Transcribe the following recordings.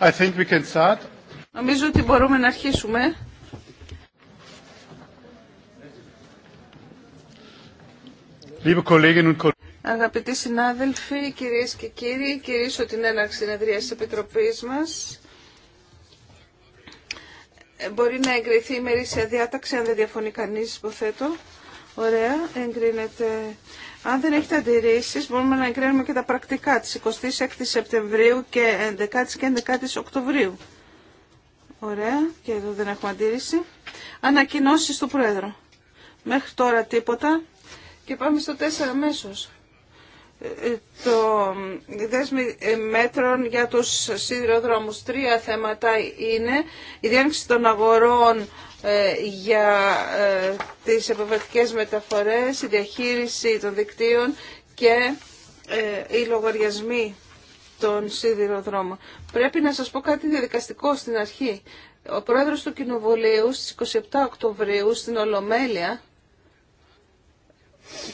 I think we can start. Νομίζω ότι μπορούμε να αρχίσουμε. Αγαπητοί συνάδελφοι, κυρίες και κύριοι, κυρίσω την έναρξη συνεδρία της Επιτροπής μας. Ε, μπορεί να εγκριθεί η μερίσια διάταξη, αν δεν διαφωνεί κανείς, υποθέτω. Ωραία, εγκρίνεται. Αν δεν έχετε αντιρρήσεις, μπορούμε να εγκρίνουμε και τα πρακτικά της 26 Σεπτεμβρίου και 11 και 11 Οκτωβρίου. Ωραία, και εδώ δεν έχουμε αντίρρηση. Ανακοινώσεις του Πρόεδρου. Μέχρι τώρα τίποτα. Και πάμε στο 4 αμέσως. Ε, το δέσμη ε, μέτρων για τους σιδηροδρόμους. Τρία θέματα είναι η διάνοιξη των αγορών ε, για τις επιβατικές μεταφορές, η διαχείριση των δικτύων και οι λογαριασμοί των σιδηροδρόμων. Πρέπει να σας πω κάτι διαδικαστικό στην αρχή. Ο πρόεδρος του Κοινοβουλίου στις 27 Οκτωβρίου στην Ολομέλεια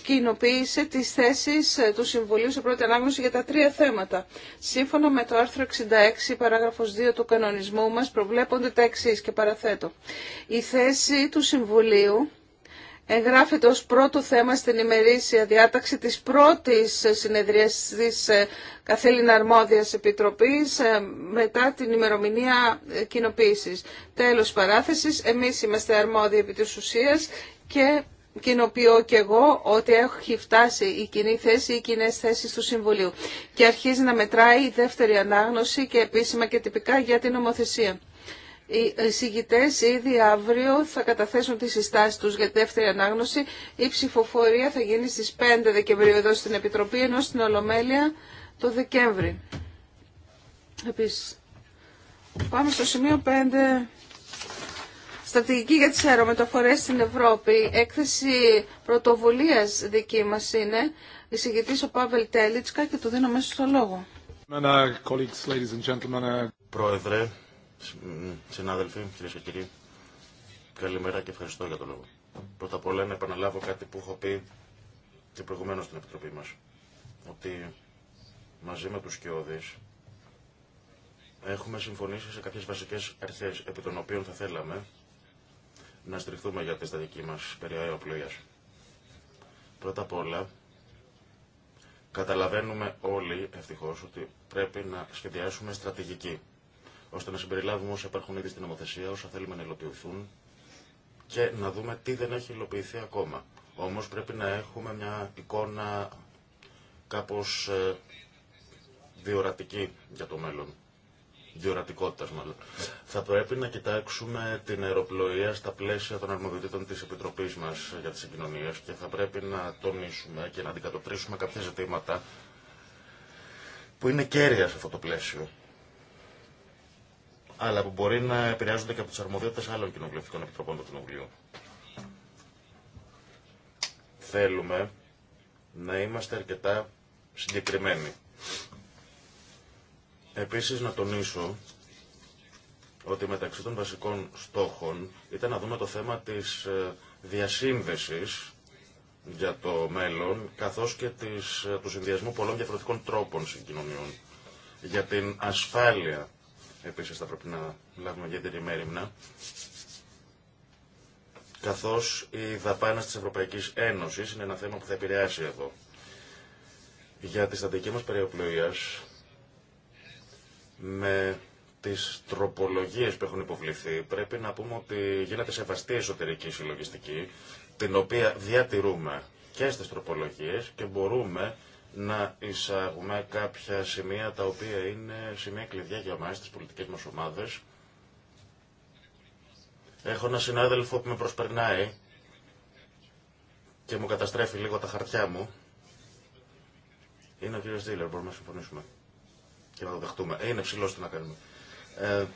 κοινοποίησε τις θέσεις ε, του Συμβουλίου σε πρώτη ανάγνωση για τα τρία θέματα. Σύμφωνα με το άρθρο 66 παράγραφος 2 του κανονισμού μας προβλέπονται τα εξή και παραθέτω. Η θέση του Συμβουλίου εγγράφεται ως πρώτο θέμα στην ημερήσια διάταξη της πρώτης συνεδρίας της ε, Καθήλυνα Αρμόδιας Επιτροπής ε, μετά την ημερομηνία κοινοποίησης. Τέλος παράθεσης, εμείς είμαστε αρμόδιοι επί της και κοινοποιώ και εγώ ότι έχει φτάσει η κοινή θέση, οι κοινέ θέσει του Συμβουλίου και αρχίζει να μετράει η δεύτερη ανάγνωση και επίσημα και τυπικά για την νομοθεσία. Οι συγκητέ ήδη αύριο θα καταθέσουν τι συστάσει τους για τη δεύτερη ανάγνωση. Η ψηφοφορία θα γίνει στις 5 Δεκεμβρίου εδώ στην Επιτροπή, ενώ στην Ολομέλεια το Δεκέμβρη. πάμε στο σημείο 5 στρατηγική για τις αερομεταφορές στην Ευρώπη, έκθεση πρωτοβουλίας δική μας είναι, εισηγητής ο Πάβελ Τέλιτσκα και του δίνω μέσα στο λόγο. Ε, Πρόεδρε, συνάδελφοι, κυρίε και κύριοι, καλημέρα και ευχαριστώ για το λόγο. Πρώτα απ' όλα να επαναλάβω κάτι που έχω πει και προηγουμένω στην Επιτροπή μας. Ότι μαζί με τους Κιώδης έχουμε συμφωνήσει σε κάποιες βασικές αρχές επί των οποίων θα θέλαμε να στριχθούμε για τη στατική μας περιοχή Πρώτα απ' όλα, καταλαβαίνουμε όλοι, ευτυχώ ότι πρέπει να σχεδιάσουμε στρατηγική, ώστε να συμπεριλάβουμε όσα υπάρχουν ήδη στην νομοθεσία, όσα θέλουμε να υλοποιηθούν και να δούμε τι δεν έχει υλοποιηθεί ακόμα. Όμω πρέπει να έχουμε μια εικόνα κάπω ε, διορατική για το μέλλον διορατικότητα μάλλον. Θα πρέπει να κοιτάξουμε την αεροπλοεία στα πλαίσια των αρμοδιοτήτων της Επιτροπής μας για τις Συγκοινωνίες και θα πρέπει να τονίσουμε και να αντικατοπτρίσουμε κάποια ζητήματα που είναι κέρια σε αυτό το πλαίσιο αλλά που μπορεί να επηρεάζονται και από τι αρμοδιότητε άλλων κοινοβουλευτικών επιτροπών του Κοινοβουλίου. Θέλουμε να είμαστε αρκετά συγκεκριμένοι Επίσης να τονίσω ότι μεταξύ των βασικών στόχων ήταν να δούμε το θέμα της ε, διασύνδεσης για το μέλλον, καθώς και της, ε, του συνδυασμού πολλών διαφορετικών τρόπων συγκοινωνιών. Για την ασφάλεια, επίσης θα πρέπει να λάβουμε την μέρημνα, καθώς η δαπάνα της Ευρωπαϊκής Ένωσης είναι ένα θέμα που θα επηρεάσει εδώ. Για τη στατική μας περιοπλοίας, με τις τροπολογίες που έχουν υποβληθεί πρέπει να πούμε ότι γίνεται σεβαστή εσωτερική συλλογιστική την οποία διατηρούμε και στις τροπολογίες και μπορούμε να εισάγουμε κάποια σημεία τα οποία είναι σημεία κλειδιά για μας, τις πολιτικές μας ομάδες. Έχω ένα συνάδελφο που με προσπερνάει και μου καταστρέφει λίγο τα χαρτιά μου. Είναι ο κύριος Δίλερ, μπορούμε να συμφωνήσουμε και να το δεχτούμε. Ε, είναι ψηλό τι να κάνουμε. Ε,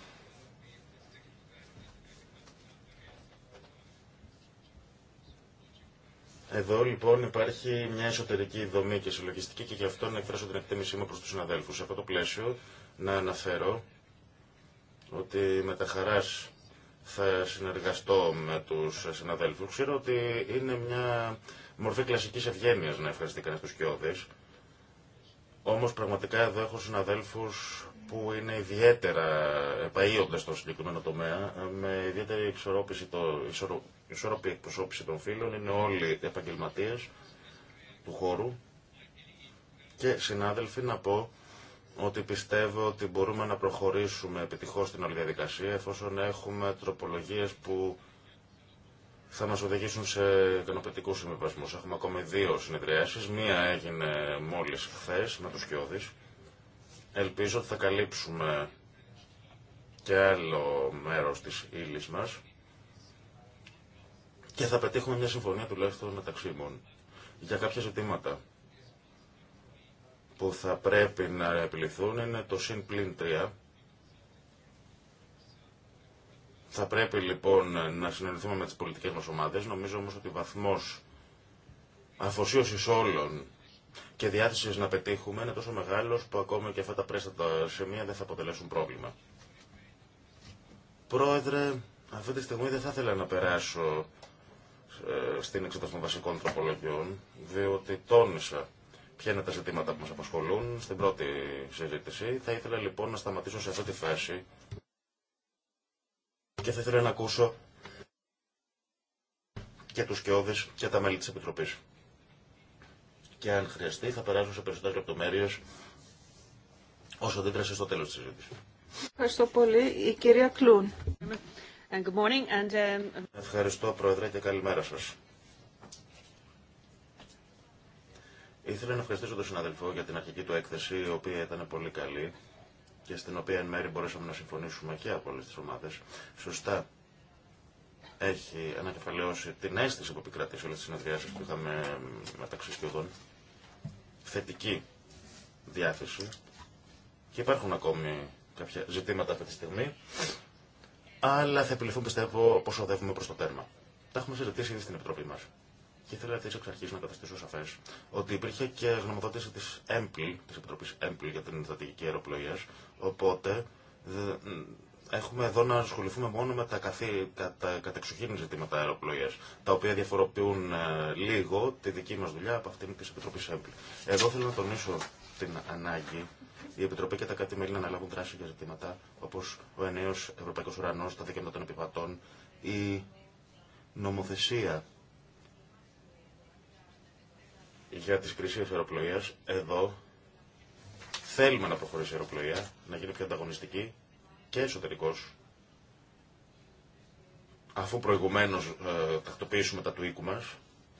εδώ λοιπόν υπάρχει μια εσωτερική δομή και συλλογιστική και γι' αυτό να εκφράσω την εκτίμησή μου προς τους συναδέλφους. Σε αυτό το πλαίσιο να αναφέρω ότι με τα χαράς θα συνεργαστώ με τους συναδέλφους. Ξέρω ότι είναι μια μορφή κλασικής ευγένειας να ευχαριστεί στους τους κοιόδες όμως πραγματικά εδώ έχω συναδέλφους που είναι ιδιαίτερα επαείοντας στο συγκεκριμένο τομέα, ε, με ιδιαίτερη το, ισορρο, ισορροπή εκπροσώπηση των φίλων, είναι όλοι επαγγελματίε του χώρου και συνάδελφοι να πω ότι πιστεύω ότι μπορούμε να προχωρήσουμε επιτυχώς στην όλη διαδικασία εφόσον έχουμε τροπολογίες που θα μας οδηγήσουν σε ικανοποιητικού συμβιβασμούς. Έχουμε ακόμη δύο συνεδριάσεις. Μία έγινε μόλις χθε με τους Κιώδης. Ελπίζω ότι θα καλύψουμε και άλλο μέρος της ύλη μας και θα πετύχουμε μια συμφωνία τουλάχιστον μεταξύ μου για κάποια ζητήματα που θα πρέπει να επιληθούν είναι το συν Θα πρέπει λοιπόν να συνεννοηθούμε με τις πολιτικές μας ομάδες. Νομίζω όμως ότι βαθμός αφοσίωσης όλων και διάθεσης να πετύχουμε είναι τόσο μεγάλος που ακόμα και αυτά τα πρέστατα σημεία δεν θα αποτελέσουν πρόβλημα. Πρόεδρε, αυτή τη στιγμή δεν θα ήθελα να περάσω ε, στην εξέταση των βασικών τροπολογιών, διότι τόνισα ποια είναι τα ζητήματα που μας απασχολούν στην πρώτη συζήτηση. Θα ήθελα λοιπόν να σταματήσω σε αυτή τη φάση και θα ήθελα να ακούσω και τους Κιώδης και τα μέλη της Επιτροπής. Και αν χρειαστεί θα περάσω σε περισσότερες λεπτομέρειες όσο δεν στο τέλος της συζήτησης. Ευχαριστώ πολύ. Η κυρία Κλούν. good morning and, um, Ευχαριστώ Πρόεδρε και καλημέρα σας. Ήθελα να ευχαριστήσω τον συναδελφό για την αρχική του έκθεση, η οποία ήταν πολύ καλή και στην οποία εν μέρει μπορέσαμε να συμφωνήσουμε και από όλε τι ομάδε, σωστά έχει ανακεφαλαιώσει την αίσθηση που επικρατεί σε όλε τι συνεδριάσει που είχαμε μεταξύ σκιωδών. Θετική διάθεση. Και υπάρχουν ακόμη κάποια ζητήματα αυτή τη στιγμή. Αλλά θα επιληθούν πιστεύω πώ οδεύουμε προ το τέρμα. Τα έχουμε συζητήσει ήδη στην Επιτροπή μα. Και ήθελα έτσι εξ αρχή να καταστήσω σαφέ ότι υπήρχε και γνωμοδότηση τη ΕΜΠΛ, τη Επιτροπή ΕΜΠΛ για την στρατηγική αεροπλοεία. Οπότε έχουμε εδώ να ασχοληθούμε μόνο με τα, καθή, τα κατεξοχήν ζητήματα αεροπλοεία, τα οποία διαφοροποιούν ε, λίγο τη δική μα δουλειά από αυτήν τη Επιτροπή ΕΜΠΛ. Εδώ θέλω να τονίσω την ανάγκη η Επιτροπή και τα κάτι μέλη να αναλάβουν δράση για ζητήματα όπω ο ενέο Ευρωπαϊκό Ουρανό, τα δικαιώματα των επιβατών, η νομοθεσία για τις κρίσεις αεροπλοείας, εδώ θέλουμε να προχωρήσει η αεροπλοεία, να γίνει πιο ανταγωνιστική και εσωτερικός, αφού προηγουμένως ε, τακτοποιήσουμε τα του οίκου μας,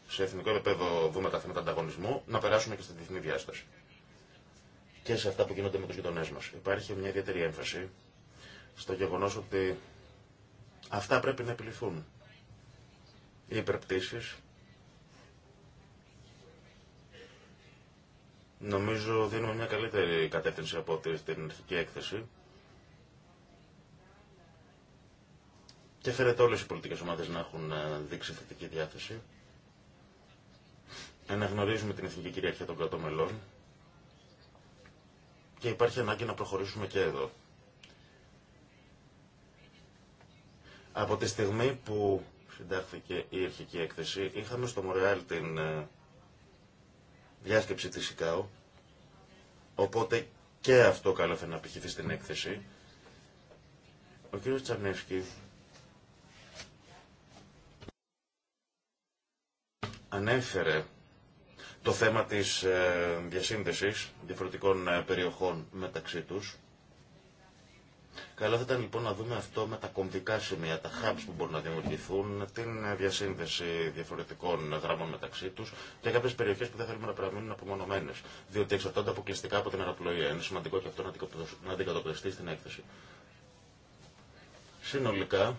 σε εθνικό επίπεδο δούμε τα θέματα ανταγωνισμού, να περάσουμε και στη διεθνή διάσταση. Και σε αυτά που γίνονται με τους γειτονές μας. Υπάρχει μια ιδιαίτερη έμφαση στο γεγονός ότι αυτά πρέπει να επιληθούν. Οι υπερπτήσεις Νομίζω δίνουμε μια καλύτερη κατεύθυνση από την αρχική έκθεση. Και φέρετε όλες οι πολιτικές ομάδες να έχουν ε, δείξει θετική διάθεση. Εναγνωρίζουμε την εθνική κυριαρχία των κρατών μελών. Και υπάρχει ανάγκη να προχωρήσουμε και εδώ. Από τη στιγμή που συντάχθηκε η αρχική έκθεση, είχαμε στο Μορεάλ την ε, διάσκεψη της ΙΚΑΟ, οπότε και αυτό καλό να πηχηθεί στην έκθεση. Ο κύριος Τσαρνεύσκη ανέφερε το θέμα της ε, διασύνδεσης διαφορετικών ε, περιοχών μεταξύ τους Καλό θα ήταν λοιπόν να δούμε αυτό με τα κομβικά σημεία, τα hubs που μπορούν να δημιουργηθούν, την διασύνδεση διαφορετικών γραμμών μεταξύ του και κάποιε περιοχέ που δεν θέλουμε να παραμείνουν απομονωμένε. Διότι εξαρτώνται αποκλειστικά από την αεροπλοεία. Είναι σημαντικό και αυτό να αντικατοπτριστεί στην έκθεση. Συνολικά,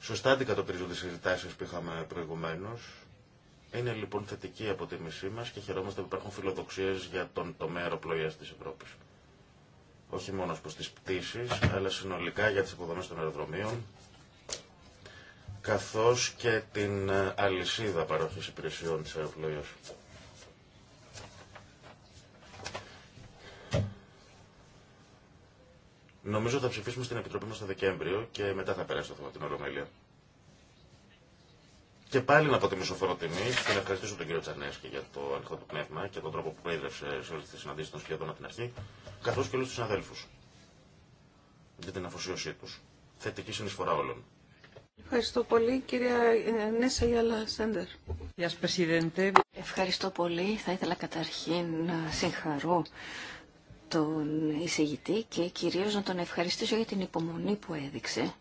σωστά αντικατοπτρίζονται οι συζητάσει που είχαμε προηγουμένω είναι λοιπόν θετική η αποτίμησή μα και χαιρόμαστε που υπάρχουν φιλοδοξίε για τον τομέα αεροπλοεία τη Ευρώπη. Όχι μόνο προ τι πτήσει, αλλά συνολικά για τι υποδομέ των αεροδρομίων, καθώ και την ε, αλυσίδα παροχή υπηρεσιών τη αεροπλοεία. Νομίζω θα ψηφίσουμε στην Επιτροπή μας το Δεκέμβριο και μετά θα περάσει το θέμα την Ολομέλεια. Και πάλι να πω τη και να ευχαριστήσω τον κύριο Τσανέσκη για το ανοιχτό του πνεύμα και τον τρόπο που προείδρευσε σε όλε τι συναντήσει των σχεδόν από την αρχή, καθώ και όλου του συναδέλφου για την αφοσίωσή του. Θετική συνεισφορά όλων. Ευχαριστώ πολύ, κυρία ε, Νέσα Γιάλα Σέντερ. Ευχαριστώ πολύ. Θα ήθελα καταρχήν να συγχαρώ τον εισηγητή και κυρίως να τον ευχαριστήσω για την υπομονή που έδειξε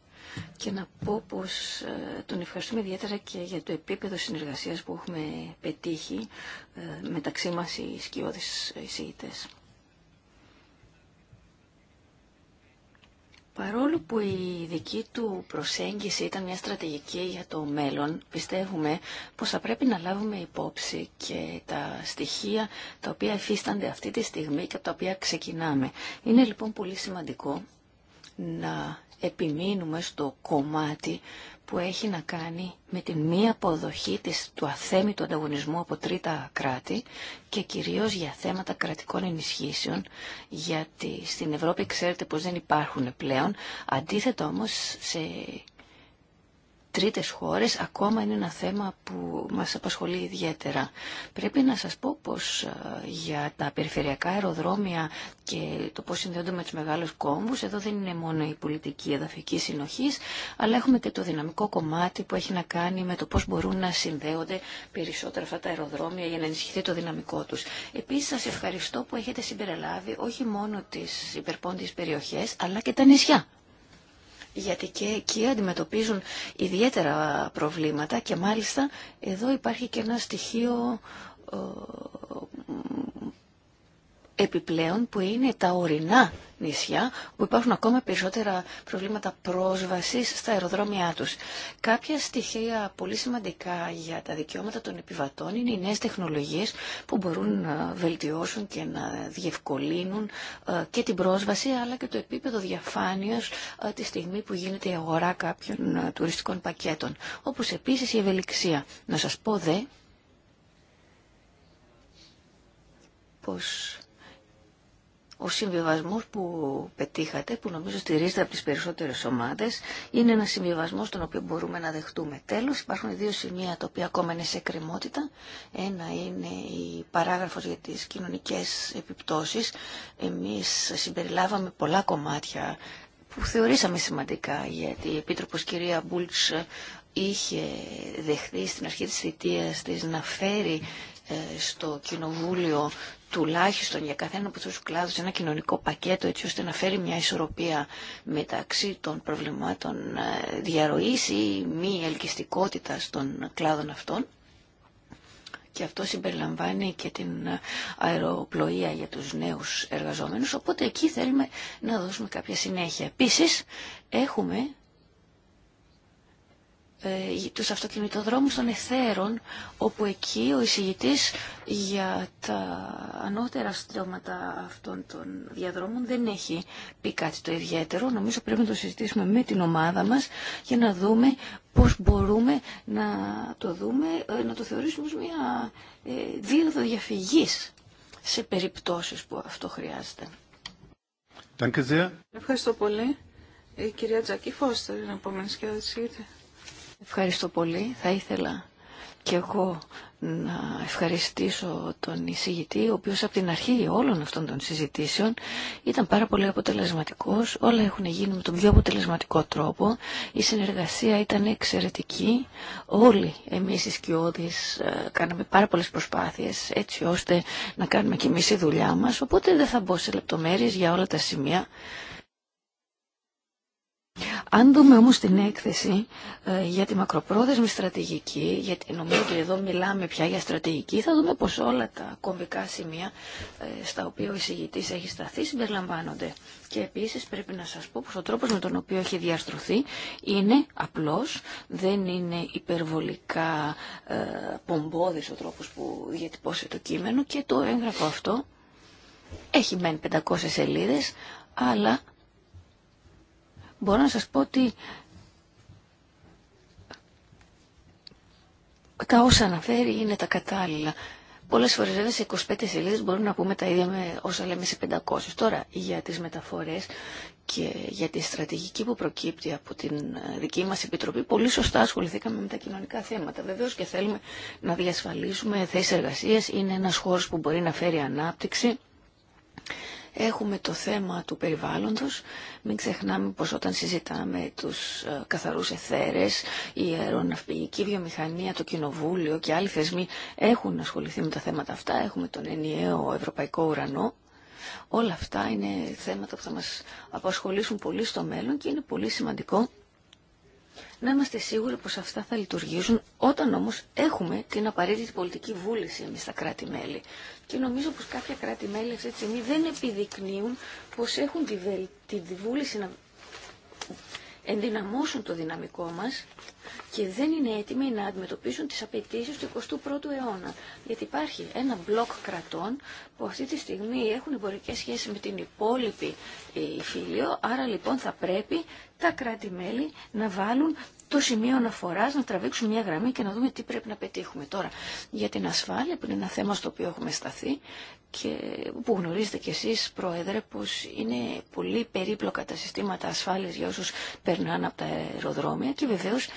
και να πω πως ε, τον ευχαριστούμε ιδιαίτερα και για το επίπεδο συνεργασίας που έχουμε πετύχει ε, μεταξύ μας οι σκιώδεις εισηγητές. Παρόλο που η δική του προσέγγιση ήταν μια στρατηγική για το μέλλον, πιστεύουμε πως θα πρέπει να λάβουμε υπόψη και τα στοιχεία τα οποία εφίστανται αυτή τη στιγμή και από τα οποία ξεκινάμε. Είναι λοιπόν πολύ σημαντικό να επιμείνουμε στο κομμάτι που έχει να κάνει με τη μη αποδοχή της, του αθέμητου ανταγωνισμού από τρίτα κράτη και κυρίως για θέματα κρατικών ενισχύσεων, γιατί στην Ευρώπη ξέρετε πως δεν υπάρχουν πλέον. Αντίθετα όμως σε τρίτες χώρες ακόμα είναι ένα θέμα που μας απασχολεί ιδιαίτερα. Πρέπει να σας πω πως ε, για τα περιφερειακά αεροδρόμια και το πώς συνδέονται με τους μεγάλους κόμβους, εδώ δεν είναι μόνο η πολιτική εδαφική συνοχής, αλλά έχουμε και το δυναμικό κομμάτι που έχει να κάνει με το πώς μπορούν να συνδέονται περισσότερα αυτά τα αεροδρόμια για να ενισχυθεί το δυναμικό τους. Επίσης σας ευχαριστώ που έχετε συμπεριλάβει όχι μόνο τις υπερπόντιες περιοχές, αλλά και τα νησιά γιατί και εκεί αντιμετωπίζουν ιδιαίτερα προβλήματα και μάλιστα εδώ υπάρχει και ένα στοιχείο ε, επιπλέον που είναι τα ορεινά νησιά που υπάρχουν ακόμα περισσότερα προβλήματα πρόσβασης στα αεροδρόμια τους. Κάποια στοιχεία πολύ σημαντικά για τα δικαιώματα των επιβατών είναι οι νέες τεχνολογίες που μπορούν να βελτιώσουν και να διευκολύνουν ε, και την πρόσβαση αλλά και το επίπεδο διαφάνειας ε, τη στιγμή που γίνεται η αγορά κάποιων ε, τουριστικών πακέτων. Όπως επίσης η ευελιξία. Να σας πω δε πως ο συμβιβασμός που πετύχατε, που νομίζω στηρίζεται από τις περισσότερες ομάδες, είναι ένα συμβιβασμό τον οποίο μπορούμε να δεχτούμε. Τέλος, υπάρχουν δύο σημεία τα οποία ακόμα είναι σε κρεμότητα. Ένα είναι η παράγραφος για τις κοινωνικές επιπτώσεις. Εμείς συμπεριλάβαμε πολλά κομμάτια που θεωρήσαμε σημαντικά, γιατί η Επίτροπος κυρία Μπούλτς είχε δεχθεί στην αρχή της θητείας της να φέρει ε, στο Κοινοβούλιο τουλάχιστον για καθένα από τους κλάδους ένα κοινωνικό πακέτο έτσι ώστε να φέρει μια ισορροπία μεταξύ των προβλημάτων ε, διαρροής ή μη ελκυστικότητας των κλάδων αυτών και αυτό συμπεριλαμβάνει και την αεροπλοεία για τους νέους εργαζόμενους, οπότε εκεί θέλουμε να δώσουμε κάποια συνέχεια. Επίσης, έχουμε ε, τους αυτοκινητοδρόμους των εθέρων, όπου εκεί ο εισηγητής για τα ανώτερα στρώματα αυτών των διαδρόμων δεν έχει πει κάτι το ιδιαίτερο. Νομίζω πρέπει να το συζητήσουμε με την ομάδα μας για να δούμε πώς μπορούμε να το δούμε, ε, να το θεωρήσουμε ως μια ε, δύο διαφυγής σε περιπτώσεις που αυτό χρειάζεται. Ευχαριστώ πολύ. Η κυρία Τζακή Φώστερ είναι επόμενη και Ευχαριστώ πολύ. Θα ήθελα και εγώ να ευχαριστήσω τον εισηγητή, ο οποίος από την αρχή όλων αυτών των συζητήσεων ήταν πάρα πολύ αποτελεσματικός. Όλα έχουν γίνει με τον πιο αποτελεσματικό τρόπο. Η συνεργασία ήταν εξαιρετική. Όλοι εμείς οι σκιώδεις ε, κάναμε πάρα πολλές προσπάθειες έτσι ώστε να κάνουμε κι εμείς η δουλειά μας. Οπότε δεν θα μπω σε λεπτομέρειες για όλα τα σημεία. Αν δούμε όμως την έκθεση ε, για τη μακροπρόθεσμη στρατηγική, γιατί νομίζω ότι εδώ μιλάμε πια για στρατηγική, θα δούμε πως όλα τα κομβικά σημεία ε, στα οποία ο εισηγητής έχει σταθεί συμπεριλαμβάνονται. Και επίσης πρέπει να σας πω πως ο τρόπος με τον οποίο έχει διαστρωθεί είναι απλός, δεν είναι υπερβολικά ε, πομπόδης ο τρόπος που διατυπώσει το κείμενο και το έγγραφο αυτό έχει μεν 500 σελίδες, αλλά μπορώ να σας πω ότι τα όσα αναφέρει είναι τα κατάλληλα. Πολλές φορές βέβαια σε 25 σελίδες μπορούμε να πούμε τα ίδια με όσα λέμε σε 500. Τώρα για τις μεταφορές και για τη στρατηγική που προκύπτει από την ε, δική μας Επιτροπή πολύ σωστά ασχοληθήκαμε με τα κοινωνικά θέματα. Βεβαίως και θέλουμε να διασφαλίσουμε θέσεις εργασίας. Είναι ένας χώρος που μπορεί να φέρει ανάπτυξη Έχουμε το θέμα του περιβάλλοντος. Μην ξεχνάμε πως όταν συζητάμε τους ε, καθαρούς εθέρες, η αεροναυπηγική βιομηχανία, το κοινοβούλιο και άλλοι θεσμοί έχουν ασχοληθεί με τα θέματα αυτά. Έχουμε τον ενιαίο ευρωπαϊκό ουρανό. Όλα αυτά είναι θέματα που θα μας απασχολήσουν πολύ στο μέλλον και είναι πολύ σημαντικό να είμαστε σίγουροι πως αυτά θα λειτουργήσουν όταν όμως έχουμε την απαραίτητη πολιτική βούληση εμείς στα κράτη-μέλη. Και νομίζω πως κάποια κράτη-μέλη αυτή τη στιγμή δεν επιδεικνύουν πως έχουν τη, τη βούληση να ενδυναμώσουν το δυναμικό μας και δεν είναι έτοιμοι να αντιμετωπίσουν τις απαιτήσει του 21ου αιώνα. Γιατί υπάρχει ένα μπλοκ κρατών που αυτή τη στιγμή έχουν εμπορικές σχέσεις με την υπόλοιπη ε, φίλιο, άρα λοιπόν θα πρέπει τα κράτη-μέλη να βάλουν το σημείο αναφορά, να τραβήξουν μια γραμμή και να δούμε τι πρέπει να πετύχουμε τώρα. Για την ασφάλεια, που είναι ένα θέμα στο οποίο έχουμε σταθεί και που γνωρίζετε κι εσείς, Πρόεδρε, πως είναι πολύ περίπλοκα τα συστήματα ασφάλειας για όσους περνάνε από τα αεροδρόμια και βεβαίως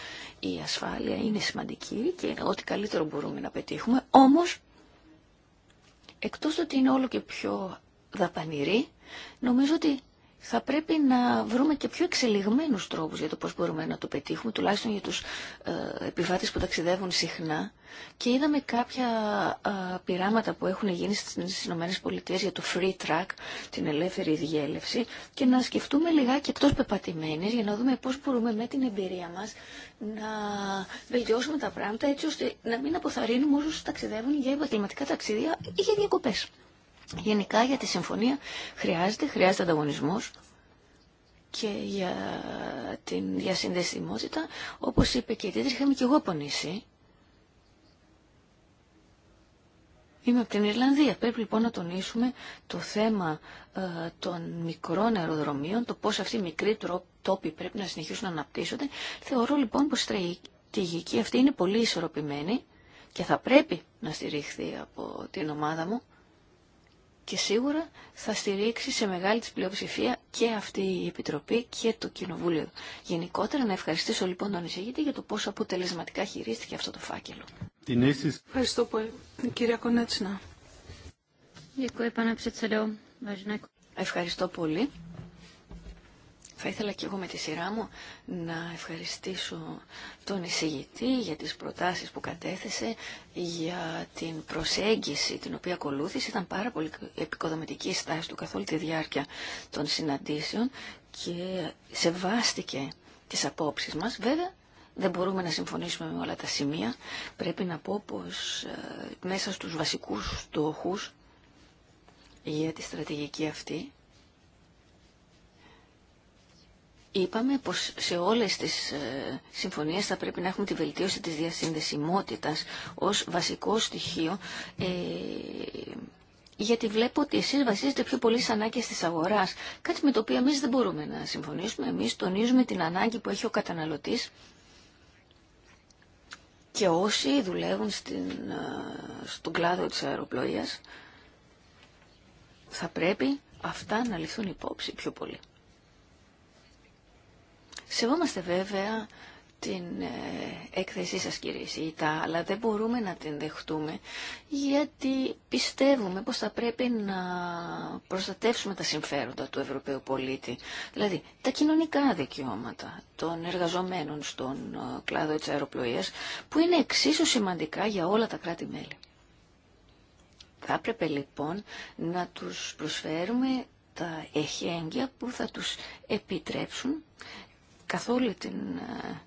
η ασφάλεια είναι σημαντική και είναι ό,τι καλύτερο μπορούμε να πετύχουμε. Όμως, εκτός ότι είναι όλο και πιο δαπανηρή, νομίζω ότι θα πρέπει να βρούμε και πιο εξελιγμένους τρόπους για το πώς μπορούμε να το πετύχουμε, τουλάχιστον για τους ε, επιβάτες που ταξιδεύουν συχνά. Και είδαμε κάποια ε, πειράματα που έχουν γίνει στις ΗΠΑ για το free track, την ελεύθερη διέλευση, και να σκεφτούμε λιγάκι εκτός πεπατημένης για να δούμε πώς μπορούμε με την εμπειρία μας να βελτιώσουμε τα πράγματα έτσι ώστε να μην αποθαρρύνουμε όσους ταξιδεύουν για επαγγελματικά ταξίδια ή για διακοπές. Γενικά για τη συμφωνία χρειάζεται, χρειάζεται ανταγωνισμός και για την διασυνδεσιμότητα. Όπως είπε και η Τίτρη, είχαμε και εγώ πονήσει. Είμαι από την Ιρλανδία. Πρέπει λοιπόν να τονίσουμε το θέμα ε, των μικρών αεροδρομίων, το πώς αυτοί οι μικροί τόποι πρέπει να συνεχίσουν να αναπτύσσονται. Θεωρώ λοιπόν πως η στρατηγική αυτή είναι πολύ ισορροπημένη και θα πρέπει να στηριχθεί από την ομάδα μου και σίγουρα θα στηρίξει σε μεγάλη της πλειοψηφία και αυτή η Επιτροπή και το Κοινοβούλιο. Γενικότερα να ευχαριστήσω λοιπόν τον εισηγητή για το πόσο αποτελεσματικά χειρίστηκε αυτό το φάκελο. Ευχαριστώ πολύ. Κυρία Κονέτσινα. Ευχαριστώ πολύ. Θα ήθελα και εγώ με τη σειρά μου να ευχαριστήσω τον εισηγητή για τις προτάσεις που κατέθεσε, για την προσέγγιση την οποία ακολούθησε. Ήταν πάρα πολύ επικοδομητική η στάση του καθ' όλη τη διάρκεια των συναντήσεων και σεβάστηκε τις απόψεις μας. Βέβαια, δεν μπορούμε να συμφωνήσουμε με όλα τα σημεία. Πρέπει να πω πως ε, μέσα στους βασικούς στόχους για τη στρατηγική αυτή Είπαμε πως σε όλες τις ε, συμφωνίες θα πρέπει να έχουμε τη βελτίωση της διασυνδεσιμότητας ως βασικό στοιχείο ε, γιατί βλέπω ότι εσείς βασίζετε πιο πολύ στις ανάγκες της αγοράς. Κάτι με το οποίο εμείς δεν μπορούμε να συμφωνήσουμε. Εμείς τονίζουμε την ανάγκη που έχει ο καταναλωτής και όσοι δουλεύουν στην, ε, στον κλάδο της αεροπλοείας θα πρέπει αυτά να ληφθούν υπόψη πιο πολύ. Σεβόμαστε βέβαια την ε, έκθεσή σας κύριε Σίτα, αλλά δεν μπορούμε να την δεχτούμε γιατί πιστεύουμε πως θα πρέπει να προστατεύσουμε τα συμφέροντα του Ευρωπαίου πολίτη. Δηλαδή τα κοινωνικά δικαιώματα των εργαζομένων στον ε, κλάδο της αεροπλοείας που είναι εξίσου σημαντικά για όλα τα κράτη-μέλη. Θα έπρεπε λοιπόν να τους προσφέρουμε τα εχέγγυα που θα τους επιτρέψουν καθ' την ε,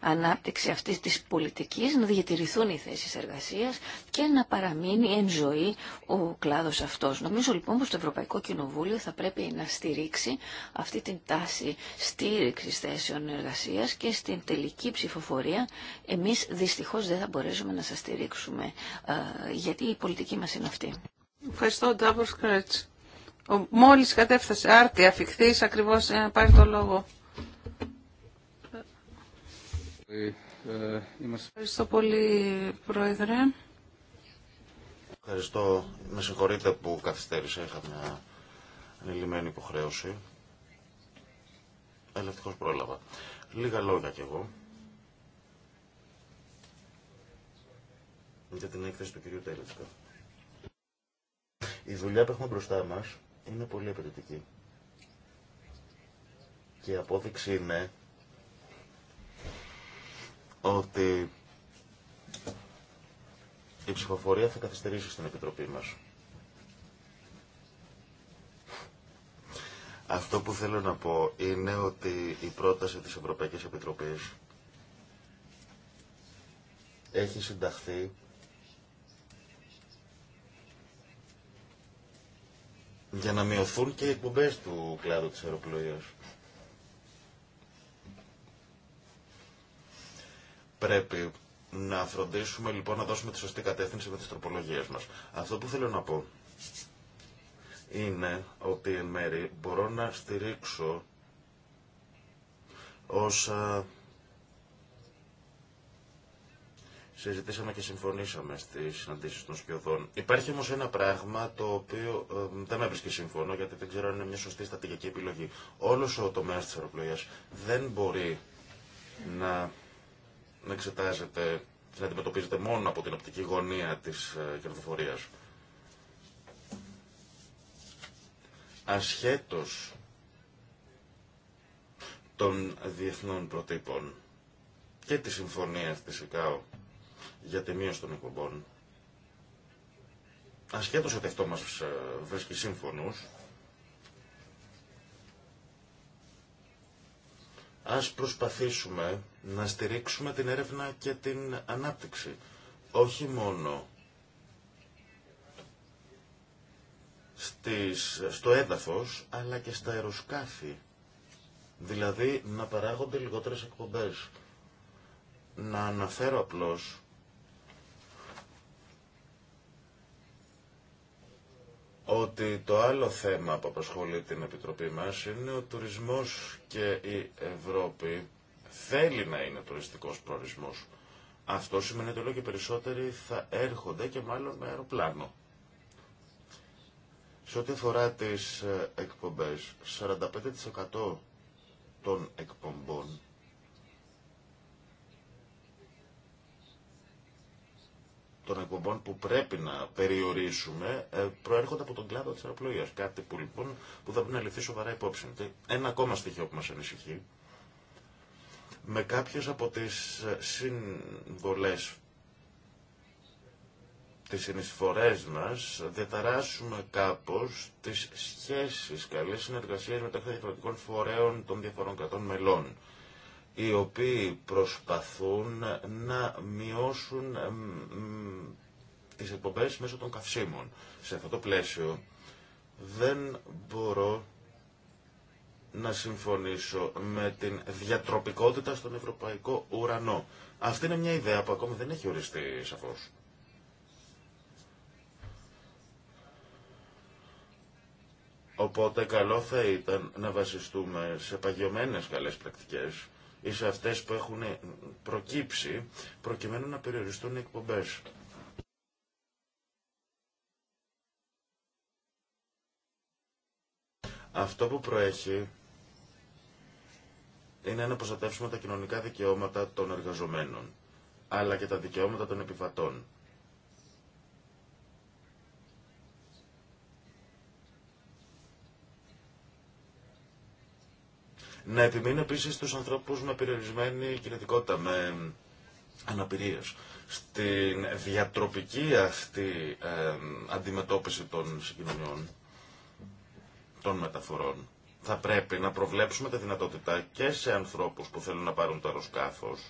ανάπτυξη αυτής της πολιτικής, να διατηρηθούν οι θέσεις εργασίας και να παραμείνει εν ζωή ο κλάδος αυτός. Νομίζω λοιπόν πως το Ευρωπαϊκό Κοινοβούλιο θα πρέπει να στηρίξει αυτή την τάση στήριξης θέσεων εργασίας και στην τελική ψηφοφορία εμείς δυστυχώς δεν θα μπορέσουμε να σας στηρίξουμε ε, γιατί η πολιτική μας είναι αυτή. Ευχαριστώ, Ντάμπορ Σκρέτς. Μόλις κατέφτασε, άρτη αφηχθείς ακριβώς, να ε, πάρει το λόγο. Ευχαριστώ πολύ, Πρόεδρε. Ευχαριστώ. Με συγχωρείτε που καθυστέρησα. Είχα μια ανελημμένη υποχρέωση. Αλλά ε, πρόλαβα. Λίγα λόγια κι εγώ. Για την έκθεση του κυρίου Τέλετσκα. Η δουλειά που έχουμε μπροστά μας είναι πολύ απαιτητική. Και η απόδειξη είναι ότι η ψηφοφορία θα καθυστερήσει στην Επιτροπή μας. Αυτό που θέλω να πω είναι ότι η πρόταση της Ευρωπαϊκής Επιτροπής έχει συνταχθεί για να μειωθούν και οι εκπομπές του κλάδου της αεροπλοείας. Πρέπει να φροντίσουμε λοιπόν να δώσουμε τη σωστή κατεύθυνση με τις τροπολογίες μας. Αυτό που θέλω να πω είναι ότι εν μέρη μπορώ να στηρίξω όσα συζητήσαμε και συμφωνήσαμε στις συναντήσεις των σπιωδών. Υπάρχει όμως ένα πράγμα το οποίο ε, δεν με βρίσκει σύμφωνο γιατί δεν ξέρω αν είναι μια σωστή στατηγική επιλογή. Όλος ο τομέας της αεροπλοίας δεν μπορεί να να εξετάζεται και να αντιμετωπίζεται μόνο από την οπτική γωνία της ε, κερδοφορίας. Ασχέτως των διεθνών προτύπων και της συμφωνίας της ΕΚΑΟ για τη μείωση των εκπομπών, ασχέτως ότι αυτό μας ε, βρίσκει σύμφωνους, ας προσπαθήσουμε να στηρίξουμε την έρευνα και την ανάπτυξη. Όχι μόνο στο έδαφος, αλλά και στα αεροσκάφη. Δηλαδή να παράγονται λιγότερες εκπομπές. Να αναφέρω απλώς ότι το άλλο θέμα που απασχολεί την Επιτροπή μας είναι ο τουρισμός και η Ευρώπη θέλει να είναι τουριστικός προορισμός. Αυτό σημαίνει ότι όλο και περισσότεροι θα έρχονται και μάλλον με αεροπλάνο. Σε ό,τι αφορά τις ε, εκπομπές, 45% των εκπομπών των εκπομπών που πρέπει να περιορίσουμε ε, προέρχονται από τον κλάδο της αεροπλοείας. Κάτι που λοιπόν που θα πρέπει να ληφθεί σοβαρά υπόψη. ένα ακόμα στοιχείο που μας ανησυχεί με κάποιες από τις ε, συμβολές της συνεισφορές μας διαταράσσουμε κάπως τις σχέσεις καλές συνεργασίες μεταξύ διαφορετικών φορέων των διαφορών κρατών μελών οι οποίοι προσπαθούν να μειώσουν τις εκπομπές μέσω των καυσίμων. Σε αυτό το πλαίσιο δεν μπορώ να συμφωνήσω με την διατροπικότητα στον ευρωπαϊκό ουρανό. Αυτή είναι μια ιδέα που ακόμη δεν έχει οριστεί σαφώς. Οπότε καλό θα ήταν να βασιστούμε σε παγιωμένες καλές πρακτικές ή σε αυτές που έχουν προκύψει προκειμένου να περιοριστούν οι εκπομπές. Αυτό που προέχει είναι να προστατεύσουμε τα κοινωνικά δικαιώματα των εργαζομένων, αλλά και τα δικαιώματα των επιβατών. Να επιμείνω επίσης τους ανθρώπους με περιορισμένη κινητικότητα, με αναπηρίες. Στην διατροπική αυτή ε, αντιμετώπιση των συγκοινωνιών, των μεταφορών, θα πρέπει να προβλέψουμε τη δυνατότητα και σε ανθρώπους που θέλουν να πάρουν το αεροσκάφος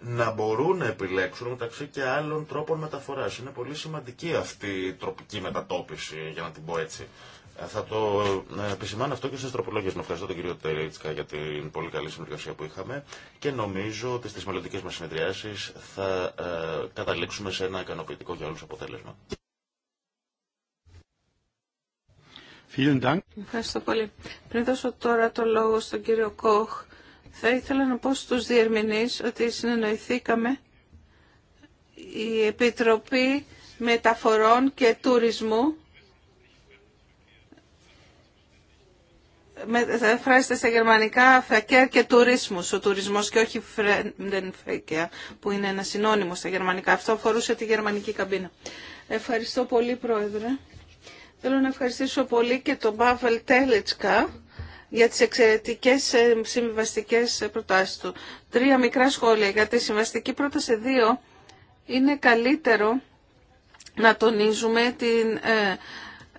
να μπορούν να επιλέξουν μεταξύ και άλλων τρόπων μεταφοράς. Είναι πολύ σημαντική αυτή η τροπική μετατόπιση, για να την πω έτσι. Ε, θα το ε, επισημάνω αυτό και στι τροπολόγίε. Με ευχαριστώ τον κύριο Τερίτσκα για την πολύ καλή συνεργασία που είχαμε και νομίζω ότι στις μελλοντικέ μα συνεδριάσεις θα ε, καταλήξουμε σε ένα ικανοποιητικό για όλου αποτέλεσμα. Ευχαριστώ πολύ. Πριν δώσω τώρα το λόγο στον κύριο Κόχ, θα ήθελα να πω στους διερμηνείς ότι συνεννοηθήκαμε η Επιτροπή Μεταφορών και Τουρισμού φράζεται στα γερμανικά φεκέρ και τουρισμού. ο τουρισμό και όχι φεκέρ, που είναι ένα συνώνυμο στα γερμανικά. Αυτό αφορούσε τη γερμανική καμπίνα. Ευχαριστώ πολύ Πρόεδρε. Θέλω να ευχαριστήσω πολύ και τον Μπάβελ Τέλετσκα για τις εξαιρετικές ε, συμβιβαστικέ προτάσεις του. Τρία μικρά σχόλια για τη συμβαστική πρόταση δύο είναι καλύτερο να τονίζουμε την ε,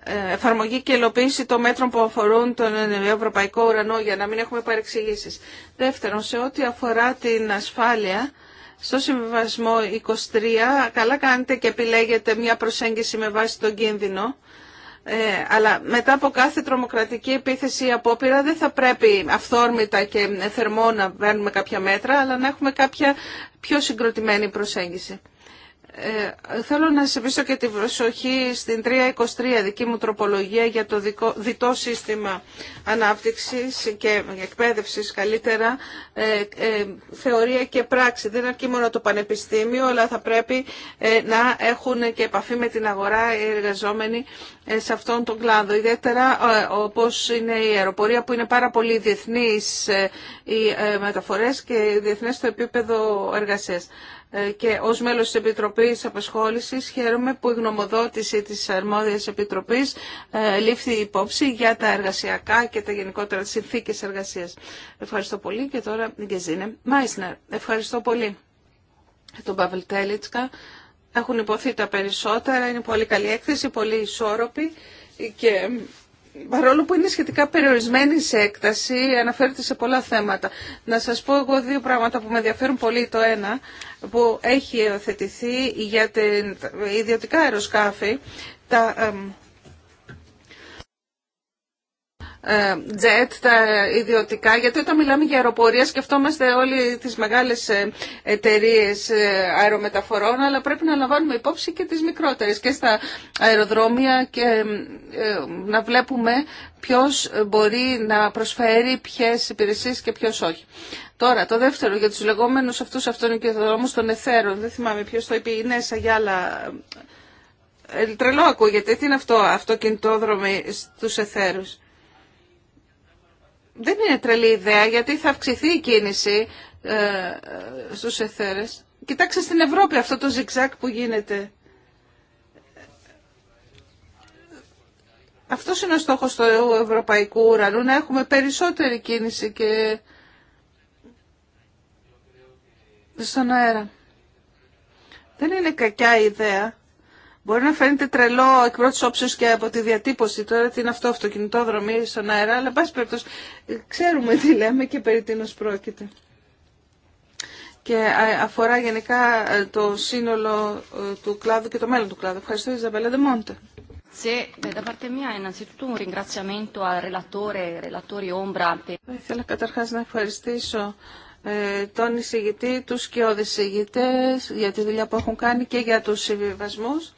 ε, εφαρμογή και υλοποίηση των μέτρων που αφορούν τον ευρωπαϊκό ουρανό για να μην έχουμε παρεξηγήσεις. Δεύτερον, σε ό,τι αφορά την ασφάλεια, στο συμβιβασμό 23, καλά κάνετε και επιλέγετε μια προσέγγιση με βάση τον κίνδυνο. Ε, αλλά μετά από κάθε τρομοκρατική επίθεση ή απόπειρα δεν θα πρέπει αυθόρμητα και θερμό να παίρνουμε κάποια μέτρα, αλλά να έχουμε κάποια πιο συγκροτημένη προσέγγιση. Ε, θέλω να σε πείσω και την προσοχή στην 323 δική μου τροπολογία για το δικό, διτό σύστημα ανάπτυξης και εκπαίδευσης καλύτερα ε, ε, θεωρία και πράξη. Δεν αρκεί μόνο το πανεπιστήμιο αλλά θα πρέπει να έχουν και επαφή με την αγορά οι εργαζόμενοι σε αυτόν τον κλάδο. Ιδιαίτερα όπως είναι η αεροπορία που είναι πάρα πολύ διεθνής οι μεταφορές και διεθνές στο επίπεδο εργασίας. Ε, και ως μέλος της Επιτροπής Απασχόλησης χαίρομαι που η γνωμοδότηση της Αρμόδιας Επιτροπής ε, λήφθη υπόψη για τα εργασιακά και τα γενικότερα συνθήκες εργασίας. Ευχαριστώ πολύ και τώρα η Γκεζίνε Μάισνερ. Ευχαριστώ πολύ τον Παύλ Τέλιτσκα. Έχουν υποθεί τα περισσότερα, είναι πολύ καλή έκθεση, πολύ ισόρροπη και παρόλο που είναι σχετικά περιορισμένη σε έκταση, αναφέρεται σε πολλά θέματα. Να σας πω εγώ δύο πράγματα που με ενδιαφέρουν πολύ. Το ένα που έχει υιοθετηθεί για τα ιδιωτικά αεροσκάφη, τα ε, τζετ, τα ιδιωτικά, γιατί όταν μιλάμε για αεροπορία σκεφτόμαστε όλοι τις μεγάλες ε, εταιρείε ε, αερομεταφορών, αλλά πρέπει να λαμβάνουμε υπόψη και τις μικρότερες και στα αεροδρόμια και να βλέπουμε ποιος μπορεί να προσφέρει ποιες υπηρεσίες και ποιος όχι. Τώρα, το δεύτερο για τους λεγόμενους αυτούς αυτονικοδρόμους των εθέρων, δεν θυμάμαι ποιος το είπε, η Νέσα για άλλα... Τρελό ακούγεται. Τι είναι αυτό, αυτοκινητόδρομοι στους εθέρους. Δεν είναι τρελή ιδέα γιατί θα αυξηθεί η κίνηση ε, στους εθέρες. Κοιτάξτε στην Ευρώπη αυτό το ζιγζάκ που γίνεται. Αυτό είναι ο στόχος του ευρωπαϊκού ουρανού, να έχουμε περισσότερη κίνηση και στον αέρα. Δεν είναι κακιά ιδέα Μπορεί να φαίνεται τρελό εκ πρώτη όψεω και από τη διατύπωση τώρα τι είναι αυτό αυτοκινητόδρομη στον αέρα, αλλά πάση περιπτώσει ξέρουμε τι λέμε και περί τίνο πρόκειται. Και αφορά γενικά ε, το σύνολο ε, του κλάδου και το μέλλον του κλάδου. Ευχαριστώ, Ιζαμπέλα Δεμόντε. Θα ήθελα καταρχάς να ευχαριστήσω ε, τον εισηγητή, τους και εισηγητές, για τη δουλειά που έχουν κάνει και για τους συμβιβασμούς.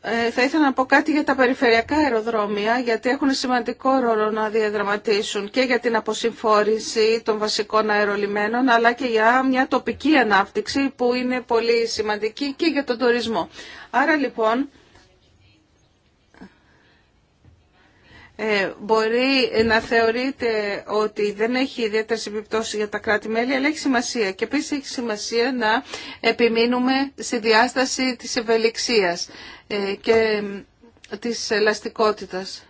Ε, θα ήθελα να πω κάτι για τα περιφερειακά αεροδρόμια, γιατί έχουν σημαντικό ρόλο να διαδραματίσουν και για την αποσυμφόρηση των βασικών αερολιμένων, αλλά και για μια τοπική ανάπτυξη που είναι πολύ σημαντική και για τον τουρισμό. Άρα λοιπόν Ε, μπορεί να θεωρείται ότι δεν έχει ιδιαίτερε επιπτώσει για τα κράτη-μέλη, αλλά έχει σημασία. Και επίση έχει σημασία να επιμείνουμε στη διάσταση της ευελιξίας ε, και της ελαστικότητας.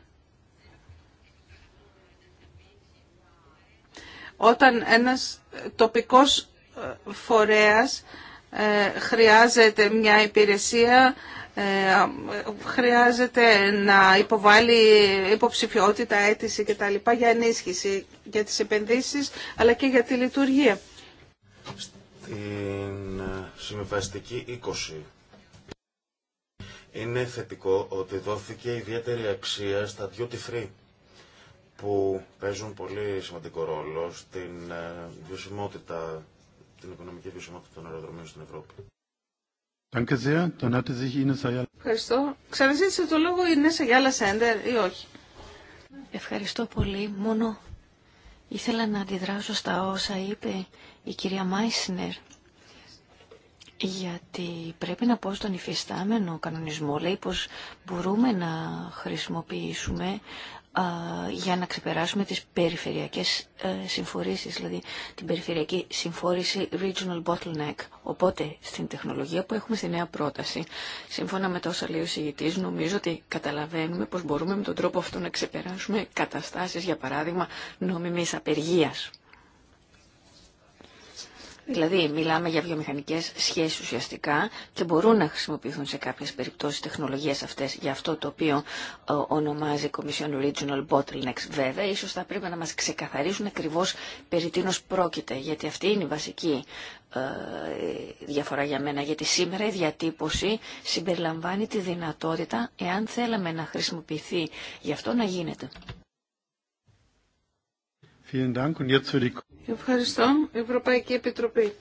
Όταν ένας τοπικός ε, φορέας χρειάζεται μια υπηρεσία, ε, χρειάζεται να υποβάλει υποψηφιότητα, αίτηση κτλ. για ενίσχυση για τις επενδύσεις αλλά και για τη λειτουργία. Στην ε, συμβαστική 20 είναι θετικό ότι δόθηκε ιδιαίτερη αξία στα duty free που παίζουν πολύ σημαντικό ρόλο στην ε, βιωσιμότητα, την οικονομική βιωσιμότητα των αεροδρομίων στην Ευρώπη. Ευχαριστώ. Ξαναζήτησε το λόγο η ευχαριστω πολυ μονο Μάισνερ. Γιατί πρέπει να πω στον υφιστάμενο κανονισμό, λέει πως μπορούμε να χρησιμοποιήσουμε για να ξεπεράσουμε τις περιφερειακές ε, συμφορήσεις, δηλαδή την περιφερειακή συμφόρηση Regional Bottleneck. Οπότε, στην τεχνολογία που έχουμε στη νέα πρόταση, σύμφωνα με τα όσα λέει ο συγητής, νομίζω ότι καταλαβαίνουμε πως μπορούμε με τον τρόπο αυτό να ξεπεράσουμε καταστάσεις, για παράδειγμα, νόμιμης απεργίας. Δηλαδή, μιλάμε για βιομηχανικέ σχέσει ουσιαστικά και μπορούν να χρησιμοποιηθούν σε κάποιε περιπτώσει τεχνολογίε αυτέ για αυτό το οποίο ε, ονομάζει Commission Regional Bottlenecks. Βέβαια, ίσως θα πρέπει να μα ξεκαθαρίσουν ακριβώ περί τίνο πρόκειται, γιατί αυτή είναι η βασική ε, διαφορά για μένα, γιατί σήμερα η διατύπωση συμπεριλαμβάνει τη δυνατότητα, εάν θέλαμε να χρησιμοποιηθεί, γι' αυτό να γίνεται. Ευχαριστώ. Ευρωπαϊκή Επιτροπή.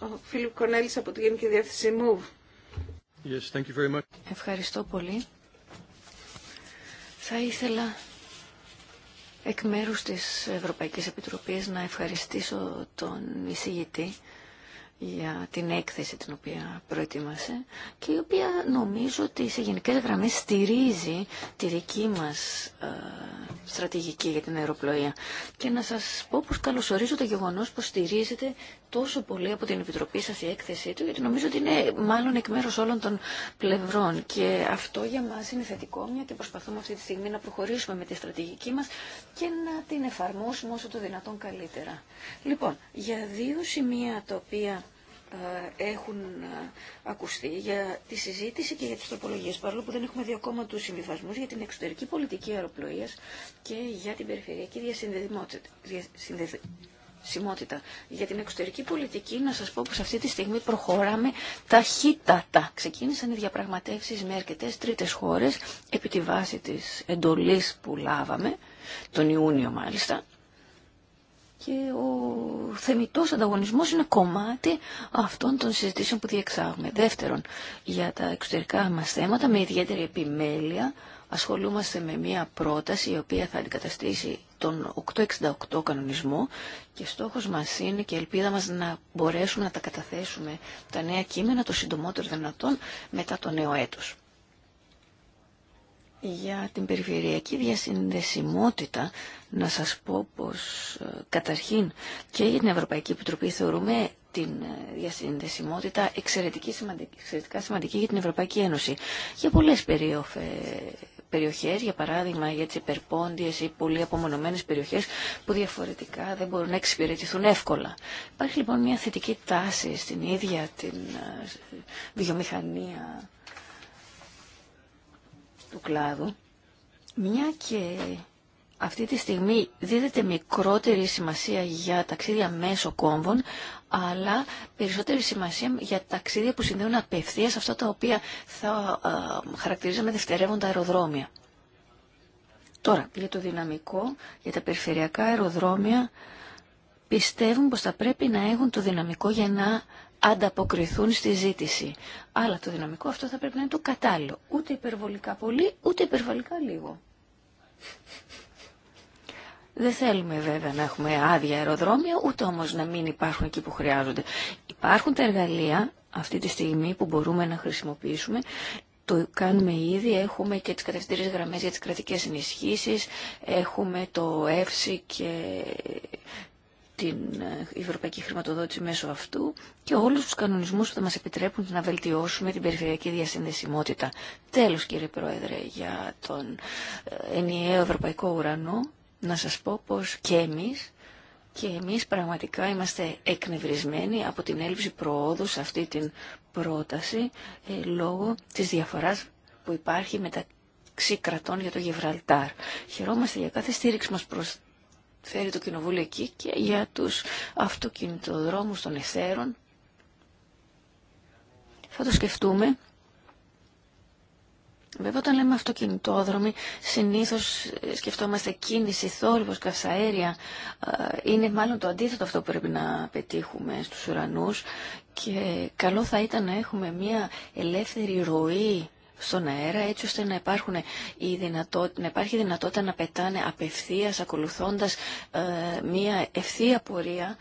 Ο Φίλιπ Κονέλης από την Γενική Διεύθυνση MOVE. Ευχαριστώ πολύ. Θα ήθελα εκ μέρους της Ευρωπαϊκής Επιτροπής να ευχαριστήσω τον εισηγητή για την έκθεση την οποία προετοίμασε και η οποία νομίζω ότι σε γενικές γραμμές στηρίζει τη δική μας ε, στρατηγική για την αεροπλοεία. Και να σας πω πως καλωσορίζω το γεγονός πως στηρίζεται τόσο πολύ από την Επιτροπή σας η έκθεσή του, γιατί νομίζω ότι είναι μάλλον εκ μέρους όλων των πλευρών. Και αυτό για μας είναι θετικό, μια και προσπαθούμε αυτή τη στιγμή να προχωρήσουμε με τη στρατηγική μας και να την εφαρμόσουμε όσο το δυνατόν καλύτερα. Λοιπόν, για δύο σημεία τα οποία ε, έχουν ε, ακουστεί για τη συζήτηση και για τις τροπολογίες παρόλο που δεν έχουμε δει ακόμα τους συμβιβασμούς για την εξωτερική πολιτική αεροπλοείας και για την περιφερειακή διασυνδεδημότητα. Σημότητα. Για την εξωτερική πολιτική να σας πω πως αυτή τη στιγμή προχωράμε ταχύτατα. Ξεκίνησαν οι διαπραγματεύσεις με αρκετέ τρίτες χώρες επί τη βάση της εντολής που λάβαμε, τον Ιούνιο μάλιστα. Και ο θεμητός ανταγωνισμός είναι κομμάτι αυτών των συζητήσεων που διεξάγουμε. Δεύτερον, για τα εξωτερικά μας θέματα με ιδιαίτερη επιμέλεια ασχολούμαστε με μια πρόταση η οποία θα αντικαταστήσει τον 868 κανονισμό και στόχος μας είναι και ελπίδα μας να μπορέσουμε να τα καταθέσουμε τα νέα κείμενα το συντομότερο δυνατόν μετά το νέο έτος. Για την περιφερειακή διασυνδεσιμότητα να σας πω πως ε, καταρχήν και για την Ευρωπαϊκή Επιτροπή θεωρούμε την ε, διασυνδεσιμότητα εξαιρετικά σημαντική, εξαιρετικά σημαντική για την Ευρωπαϊκή Ένωση για πολλές περιοχές, για παράδειγμα για τις υπερπόντιες ή πολύ απομονωμένες περιοχές που διαφορετικά δεν μπορούν να εξυπηρετηθούν εύκολα. Υπάρχει λοιπόν μια θετική τάση στην ίδια την ε, βιομηχανία του κλάδου, μια και αυτή τη στιγμή δίδεται μικρότερη σημασία για ταξίδια μέσω κόμβων, αλλά περισσότερη σημασία για ταξίδια που συνδέουν απευθεία αυτά τα οποία θα ε, χαρακτηρίζαμε δευτερεύοντα αεροδρόμια. Τώρα, για το δυναμικό, για τα περιφερειακά αεροδρόμια, πιστεύουν πως θα πρέπει να έχουν το δυναμικό για να ανταποκριθούν στη ζήτηση. Αλλά το δυναμικό αυτό θα πρέπει να είναι το κατάλληλο. Ούτε υπερβολικά πολύ, ούτε υπερβολικά λίγο. Δεν θέλουμε βέβαια να έχουμε άδεια αεροδρόμια, ούτε όμως να μην υπάρχουν εκεί που χρειάζονται. Υπάρχουν τα εργαλεία αυτή τη στιγμή που μπορούμε να χρησιμοποιήσουμε. Το κάνουμε ήδη, έχουμε και τις κατευθυντήριες γραμμές για τις κρατικές ενισχύσεις, έχουμε το ΕΦΣΙ και την ε, ευρωπαϊκή χρηματοδότηση μέσω αυτού και όλους τους κανονισμούς που θα μας επιτρέπουν να βελτιώσουμε την περιφερειακή διασυνδεσιμότητα. Τέλος κύριε Πρόεδρε για τον ε, ενιαίο ευρωπαϊκό ουρανό να σας πω πως και εμείς και εμείς πραγματικά είμαστε εκνευρισμένοι από την έλλειψη προόδου σε αυτή την πρόταση ε, λόγω της διαφοράς που υπάρχει μεταξύ κρατών για το Γεβραλτάρ. Χαιρόμαστε για κάθε στήριξη μας προς το κοινοβούλιο εκεί και για τους αυτοκινητοδρόμους των εθέρων. Θα το σκεφτούμε Βέβαια όταν λέμε αυτοκινητόδρομοι συνήθως σκεφτόμαστε κίνηση, θόρυβος, καυσαέρια. Ε, είναι μάλλον το αντίθετο αυτό που πρέπει να πετύχουμε στους ουρανούς και καλό θα ήταν να έχουμε μια ελεύθερη ροή στον αέρα έτσι ώστε να, υπάρχουν η δυνατότητα, να υπάρχει δυνατότητα να πετάνε απευθείας ακολουθώντας ε, μια ευθεία πορεία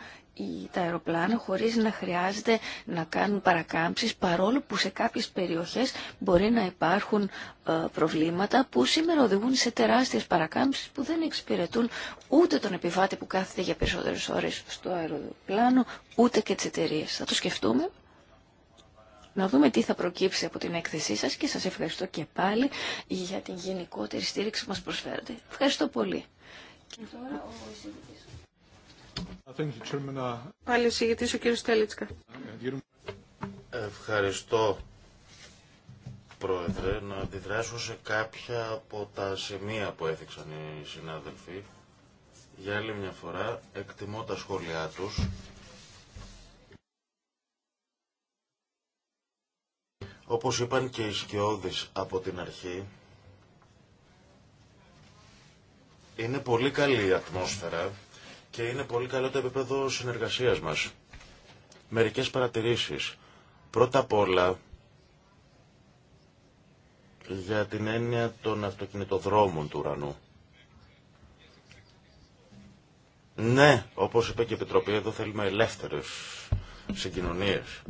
τα αεροπλάνα χωρίς να χρειάζεται να κάνουν παρακάμψεις παρόλο που σε κάποιες περιοχές μπορεί να υπάρχουν ε, προβλήματα που σήμερα οδηγούν σε τεράστιες παρακάμψεις που δεν εξυπηρετούν ούτε τον επιβάτη που κάθεται για περισσότερες ώρες στο αεροπλάνο ούτε και τις εταιρείε. Θα το σκεφτούμε να δούμε τι θα προκύψει από την έκθεσή σας και σας ευχαριστώ και πάλι για την γενικότερη στήριξη που μας προσφέρετε. Ευχαριστώ πολύ. Πάλι ο ο Ευχαριστώ, Πρόεδρε, να αντιδράσω σε κάποια από τα σημεία που έθιξαν οι συνάδελφοι. Για άλλη μια φορά, εκτιμώ τα σχόλιά τους. Όπως είπαν και οι σκιώδεις από την αρχή, είναι πολύ καλή η ατμόσφαιρα και είναι πολύ καλό το επίπεδο συνεργασίας μας. Μερικές παρατηρήσεις. Πρώτα απ' όλα, για την έννοια των αυτοκινητοδρόμων του ουρανού. Ναι, όπως είπε και η Επιτροπή, εδώ θέλουμε ελεύθερες συγκοινωνίες.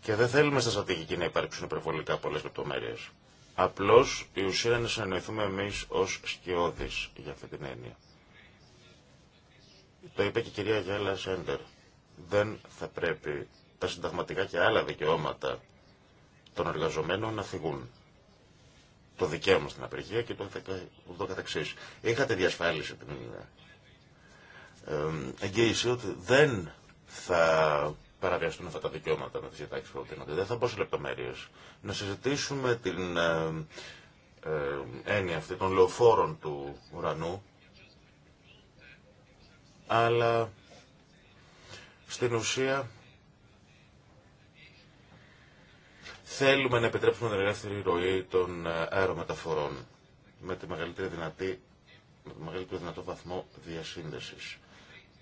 Και δεν θέλουμε στα στρατηγική να υπάρξουν υπερβολικά πολλές λεπτομέρειες. Απλώς η ουσία είναι να συνεννοηθούμε εμείς ως σκιώδεις για αυτή την έννοια. Το είπε και η κυρία Γιάλα Σέντερ. Δεν θα πρέπει τα συνταγματικά και άλλα δικαιώματα των εργαζομένων να φυγούν. Το δικαίωμα στην απεργία και το, το καθεξής. Είχατε διασφάλιση την ε, εγγύηση ότι δεν θα παραβιαστούν αυτά τα δικαιώματα με τι διατάξει που προτείνονται. Δεν θα μπω σε λεπτομέρειε. Να συζητήσουμε την ε, ε, έννοια αυτή των λεωφόρων του ουρανού. Αλλά στην ουσία θέλουμε να επιτρέψουμε την ελεύθερη ροή των ε, αερομεταφορών με τη μεγαλύτερη δυνατή με το μεγαλύτερο δυνατό βαθμό διασύνδεσης.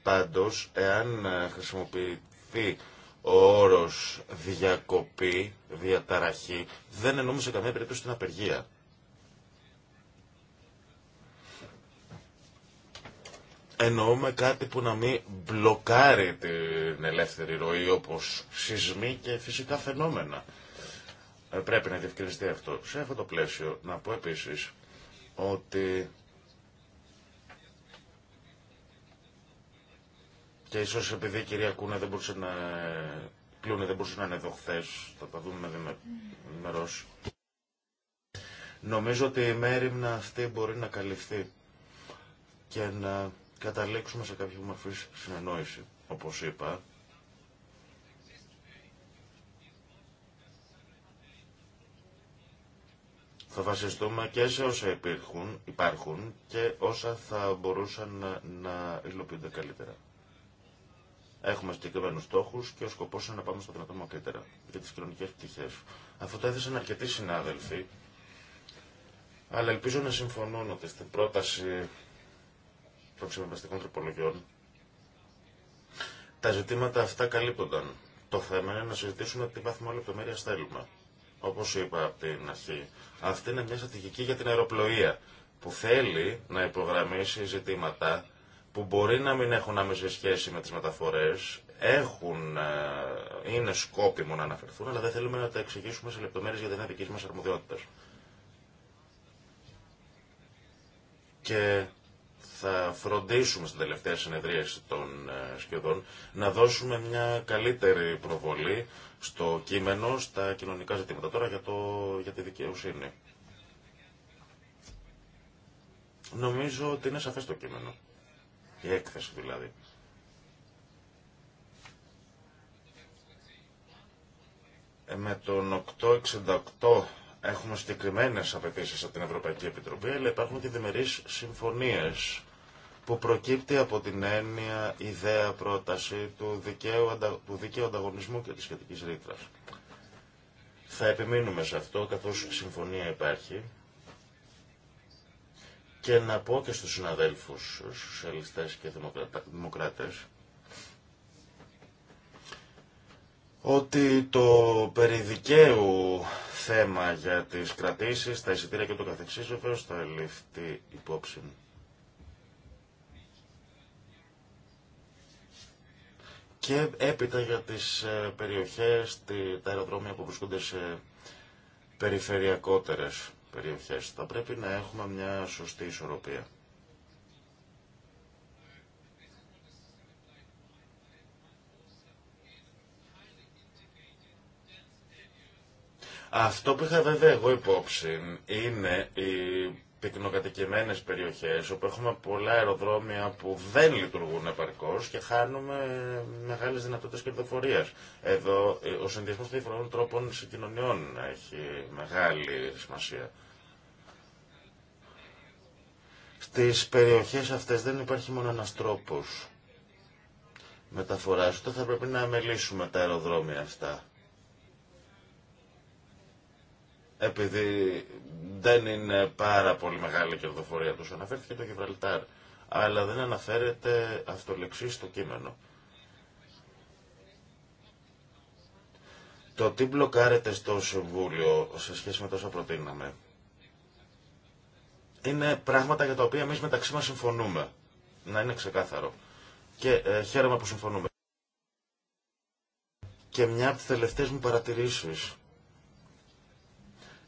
Πάντως, εάν χρησιμοποιεί χρησιμοποιηθεί ο όρος διακοπή, διαταραχή, δεν εννοούμε σε καμία περίπτωση την απεργία. Εννοούμε κάτι που να μην μπλοκάρει την ελεύθερη ροή όπως σεισμοί και φυσικά φαινόμενα. Ε, πρέπει να διευκρινιστεί αυτό. Σε αυτό το πλαίσιο να πω επίσης ότι Και ίσω επειδή η κυρία Κούνα δεν μπορούσε να... Κλούνε δεν μπορούσε να είναι εδώ χθε, θα τα δούμε με Mm. Νομίζω ότι η μέρημνα αυτή μπορεί να καλυφθεί και να καταλήξουμε σε κάποια μορφή συνεννόηση, όπως είπα. Θα βασιστούμε και σε όσα υπάρχουν και όσα θα μπορούσαν να, να υλοποιούνται καλύτερα. Έχουμε συγκεκριμένου στόχου και ο σκοπό είναι να πάμε στο δυνατόν μακρύτερα για τι κοινωνικέ πτυχέ. Αυτό το έθεσαν αρκετοί συνάδελφοι, αλλά ελπίζω να συμφωνούν ότι στην πρόταση των ξεμεμπαστικών τροπολογιών τα ζητήματα αυτά καλύπτονταν. Το θέμα είναι να συζητήσουμε τι βαθμό λεπτομέρεια θέλουμε. Όπω είπα από την αρχή, αυτή είναι μια στρατηγική για την αεροπλοεία που θέλει να υπογραμμίσει ζητήματα που μπορεί να μην έχουν άμεση σχέση με τις μεταφορές, έχουν, ε, είναι σκόπιμο να αναφερθούν, αλλά δεν θέλουμε να τα εξηγήσουμε σε λεπτομέρειες για την δική μας αρμοδιότητας. Και θα φροντίσουμε στην τελευταία συνεδρίαση των ε, σχεδόν να δώσουμε μια καλύτερη προβολή στο κείμενο, στα κοινωνικά ζητήματα τώρα για, το, για τη δικαιοσύνη. Νομίζω ότι είναι σαφές το κείμενο. Η έκθεση δηλαδή. Ε, με τον 868 έχουμε συγκεκριμένε απαιτήσει από την Ευρωπαϊκή Επιτροπή, αλλά υπάρχουν και διμερεί συμφωνίε που προκύπτει από την έννοια ιδέα πρόταση του δικαίου, του δικαίου ανταγωνισμού και της σχετικής ρήτρας. Θα επιμείνουμε σε αυτό, καθώς συμφωνία υπάρχει και να πω και στους συναδέλφους σοσιαλιστές και δημοκράτες ότι το περιδικαίου θέμα για τις κρατήσεις, τα εισιτήρια και το καθεξής βεβαίως θα ληφθεί υπόψη. Και έπειτα για τις ε, περιοχές, τα αεροδρόμια που βρισκόνται σε περιφερειακότερες θα πρέπει να έχουμε μια σωστή ισορροπία. Αυτό που είχα βέβαια εγώ υπόψη είναι η πυκνοκατοικημένες περιοχές όπου έχουμε πολλά αεροδρόμια που δεν λειτουργούν επαρκώς και χάνουμε μεγάλες δυνατότητες κερδοφορίας. Εδώ ε, ο συνδυασμός των τρόπων συγκοινωνιών έχει μεγάλη σημασία. Στις περιοχές αυτές δεν υπάρχει μόνο ένας τρόπος μεταφοράς, ούτε θα πρέπει να μελήσουμε τα αεροδρόμια αυτά. επειδή δεν είναι πάρα πολύ μεγάλη η κερδοφορία τους. Αναφέρθηκε το Γιβραλτάρ, αλλά δεν αναφέρεται αυτολεξή στο κείμενο. Το τι μπλοκάρεται στο Συμβούλιο σε σχέση με τόσα προτείναμε είναι πράγματα για τα οποία εμείς μεταξύ μας συμφωνούμε. Να είναι ξεκάθαρο. Και ε, χαίρομαι που συμφωνούμε. Και μια από τις τελευταίες μου παρατηρήσεις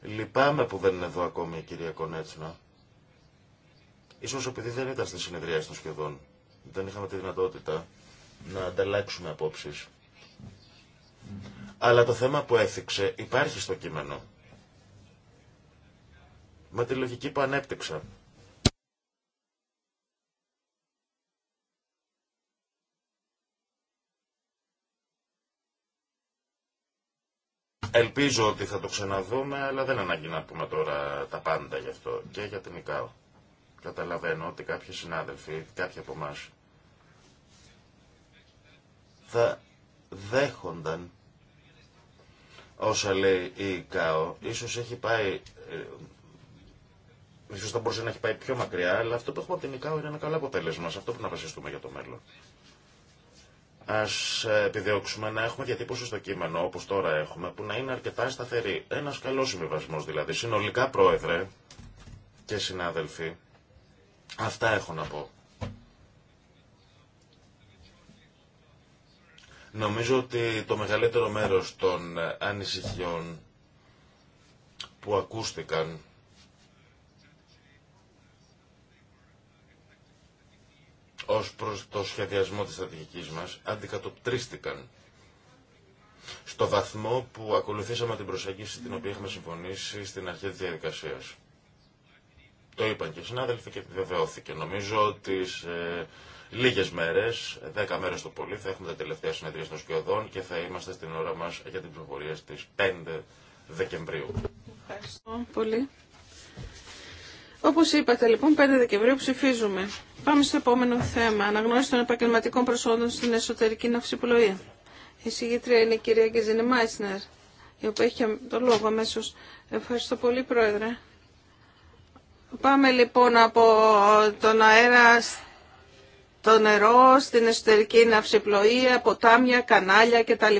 Λυπάμαι που δεν είναι εδώ ακόμη η κυρία Κονέτσινα. Ίσως επειδή δεν ήταν στη συνεδρία των σχεδόν. Δεν είχαμε τη δυνατότητα να ανταλλάξουμε απόψεις. Αλλά το θέμα που έθιξε υπάρχει στο κείμενο. Με τη λογική που ανέπτυξα. Ελπίζω ότι θα το ξαναδούμε, αλλά δεν ανάγκη να πούμε τώρα τα πάντα γι' αυτό και για την ΙΚΑΟ. Καταλαβαίνω ότι κάποιοι συνάδελφοι, κάποιοι από εμά, θα δέχονταν όσα λέει η ΙΚΑΟ. Ίσως έχει πάει ε, ίσως θα μπορούσε να έχει πάει πιο μακριά, αλλά αυτό που έχουμε από την ΙΚΑΟ είναι ένα καλό αποτέλεσμα. Σε αυτό που να βασιστούμε για το μέλλον. Α ε, επιδιώξουμε να έχουμε διατύπωση στο κείμενο, όπω τώρα έχουμε, που να είναι αρκετά σταθερή. Ένα καλό συμβιβασμό δηλαδή. Συνολικά, πρόεδρε και συνάδελφοι, αυτά έχω να πω. Νομίζω ότι το μεγαλύτερο μέρος των ανησυχιών που ακούστηκαν ως προς το σχεδιασμό της στρατηγικής μας αντικατοπτρίστηκαν στο βαθμό που ακολουθήσαμε την προσέγγιση την οποία είχαμε συμφωνήσει στην αρχή της διαδικασίας. Το είπαν και οι συνάδελφοι και επιβεβαιώθηκε. Νομίζω ότι σε λίγες μέρες, δέκα μέρες το πολύ, θα έχουμε τα τελευταία συνεδρία των Σκιωδών και θα είμαστε στην ώρα μας για την ψηφοφορία στις 5 Δεκεμβρίου. Ευχαριστώ πολύ. Όπως είπατε λοιπόν, 5 Δεκεμβρίου ψηφίζουμε. Πάμε στο επόμενο θέμα. Αναγνώριση των επαγγελματικών προσόντων στην εσωτερική ναυσιπλοεία. Η συγγήτρια είναι η κυρία Γκεζίνη Μάισνερ, η οποία έχει το λόγο αμέσω. Ευχαριστώ πολύ, Πρόεδρε. Πάμε λοιπόν από τον αέρα το νερό στην εσωτερική ναυσιπλοεία, ποτάμια, κανάλια κτλ.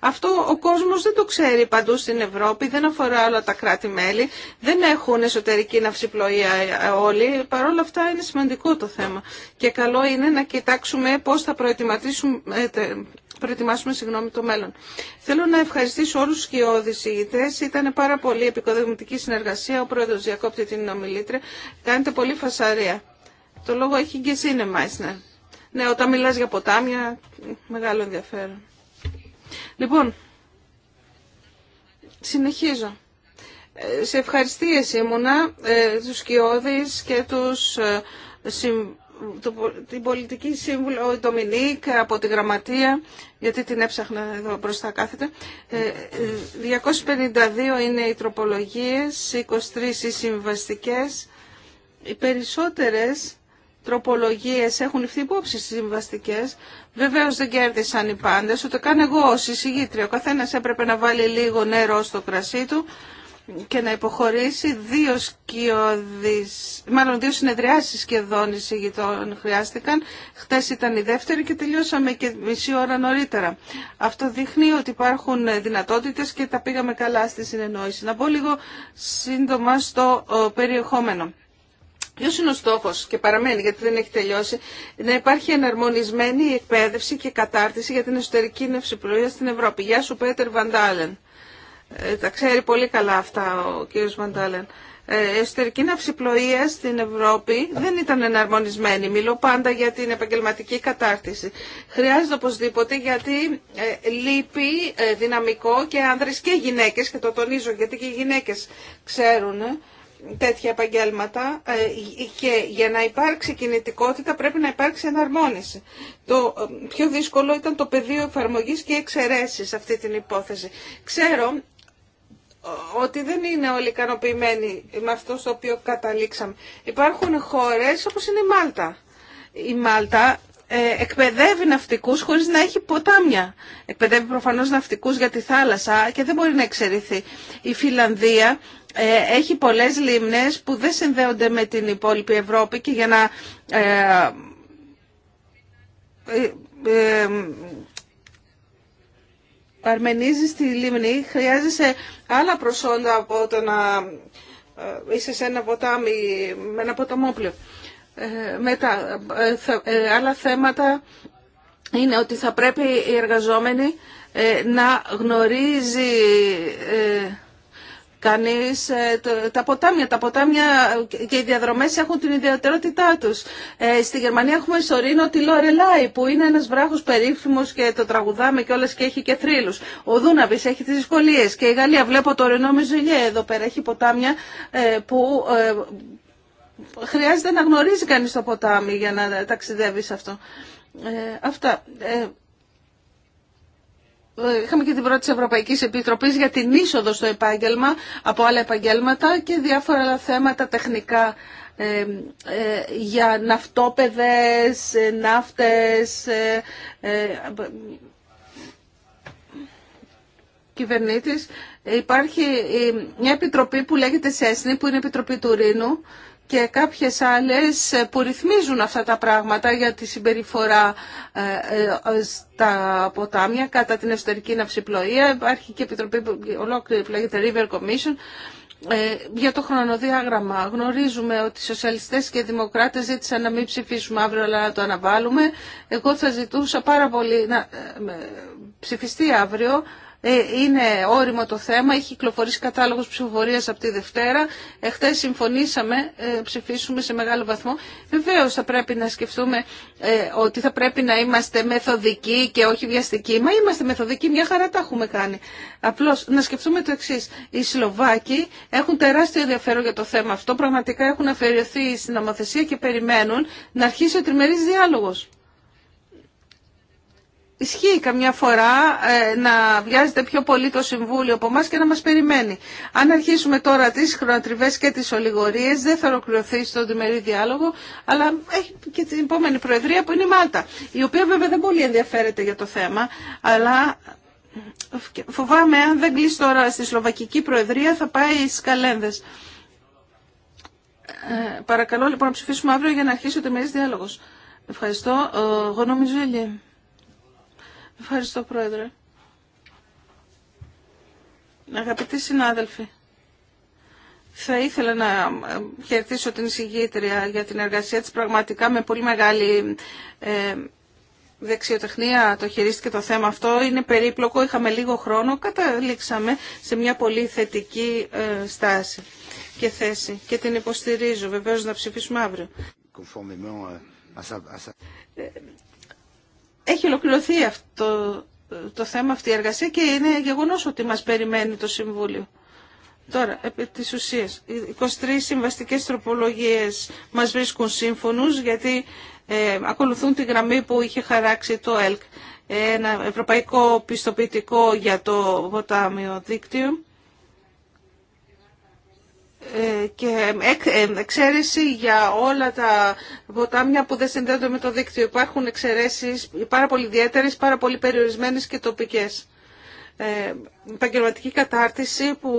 Αυτό ο κόσμος δεν το ξέρει παντού στην Ευρώπη, δεν αφορά όλα τα κράτη-μέλη, δεν έχουν εσωτερική ναυσιπλοεία όλοι, παρόλα αυτά είναι σημαντικό το θέμα. Και καλό είναι να κοιτάξουμε πώς θα προετοιμάσουμε, ε, προετοιμάσουμε συγγνώμη, το μέλλον. Θέλω να ευχαριστήσω όλους τους κοιόδης ηγητές. Ήταν πάρα πολύ επικοδομητική συνεργασία. Ο πρόεδρος διακόπτει την ομιλήτρια. Κάνετε πολύ φασαρία. Το λόγο έχει και Σίνε ναι, Μάισνερ. Ναι, όταν μιλάς για ποτάμια, μεγάλο ενδιαφέρον. Λοιπόν, συνεχίζω. Ε, σε ευχαριστίες ήμουνα ε, τους Κιώδης και τους, ε, την πολιτική σύμβουλο Ντομινίκ από τη Γραμματεία, γιατί την έψαχνα εδώ μπροστά κάθεται. 252 είναι οι τροπολογίες, 23 οι συμβαστικές. Οι περισσότερες τροπολογίες έχουν ληφθεί υπόψη στις συμβαστικές. Βεβαίως δεν κέρδισαν οι πάντες, ούτε καν εγώ ως εισηγήτρια. Ο καθένας έπρεπε να βάλει λίγο νερό στο κρασί του και να υποχωρήσει δύο σκιώδεις, μάλλον δύο συνεδριάσεις σχεδόν εισηγητών χρειάστηκαν. Χτες ήταν η δεύτερη και τελειώσαμε και μισή ώρα νωρίτερα. Αυτό δείχνει ότι υπάρχουν δυνατότητες και τα πήγαμε καλά στη συνεννόηση. Να πω λίγο σύντομα στο περιεχόμενο. Ποιο είναι ο στόχο και παραμένει γιατί δεν έχει τελειώσει, να υπάρχει εναρμονισμένη εκπαίδευση και κατάρτιση για την εσωτερική νευσιπλοεία στην Ευρώπη. Γεια σου, Πέτερ Βαντάλεν. Ε, τα ξέρει πολύ καλά αυτά ο κύριο Βαντάλεν. Ε, εσωτερική ναυσιπλοεία στην Ευρώπη δεν ήταν εναρμονισμένη. Μιλώ πάντα για την επαγγελματική κατάρτιση. Χρειάζεται οπωσδήποτε γιατί ε, λείπει ε, δυναμικό και άνδρες και γυναίκες και το τονίζω γιατί και οι γυναίκες ξέρουν ε, τέτοια επαγγέλματα ε, και για να υπάρξει κινητικότητα πρέπει να υπάρξει εναρμόνιση. Το ε, πιο δύσκολο ήταν το πεδίο εφαρμογής και εξαιρέσεις σε αυτή την υπόθεση. Ξέρω ε, ότι δεν είναι όλοι ικανοποιημένοι με αυτό στο οποίο καταλήξαμε. Υπάρχουν χώρες όπως είναι η Μάλτα. Η Μάλτα εκπαιδεύει ναυτικούς χωρίς να έχει ποτάμια. Εκπαιδεύει προφανώς ναυτικούς για τη θάλασσα και δεν μπορεί να εξαιρεθεί. Η Φιλανδία ε, έχει πολλές λίμνες που δεν συνδέονται με την υπόλοιπη Ευρώπη και για να ε, ε, αρμενίζεις τη λίμνη χρειάζεσαι άλλα προσόντα από το να είσαι σε ένα ποτάμι με ένα ποταμόπλιο. μετά, άλλα θέματα είναι ότι θα πρέπει οι εργαζόμενοι να γνωρίζει κανείς ε, τα ποτάμια. Τα ποτάμια και οι διαδρομές έχουν την ιδιαιτερότητά τους. Ε, στη Γερμανία έχουμε σωρίνο τη Λορελάη που είναι ένας βράχος περίφημος και το τραγουδάμε και όλες και έχει και θρύλους. Ο Δούναβης έχει τις δυσκολίε και η Γαλλία βλέπω το Ρενό Μιζουλιέ εδώ πέρα έχει ποτάμια ε, που χρειάζεται να γνωρίζει κανείς το ποτάμι για να ταξιδεύει σε αυτό. αυτά. Ε, είχαμε και την πρώτη ευρωπαϊκή Επίτροπή για την είσοδο στο επάγγελμα από άλλα επαγγέλματα και διάφορα άλλα θέματα τεχνικά ε, ε για ναυτόπεδες, ε, ναύτες, ε, κυβερνήτης. Υπάρχει μια επιτροπή που λέγεται ΣΕΣΝΗ που είναι Επιτροπή του Ρήνου και κάποιες άλλες που ρυθμίζουν αυτά τα πράγματα για τη συμπεριφορά ε, ε, στα ποτάμια κατά την εσωτερική ναυσιπλοεία. Υπάρχει και επιτροπή ολόκληρη που λέγεται River Commission. Ε, για το χρονοδιάγραμμα γνωρίζουμε ότι οι σοσιαλιστές και οι δημοκράτες ζήτησαν να μην ψηφίσουμε αύριο αλλά να το αναβάλουμε. Εγώ θα ζητούσα πάρα πολύ να ψηφιστεί αύριο ε, είναι όριμο το θέμα, έχει κυκλοφορήσει κατάλογο ψηφοφορία από τη Δευτέρα. Εχθέ συμφωνήσαμε, ε, ψηφίσουμε σε μεγάλο βαθμό. Βεβαίω θα πρέπει να σκεφτούμε ε, ότι θα πρέπει να είμαστε μεθοδικοί και όχι βιαστικοί. Μα είμαστε μεθοδικοί, μια χαρά τα έχουμε κάνει. Απλώ να σκεφτούμε το εξή. Οι Σλοβάκοι έχουν τεράστιο ενδιαφέρον για το θέμα αυτό. Πραγματικά έχουν αφαιρεθεί στην νομοθεσία και περιμένουν να αρχίσει ο τριμερή διάλογο. Ισχύει καμιά φορά ε, να βιάζεται πιο πολύ το Συμβούλιο από εμά και να μας περιμένει. Αν αρχίσουμε τώρα τις χρονοτριβές και τις ολιγορίες δεν θα ολοκληρωθεί στον τριμερή διάλογο, αλλά έχει και την επόμενη Προεδρία που είναι η Μάλτα, η οποία βέβαια δεν πολύ ενδιαφέρεται για το θέμα, αλλά φοβάμαι αν δεν κλείσει τώρα στη Σλοβακική Προεδρία θα πάει στις καλένδες. Ε, παρακαλώ λοιπόν να ψηφίσουμε αύριο για να αρχίσει ο τριμερής διάλογος. Ευχαριστώ. Ε, εγώ νομίζω Ευχαριστώ, Πρόεδρε. Αγαπητοί συνάδελφοι, θα ήθελα να ε, χαιρετήσω την εισηγήτρια για την εργασία της πραγματικά με πολύ μεγάλη ε, δεξιοτεχνία το χειρίστηκε το θέμα αυτό. Είναι περίπλοκο, είχαμε λίγο χρόνο, καταλήξαμε σε μια πολύ θετική ε, στάση και θέση και την υποστηρίζω βεβαίως να ψηφίσουμε αύριο έχει ολοκληρωθεί αυτό το θέμα, αυτή η εργασία και είναι γεγονός ότι μας περιμένει το Συμβούλιο. Τώρα, επί της ουσίας, 23 συμβαστικές τροπολογίες μας βρίσκουν σύμφωνους γιατί ε, ακολουθούν τη γραμμή που είχε χαράξει το ΕΛΚ. Ένα ευρωπαϊκό πιστοποιητικό για το Βοτάμιο δίκτυο ε, και ε, ε, εξαίρεση για όλα τα ποτάμια που δεν συνδέονται με το δίκτυο. Υπάρχουν εξαιρέσει πάρα πολύ ιδιαίτερε, πάρα πολύ περιορισμένες και τοπικές επαγγελματική κατάρτιση που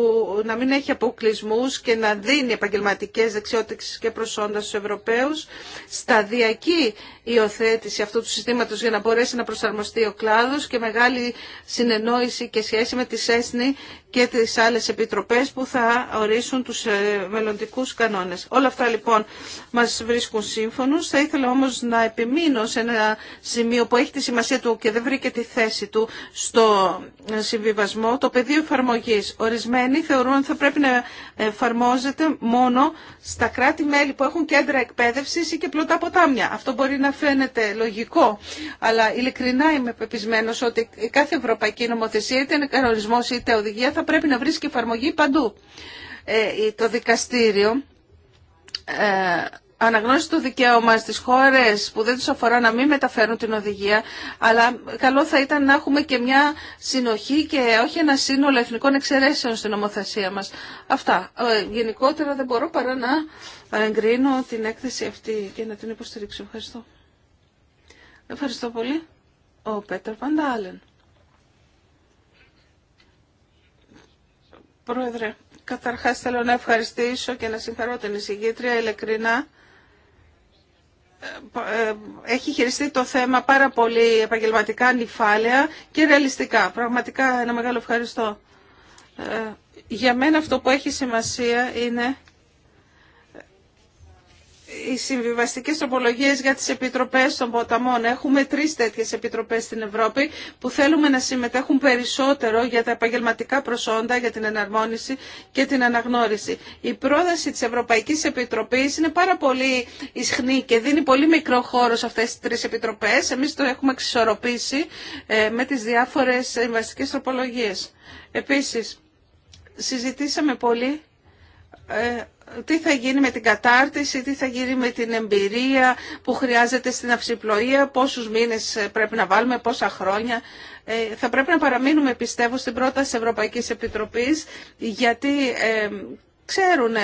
να μην έχει αποκλεισμού και να δίνει επαγγελματικέ δεξιότητε και προσόντα στους Ευρωπαίους, σταδιακή υιοθέτηση αυτού του συστήματο για να μπορέσει να προσαρμοστεί ο κλάδο και μεγάλη συνεννόηση και σχέση με τις ΕΣΝΗ και τι άλλε επιτροπέ που θα ορίσουν του ε, μελλοντικού κανόνε. Όλα αυτά λοιπόν μα βρίσκουν σύμφωνους. Θα ήθελα όμως να επιμείνω σε ένα σημείο που έχει τη σημασία του και δεν βρήκε τη θέση του στο ε, συμβιβασμό το πεδίο εφαρμογής. Ορισμένοι θεωρούν ότι θα πρέπει να εφαρμόζεται μόνο στα κράτη-μέλη που έχουν κέντρα εκπαίδευσης ή και πλωτά ποτάμια. Αυτό μπορεί να φαίνεται λογικό, αλλά ειλικρινά είμαι πεπισμένος ότι η κάθε ευρωπαϊκή νομοθεσία, είτε είναι κανονισμός είτε οδηγία, θα πρέπει να φαινεται λογικο αλλα ειλικρινα ειμαι πεπισμενο οτι η εφαρμογή παντού. Ε, το δικαστήριο ε, αναγνώριση το δικαίωμα στις χώρες που δεν του αφορά να μην μεταφέρουν την οδηγία, αλλά καλό θα ήταν να έχουμε και μια συνοχή και όχι ένα σύνολο εθνικών εξαιρέσεων στην νομοθεσία μας. Αυτά. Ε, γενικότερα δεν μπορώ παρά να εγκρίνω την έκθεση αυτή και να την υποστηρίξω. Ευχαριστώ. Ευχαριστώ πολύ. Ο Πέτερ Παντάλεν. Πρόεδρε, καταρχάς θέλω να ευχαριστήσω και να συγχαρώ την εισηγήτρια ειλικρινά ε, ε, έχει χειριστεί το θέμα πάρα πολύ επαγγελματικά, νυφάλαια και ρεαλιστικά. Πραγματικά ένα μεγάλο ευχαριστώ. Ε, για μένα αυτό που έχει σημασία είναι οι συμβιβαστικέ τροπολογίε για τις επιτροπές των ποταμών. Έχουμε τρεις τέτοιες επιτροπές στην Ευρώπη που θέλουμε να συμμετέχουν περισσότερο για τα επαγγελματικά προσόντα, για την εναρμόνιση και την αναγνώριση. Η πρόταση της Ευρωπαϊκής Επιτροπής είναι πάρα πολύ ισχνή και δίνει πολύ μικρό χώρο σε αυτέ τις τρεις επιτροπές. Εμεί το έχουμε εξισορροπήσει ε, με τι διάφορε συμβαστικές τροπολογίε. Επίση, συζητήσαμε πολύ ε, τι θα γίνει με την κατάρτιση, τι θα γίνει με την εμπειρία που χρειάζεται στην αυσιπλοεία, πόσους μήνες ε, πρέπει να βάλουμε, πόσα χρόνια. Ε, θα πρέπει να παραμείνουμε, πιστεύω, στην πρόταση Ευρωπαϊκής Επιτροπής, γιατί ε, ξέρουν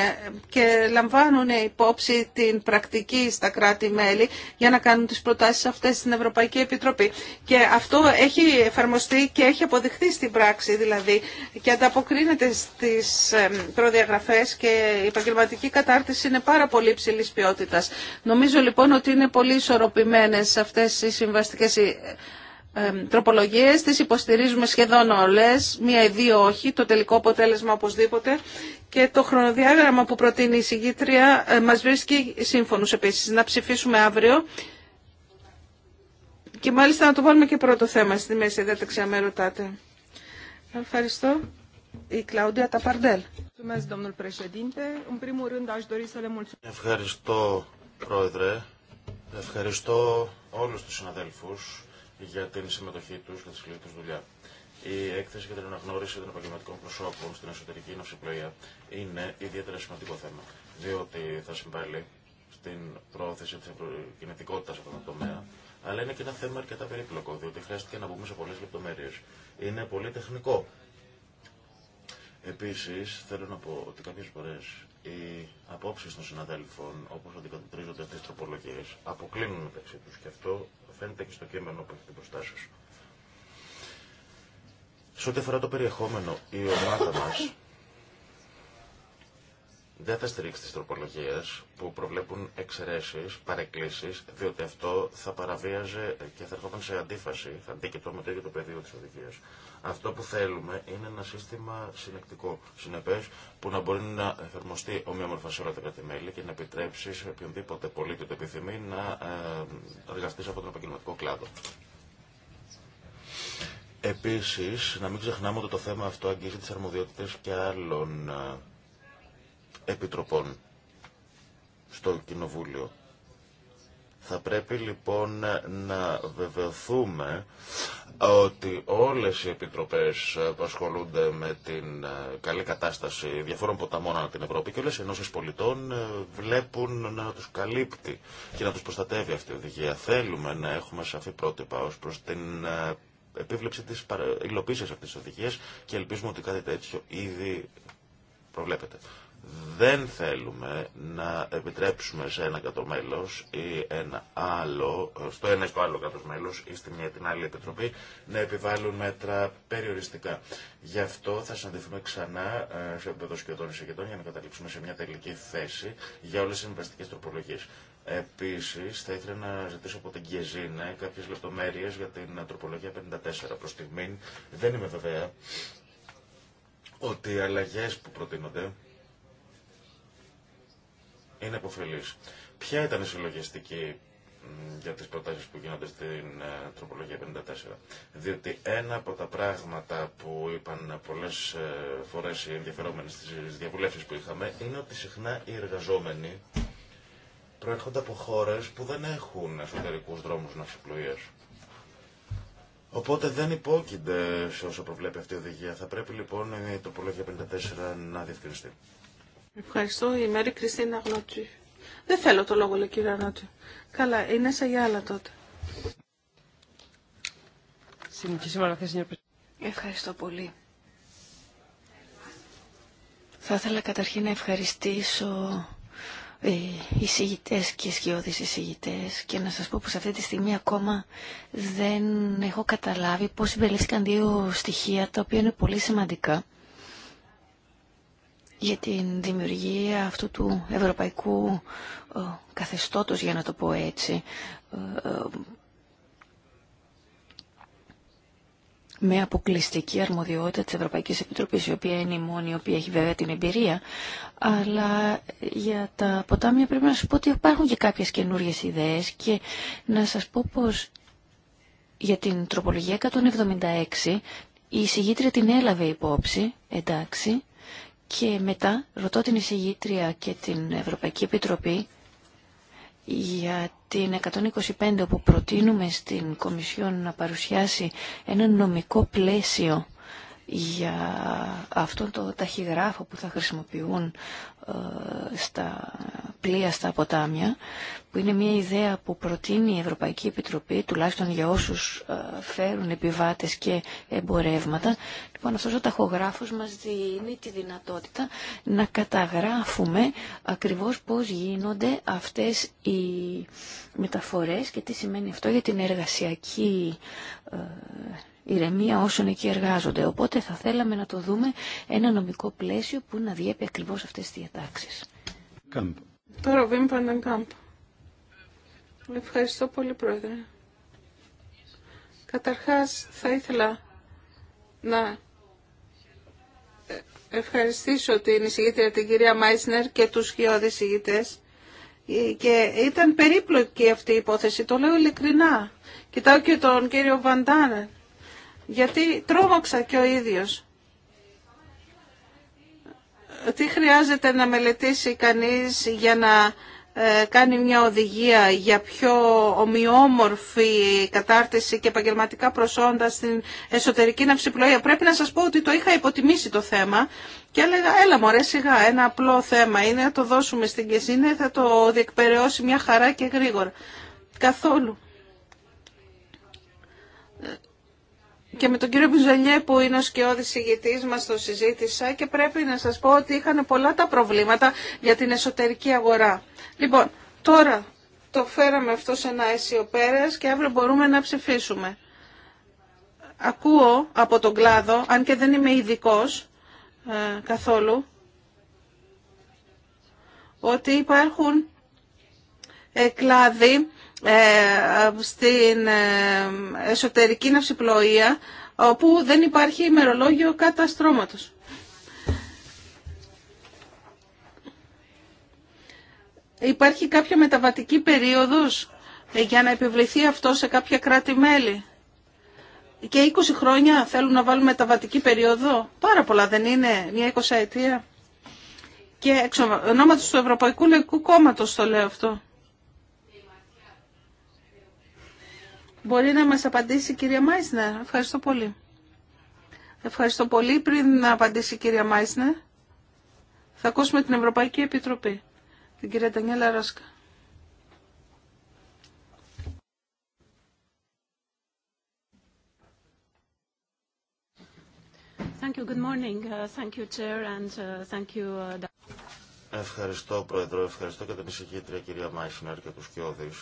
και λαμβάνουν υπόψη την πρακτική στα κράτη-μέλη για να κάνουν τις προτάσεις αυτές στην Ευρωπαϊκή Επιτροπή. Και αυτό έχει εφαρμοστεί και έχει αποδειχθεί στην πράξη δηλαδή και ανταποκρίνεται στις προδιαγραφές και η επαγγελματική κατάρτιση είναι πάρα πολύ ψηλής ποιότητας. Νομίζω λοιπόν ότι είναι πολύ ισορροπημένες αυτές οι συμβαστικές τροπολογίες, τις υποστηρίζουμε σχεδόν όλες, μία ή δύο όχι, το τελικό αποτέλεσμα οπωσδήποτε και το χρονοδιάγραμμα που προτείνει η συγκήτρια ε, μας βρίσκει σύμφωνους επίσης να ψηφίσουμε αύριο και μάλιστα να το βάλουμε και πρώτο θέμα στη μέση διάταξη αν με ρωτάτε. Ευχαριστώ. Η Κλαούντια Ταπαρντέλ. Ευχαριστώ, Πρόεδρε. Ευχαριστώ όλους τους συναδέλφους για την συμμετοχή του και τη σκληρή του δουλειά. Η έκθεση για την αναγνώριση των επαγγελματικών προσώπων στην εσωτερική νοσηπλοεία είναι ιδιαίτερα σημαντικό θέμα, διότι θα συμβάλλει στην πρόθεση τη κινητικότητα αυτών τον τομέα, αλλά είναι και ένα θέμα αρκετά περίπλοκο, διότι χρειάστηκε να μπούμε σε πολλέ λεπτομέρειε. Είναι πολύ τεχνικό Επίσης, θέλω να πω ότι κάποιες φορές οι απόψεις των συναδέλφων, όπως αντικατοπτρίζονται τι τροπολογίε, αποκλίνουν μεταξύ τους και αυτό φαίνεται και στο κείμενο που έχετε μπροστά σας. Σε ό,τι αφορά το περιεχόμενο, η ομάδα μας δεν θα στηρίξει τις τροπολογίες που προβλέπουν εξαιρέσεις, παρεκκλήσεις, διότι αυτό θα παραβίαζε και θα ερχόταν σε αντίφαση, θα αντίκειτο με το ίδιο το πεδίο της οδηγίας. Αυτό που θέλουμε είναι ένα σύστημα συνεκτικό, συνεπές, που να μπορεί να εφαρμοστεί ομοιόμορφα σε όλα τα κράτη-μέλη και να επιτρέψει σε οποιονδήποτε πολίτη το επιθυμεί να ε, εργαστεί από τον επαγγελματικό κλάδο. Επίσης, να μην ξεχνάμε ότι το θέμα αυτό αγγίζει τις αρμοδιότητες και άλλων ε, επιτροπών στο Κοινοβούλιο. Θα πρέπει λοιπόν να βεβαιωθούμε ότι όλες οι επιτροπές που ασχολούνται με την ε, καλή κατάσταση διαφόρων ποταμών ανά την Ευρώπη και όλες οι ενώσεις πολιτών ε, βλέπουν να τους καλύπτει και να τους προστατεύει αυτή η οδηγία. Θέλουμε να έχουμε σαφή πρότυπα ως προς την ε, επίβλεψη της υλοποίησης αυτής της οδηγίας και ελπίζουμε ότι κάτι τέτοιο ήδη προβλέπεται. Δεν θέλουμε να επιτρέψουμε σε ένα κατομέλο ή ένα άλλο, στο ένα ή στο άλλο κατομέλος ή στην την άλλη επιτροπή να επιβάλλουν μέτρα περιοριστικά. Γι' αυτό θα συναντηθούμε ξανά ε, σε επίπεδο σκιωτών εισηγητών για να καταλήξουμε σε μια τελική θέση για όλες τις συμβαστικές τροπολογίες. Επίσης, θα ήθελα να ζητήσω από την Κιεζίνε κάποιες λεπτομέρειες για την τροπολογία 54. Προς στιγμή δεν είμαι βεβαία ότι οι αλλαγές που προτείνονται είναι υποφελής. Ποια ήταν η συλλογιστική για τις προτάσεις που γίνονται στην ε, τροπολογία 54. Διότι ένα από τα πράγματα που είπαν πολλές ε, φορές οι ενδιαφερόμενοι στις διαβουλεύσεις που είχαμε είναι ότι συχνά οι εργαζόμενοι προέρχονται από χώρες που δεν έχουν εσωτερικούς δρόμους ναυσιπλοείας. Οπότε δεν υπόκεινται σε όσο προβλέπει αυτή η οδηγία. Θα πρέπει λοιπόν η τροπολογία 54 να διευκρινιστεί. Ευχαριστώ. Η Μέρη Κριστίνα Γνώτσου. Δεν θέλω το λόγο, λέει κύριε Γνώτσου. Καλά, είναι σε άλλα τότε. Ευχαριστώ πολύ. Θα ήθελα καταρχήν να ευχαριστήσω οι ε, εισηγητέ και σκιώδεις εισηγητέ και να σας πω πως αυτή τη στιγμή ακόμα δεν έχω καταλάβει πώς συμπεριλήφθηκαν δύο στοιχεία τα οποία είναι πολύ σημαντικά για την δημιουργία αυτού του ευρωπαϊκού ε, καθεστώτος, για να το πω έτσι, ε, ε, με αποκλειστική αρμοδιότητα της Ευρωπαϊκής Επιτροπής, η οποία είναι η μόνη, η οποία έχει βέβαια την εμπειρία, αλλά για τα ποτάμια πρέπει να σας πω ότι υπάρχουν και κάποιες καινούργιες ιδέες και να σας πω πως για την τροπολογία 176 η εισηγήτρια την έλαβε υπόψη, εντάξει, και μετά ρωτώ την εισηγήτρια και την Ευρωπαϊκή Επιτροπή για την 125 που προτείνουμε στην Κομισιόν να παρουσιάσει ένα νομικό πλαίσιο για αυτόν το ταχυγράφο που θα χρησιμοποιούν ε, στα πλοία, στα ποτάμια, που είναι μια ιδέα που προτείνει η Ευρωπαϊκή Επιτροπή, τουλάχιστον για όσους ε, φέρουν επιβάτες και εμπορεύματα. Λοιπόν, αυτός ο ταχογράφος μας δίνει τη δυνατότητα να καταγράφουμε ακριβώς πώς γίνονται αυτές οι μεταφορές και τι σημαίνει αυτό για την εργασιακή ε, ηρεμία όσων εκεί εργάζονται. Οπότε θα θέλαμε να το δούμε ένα νομικό πλαίσιο που να διέπει ακριβώ αυτέ τι διατάξει. Τώρα πάντα κάμπ. Ευχαριστώ πολύ Πρόεδρε. Καταρχάς θα ήθελα να ευχαριστήσω την εισηγήτρια την κυρία Μάισνερ και τους χειώδεις εισηγητέ. και ήταν περίπλοκη αυτή η υπόθεση, το λέω ειλικρινά. Κοιτάω και τον κύριο Βαντάνερ γιατί τρόμαξα και ο ίδιος. Τι χρειάζεται να μελετήσει κανείς για να ε, κάνει μια οδηγία για πιο ομοιόμορφη κατάρτιση και επαγγελματικά προσόντα στην εσωτερική ναυσιπλοεία. Πρέπει να σας πω ότι το είχα υποτιμήσει το θέμα και έλεγα έλα μωρέ σιγά ένα απλό θέμα είναι να το δώσουμε στην Κεζίνε θα το διεκπαιρεώσει μια χαρά και γρήγορα. Καθόλου. και με τον κύριο Μπιζολιέ που είναι ο σκιώδης ηγητής μας το συζήτησα και πρέπει να σας πω ότι είχαν πολλά τα προβλήματα για την εσωτερική αγορά. Λοιπόν, τώρα το φέραμε αυτό σε ένα αίσιο πέρας και αύριο μπορούμε να ψηφίσουμε. Ακούω από τον κλάδο, αν και δεν είμαι ειδικό ε, καθόλου, ότι υπάρχουν ε, κλάδοι ε, στην ε, εσωτερική ναυσιπλοεία όπου δεν υπάρχει ημερολόγιο καταστρώματος. Υπάρχει κάποια μεταβατική περίοδος για να επιβληθεί αυτό σε κάποια κράτη-μέλη. Και 20 χρόνια θέλουν να βάλουν μεταβατική περίοδο. Πάρα πολλά δεν είναι, μια 20 ετία. Και εξ ονόματος του Ευρωπαϊκού Λαϊκού Κόμματος το λέω αυτό. Μπορεί να μας απαντήσει η κυρία Μάισνερ. Ευχαριστώ πολύ. Ευχαριστώ πολύ. Πριν να απαντήσει η κυρία Μάισνερ, θα ακούσουμε την Ευρωπαϊκή Επιτροπή. Την κυρία Τανιέλα Ράσκα. Uh, uh, uh, Ευχαριστώ, Πρόεδρο. Ευχαριστώ και την εισηγήτρια κυρία Μάισνερ και τους Κιώδης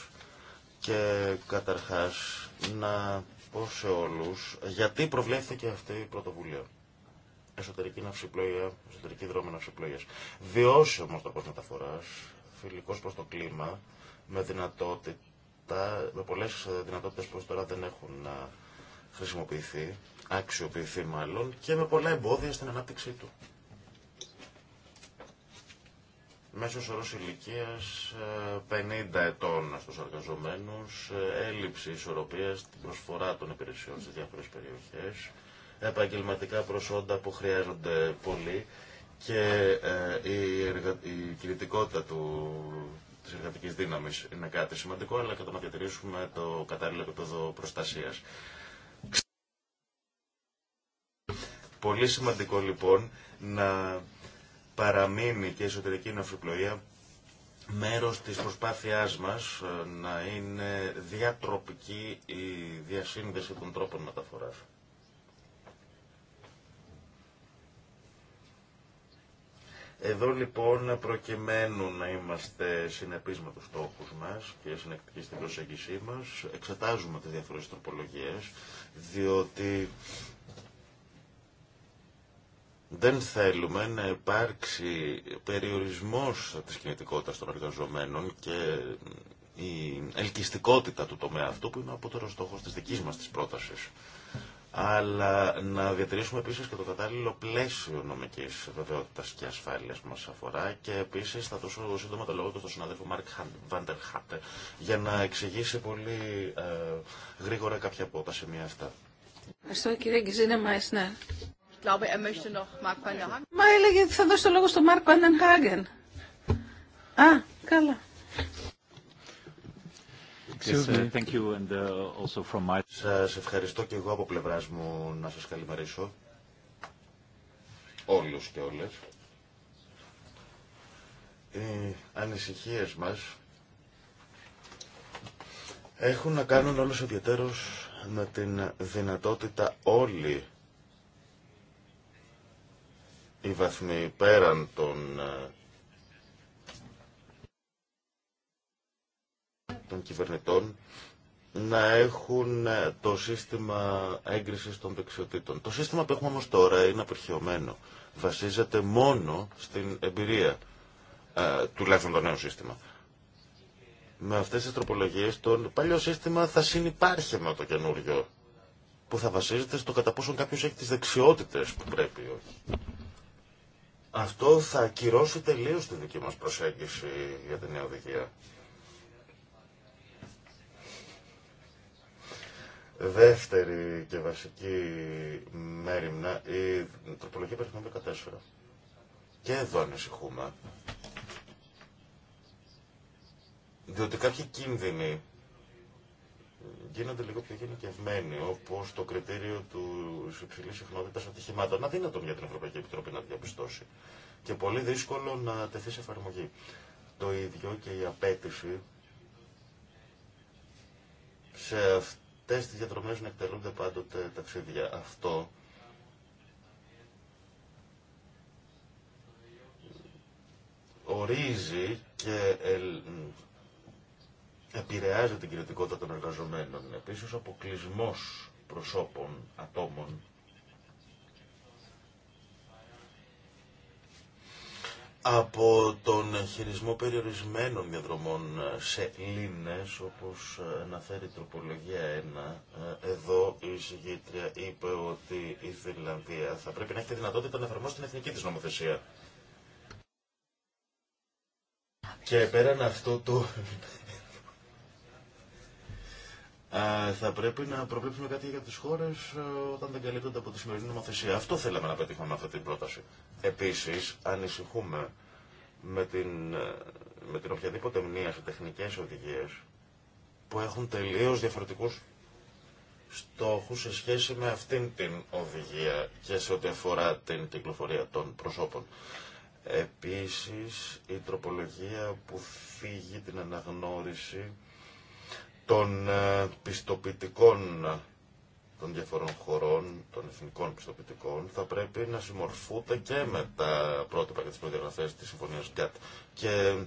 και καταρχάς να πω σε όλους γιατί προβλέφθηκε αυτή η πρωτοβουλία. Εσωτερική ναυσιπλόγια, εσωτερική δρόμη ναυσιπλογίας. Βιώσιμος τρόπος μεταφοράς, φιλικός προς το κλίμα, με δυνατότητα, με πολλές δυνατότητες που τώρα δεν έχουν να χρησιμοποιηθεί, αξιοποιηθεί μάλλον, και με πολλά εμπόδια στην ανάπτυξή του. μέσος όρος ηλικίας 50 ε, ετών στους εργαζομένους, ε, έλλειψη ισορροπίας στην προσφορά των υπηρεσιών στις διάφορες περιοχές, επαγγελματικά προσόντα που χρειάζονται πολύ και ε, η, εργα... η κινητικότητα του... της εργατικής δύναμης είναι κάτι σημαντικό, αλλά και το να διατηρήσουμε το κατάλληλο επίπεδο προστασίας. Πολύ σημαντικό λοιπόν να παραμείνει και η εσωτερική ναυσιπλοεία μέρος της προσπάθειάς μας ε, να είναι διατροπική η διασύνδεση των τρόπων μεταφοράς. Εδώ λοιπόν προκειμένου να είμαστε συνεπείς με τους στόχους μας και συνεκτικοί στην προσέγγισή μας, εξετάζουμε τις διαφορετικές τροπολογίες, διότι δεν θέλουμε να υπάρξει περιορισμός της κινητικότητας των εργαζομένων και η ελκυστικότητα του τομέα αυτού που είναι ο απότερο στόχος της δικής μας της πρότασης. Αλλά να διατηρήσουμε επίσης και το κατάλληλο πλαίσιο νομικής βεβαιότητας και ασφάλειας που μας αφορά και επίσης θα δώσω σύντομα το λόγο και στον συναδέλφο Μάρκ Βάντερ για να εξηγήσει πολύ ε, γρήγορα κάποια από τα σημεία αυτά. Ευχαριστώ κύριε Γκυζίνε Μάισνερ. Er Μα έλεγε ότι θα δώσει το λόγο στον Μάρκο Van Α, καλά. Yes, uh, thank you and uh, also from my... Σας ευχαριστώ και εγώ από πλευράς μου να σας καλημερίσω. Όλους και όλες. Οι ανησυχίε μας έχουν να κάνουν όλο ιδιαίτερως με την δυνατότητα όλοι οι βαθμοί πέραν των, ε, των κυβερνητών να έχουν ε, το σύστημα έγκρισης των δεξιοτήτων. Το σύστημα που έχουμε όμως τώρα είναι απερχαιωμένο. Βασίζεται μόνο στην εμπειρία, ε, τουλάχιστον το νέο σύστημα. Με αυτές τις τροπολογίες το παλιό σύστημα θα συνυπάρχει με το καινούριο, που θα βασίζεται στο κατά πόσο κάποιος έχει τις δεξιότητες που πρέπει όχι. Αυτό θα ακυρώσει τελείως τη δική μας προσέγγιση για την νέα οδηγία. Δεύτερη και βασική μέρημνα, η τροπολογία περιθμών 14. Και εδώ ανησυχούμε. Διότι κάποιοι κίνδυνοι γίνονται λίγο πιο γενικευμένοι, όπω το κριτήριο του υψηλή συχνότητα ατυχημάτων. Αδύνατον για την Ευρωπαϊκή Επιτροπή να διαπιστώσει. Και πολύ δύσκολο να τεθεί σε εφαρμογή. Το ίδιο και η απέτηση σε αυτέ τι διαδρομέ να εκτελούνται πάντοτε ταξίδια. Αυτό ορίζει και επηρεάζει την κυριωτικότητα των εργαζομένων. Επίσης, ο αποκλεισμός προσώπων, ατόμων, από τον χειρισμό περιορισμένων διαδρομών σε λίμνες, όπως αναφέρει η τροπολογία 1, ε, εδώ η συγγήτρια είπε ότι η Φιλανδία θα πρέπει να έχει τη δυνατότητα να εφαρμόσει την εθνική της νομοθεσία. Και πέραν αυτού του ε, θα πρέπει να προβλέψουμε κάτι για τις χώρες ε, όταν δεν καλύπτονται από τη σημερινή νομοθεσία. Αυτό θέλαμε να πετύχουμε με αυτή την πρόταση. Επίσης, ανησυχούμε με την, ε, με την οποιαδήποτε μνήμα σε τεχνικές οδηγίες που έχουν τελείως διαφορετικούς στόχους σε σχέση με αυτήν την οδηγία και σε ό,τι αφορά την κυκλοφορία των προσώπων. Επίσης, η τροπολογία που φύγει την αναγνώριση των ε, πιστοποιητικών ε, των διαφορών χωρών, των εθνικών πιστοποιητικών, θα πρέπει να συμμορφούνται και με τα πρότυπα και τι προδιαγραφέ τη Συμφωνία ΓΚΑΤ. Και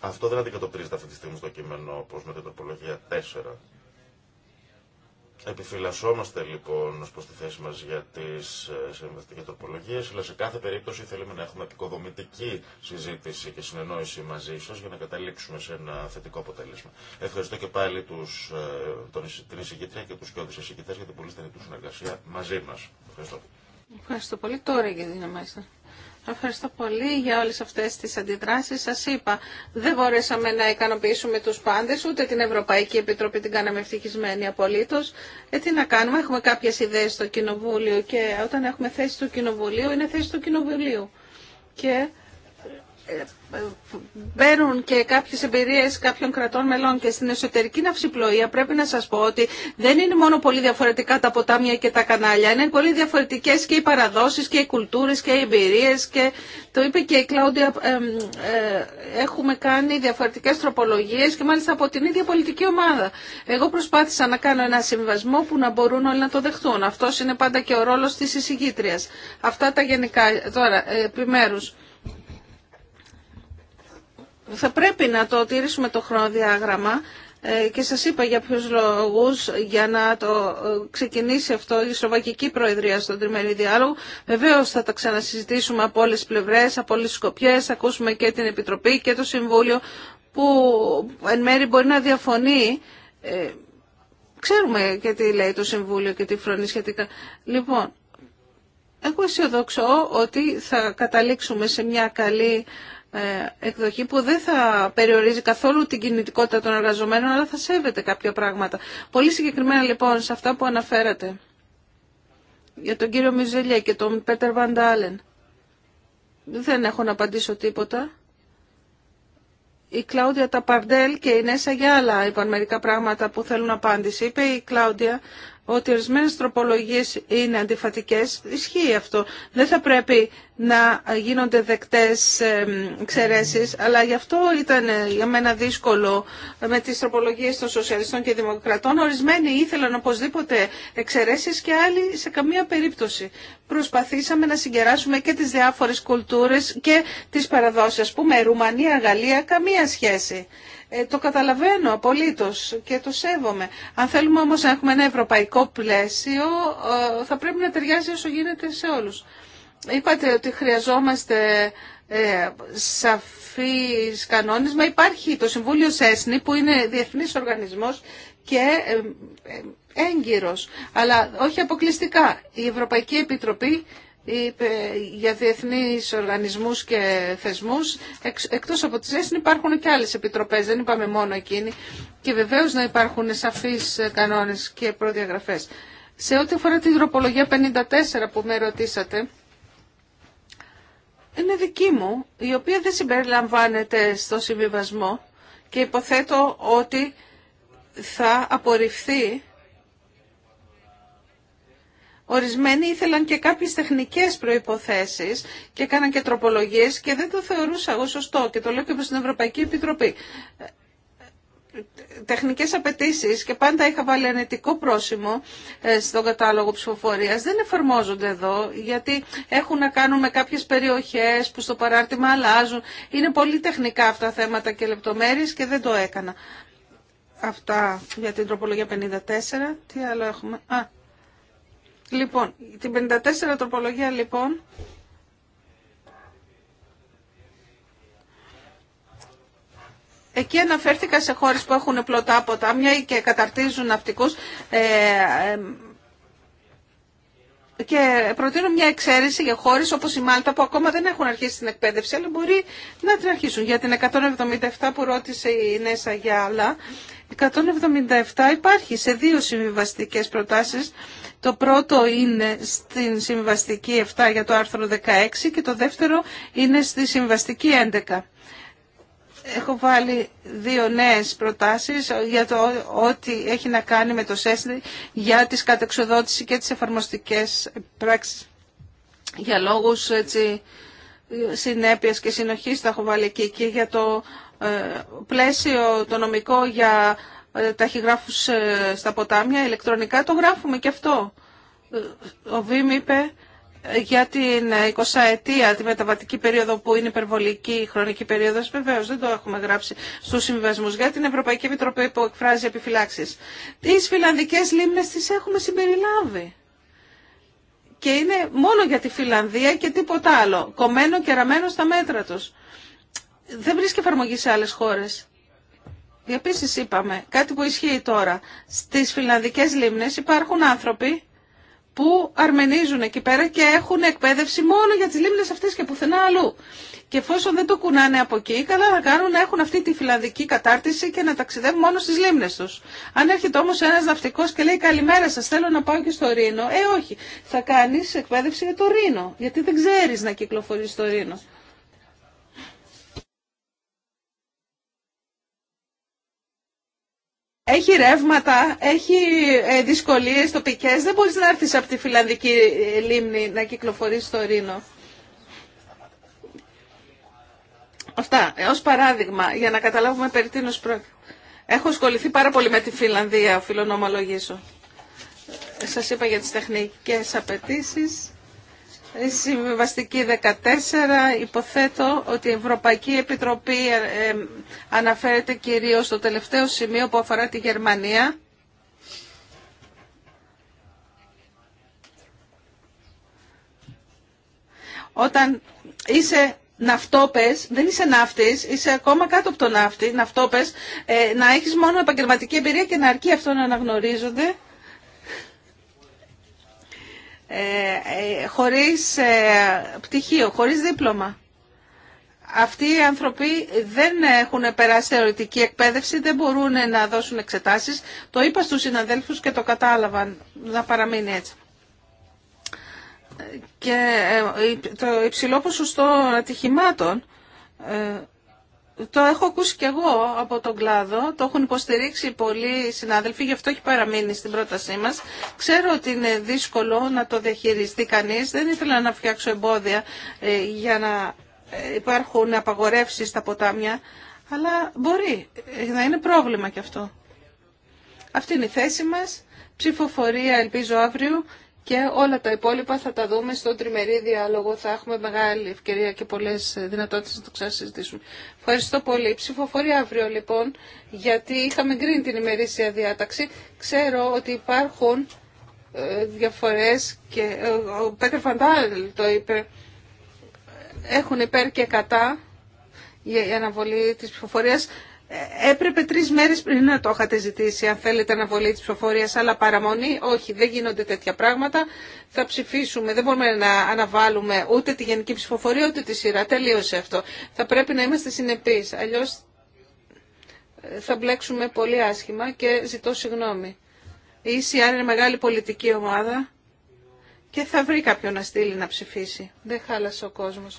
αυτό δεν αντικατοπτρίζεται αυτή τη στιγμή στο κείμενο, όπω με την τροπολογία 4 Επιφυλασσόμαστε λοιπόν ω προ τη θέση μα για τι ε, συμβαστικέ τροπολογίε, αλλά σε κάθε περίπτωση θέλουμε να έχουμε επικοδομητική συζήτηση και συνεννόηση μαζί σα για να καταλήξουμε σε ένα θετικό αποτέλεσμα. Ευχαριστώ και πάλι τους, ε, τον, την εισηγήτρια και του κοιόδη εισηγητέ για την πολύ στενή του συνεργασία μαζί μα. Ευχαριστώ. Ευχαριστώ πολύ. Τώρα την Ευχαριστώ πολύ για όλες αυτές τις αντιδράσεις. Σας είπα, δεν μπορέσαμε να ικανοποιήσουμε τους πάντες, ούτε την Ευρωπαϊκή Επιτροπή την κάναμε ευτυχισμένη απολύτως. Ε, τι να κάνουμε, έχουμε κάποιες ιδέες στο Κοινοβούλιο και όταν έχουμε θέση στο Κοινοβουλίο, είναι θέση του Κοινοβουλίου. Και μπαίνουν και κάποιες εμπειρίες κάποιων κρατών μελών και στην εσωτερική ναυσιπλοεία πρέπει να σας πω ότι δεν είναι μόνο πολύ διαφορετικά τα ποτάμια και τα κανάλια, είναι πολύ διαφορετικές και οι παραδόσεις και οι κουλτούρες και οι εμπειρίες και το είπε και η Κλάουντια, ε, ε, έχουμε κάνει διαφορετικές τροπολογίες και μάλιστα από την ίδια πολιτική ομάδα. Εγώ προσπάθησα να κάνω ένα συμβασμό που να μπορούν όλοι να το δεχτούν. Αυτός είναι πάντα και ο ρόλος της εισηγήτριας. Αυτά τα γενικά τώρα, ε, επιμέρου. Θα πρέπει να το τηρήσουμε το χρονοδιάγραμμα ε, και σας είπα για ποιους λόγους για να το ε, ξεκινήσει αυτό η Σλοβακική Προεδρία στον τριμερή διάλογο. Βεβαίως θα τα ξανασυζητήσουμε από όλες τις πλευρές, από όλες τις σκοπιές, θα ακούσουμε και την Επιτροπή και το Συμβούλιο που εν μέρει μπορεί να διαφωνεί. Ε, ξέρουμε και τι λέει το Συμβούλιο και τι φρονεί σχετικά. Λοιπόν, εγώ αισιοδοξώ ότι θα καταλήξουμε σε μια καλή ε, εκδοχή που δεν θα περιορίζει καθόλου την κινητικότητα των εργαζομένων αλλά θα σέβεται κάποια πράγματα. Πολύ συγκεκριμένα λοιπόν σε αυτά που αναφέρατε για τον κύριο Μιζελία και τον Πέτερ Βαντάλεν. Δεν έχω να απαντήσω τίποτα. Η Κλάουδια Ταπαρντέλ και η Νέσα Γιάλα είπαν μερικά πράγματα που θέλουν απάντηση. Είπε η Κλάουδια ότι ορισμένες τροπολογίες είναι αντιφατικές. Ισχύει αυτό. Δεν θα πρέπει να γίνονται δεκτές εξαιρέσει, αλλά γι' αυτό ήταν ε, για μένα δύσκολο με τις τροπολογίες των σοσιαλιστών και δημοκρατών. Ορισμένοι ήθελαν οπωσδήποτε εξαιρέσει και άλλοι σε καμία περίπτωση. Προσπαθήσαμε να συγκεράσουμε και τις διάφορες κουλτούρες και τις παραδόσεις. Ας πούμε, Ρουμανία, Γαλλία, καμία σχέση. Ε, το καταλαβαίνω απολύτως και το σέβομαι. Αν θέλουμε όμως να έχουμε ένα ευρωπαϊκό πλαίσιο, ε, θα πρέπει να ταιριάζει όσο γίνεται σε όλους. Είπατε ότι χρειαζόμαστε ε, σαφείς κανόνες, μα υπάρχει το Συμβούλιο ΣΕΣΝΗ που είναι διεθνής οργανισμός και ε, έγκυρος, αλλά όχι αποκλειστικά. Η Ευρωπαϊκή Επιτροπή για διεθνείς οργανισμούς και θεσμούς. Εκτός από τις ΕΣΝ υπάρχουν και άλλες επιτροπές, δεν είπαμε μόνο εκείνη. Και βεβαίως να υπάρχουν σαφείς κανόνες και προδιαγραφές. Σε ό,τι αφορά την τροπολογία 54 που με ρωτήσατε, είναι δική μου, η οποία δεν συμπεριλαμβάνεται στο συμβιβασμό και υποθέτω ότι θα απορριφθεί Ορισμένοι ήθελαν και κάποιες τεχνικές προϋποθέσεις και έκαναν και τροπολογίες και δεν το θεωρούσα εγώ σωστό και το λέω και προς την Ευρωπαϊκή Επιτροπή. Τεχνικές απαιτήσει και πάντα είχα βάλει ανετικό πρόσημο ε, στον κατάλογο ψηφοφορία. Δεν εφαρμόζονται εδώ γιατί έχουν να κάνουν με κάποιε περιοχέ που στο παράρτημα αλλάζουν. Είναι πολύ τεχνικά αυτά τα θέματα και λεπτομέρειε και δεν το έκανα. Αυτά για την τροπολογία 54. Τι άλλο έχουμε. Α, Λοιπόν, την 54 τροπολογία λοιπόν Εκεί αναφέρθηκα σε χώρες που έχουν πλωτά ποτάμια και καταρτίζουν ναυτικούς ε, ε, και προτείνω μια εξαίρεση για χώρες όπως η Μάλτα που ακόμα δεν έχουν αρχίσει την εκπαίδευση αλλά μπορεί να την αρχίσουν. Για την 177 που ρώτησε η Νέσα για άλλα, 177 υπάρχει σε δύο συμβιβαστικές προτάσεις το πρώτο είναι στην συμβαστική 7 για το άρθρο 16 και το δεύτερο είναι στη συμβαστική 11. Έχω βάλει δύο νέες προτάσεις για το ότι έχει να κάνει με το ΣΕΣΝΗ για τις κατεξοδότηση και τις εφαρμοστικές πράξεις. Για λόγους έτσι, συνέπειας και συνοχής τα έχω βάλει εκεί και για το ε, πλαίσιο το νομικό για ε, ταχυγράφους ε, στα ποτάμια, ηλεκτρονικά το γράφουμε και αυτό. Ε, ο Βίμ είπε για την 20 ετία, τη μεταβατική περίοδο που είναι υπερβολική η χρονική περίοδος, βεβαίως δεν το έχουμε γράψει στους συμβιβασμούς για την Ευρωπαϊκή Επιτροπή που εκφράζει επιφυλάξεις. Τις φιλανδικές λίμνες τις έχουμε συμπεριλάβει. Και είναι μόνο για τη Φιλανδία και τίποτα άλλο. Κομμένο και ραμμένο στα μέτρα τους. Δεν βρίσκει εφαρμογή σε άλλες χώρες. Επίση είπαμε, κάτι που ισχύει τώρα, στι φιλανδικέ λίμνε υπάρχουν άνθρωποι που αρμενίζουν εκεί πέρα και έχουν εκπαίδευση μόνο για τι λίμνε αυτές και πουθενά αλλού. Και εφόσον δεν το κουνάνε από εκεί, καλά να κάνουν να έχουν αυτή τη φιλανδική κατάρτιση και να ταξιδεύουν μόνο στι λίμνε του. Αν έρχεται όμω ένα ναυτικό και λέει καλημέρα σα θέλω να πάω και στο Ρήνο, ε όχι, θα κάνει εκπαίδευση για το Ρήνο, γιατί δεν ξέρει να κυκλοφορεί στο Ρήνο. έχει ρεύματα, έχει ε, δυσκολίε τοπικέ. δεν μπορεί να έρθει από τη φιλανδική ε, λίμνη να κυκλοφορείς στο Ρήνο. Αυτά, ε, ως παράδειγμα, για να καταλάβουμε περί τίνο πρόκειται. Έχω ασχοληθεί πάρα πολύ με τη Φιλανδία, οφείλω να ομολογήσω. Σας είπα για τις τεχνικές απαιτήσει. Συμβαστική 14 υποθέτω ότι η Ευρωπαϊκή Επιτροπή ε, ε, αναφέρεται κυρίως στο τελευταίο σημείο που αφορά τη Γερμανία. Όταν είσαι ναυτόπες, δεν είσαι ναύτης, είσαι ακόμα κάτω από το ναύτη, ναυτόπες, ε, να έχεις μόνο επαγγελματική εμπειρία και να αρκεί αυτό να αναγνωρίζονται. Ε, ε, χωρίς ε, πτυχίο, χωρίς δίπλωμα. Αυτοί οι άνθρωποι δεν έχουν περάσει θεωρητική εκπαίδευση, δεν μπορούν να δώσουν εξετάσεις. Το είπα στους συναδέλφους και το κατάλαβαν να παραμείνει έτσι. Και το υψηλό ποσοστό ατυχημάτων το έχω ακούσει κι εγώ από τον κλάδο, το έχουν υποστηρίξει πολλοί συνάδελφοι, γι' αυτό έχει παραμείνει στην πρότασή μας. Ξέρω ότι είναι δύσκολο να το διαχειριστεί κανεί. δεν ήθελα να φτιάξω εμπόδια ε, για να ε, υπάρχουν απαγορεύσεις στα ποτάμια, αλλά μπορεί ε, να είναι πρόβλημα κι αυτό. Αυτή είναι η θέση μας. Ψηφοφορία ελπίζω αύριο και όλα τα υπόλοιπα θα τα δούμε στον τριμερή διάλογο. Θα έχουμε μεγάλη ευκαιρία και πολλέ δυνατότητες να το ξανασυζητήσουμε. Ευχαριστώ πολύ. Ψηφοφορία αύριο λοιπόν, γιατί είχαμε γκρίνει την ημερήσια διάταξη. Ξέρω ότι υπάρχουν ε, διαφορές και ε, ο Πέτερ Φαντάλ το είπε έχουν υπέρ και κατά η αναβολή της ψηφοφορίας Έπρεπε τρει μέρε πριν να το είχατε ζητήσει, αν θέλετε αναβολή τη ψηφοφορία, αλλά παραμονή. Όχι, δεν γίνονται τέτοια πράγματα. Θα ψηφίσουμε. Δεν μπορούμε να αναβάλουμε ούτε τη γενική ψηφοφορία, ούτε τη σειρά. Τελείωσε αυτό. Θα πρέπει να είμαστε συνεπεί. Αλλιώ ε, θα μπλέξουμε πολύ άσχημα και ζητώ συγγνώμη. Η ECR είναι μεγάλη πολιτική ομάδα και θα βρει κάποιον να στείλει να ψηφίσει. Δεν χάλασε ο κόσμος.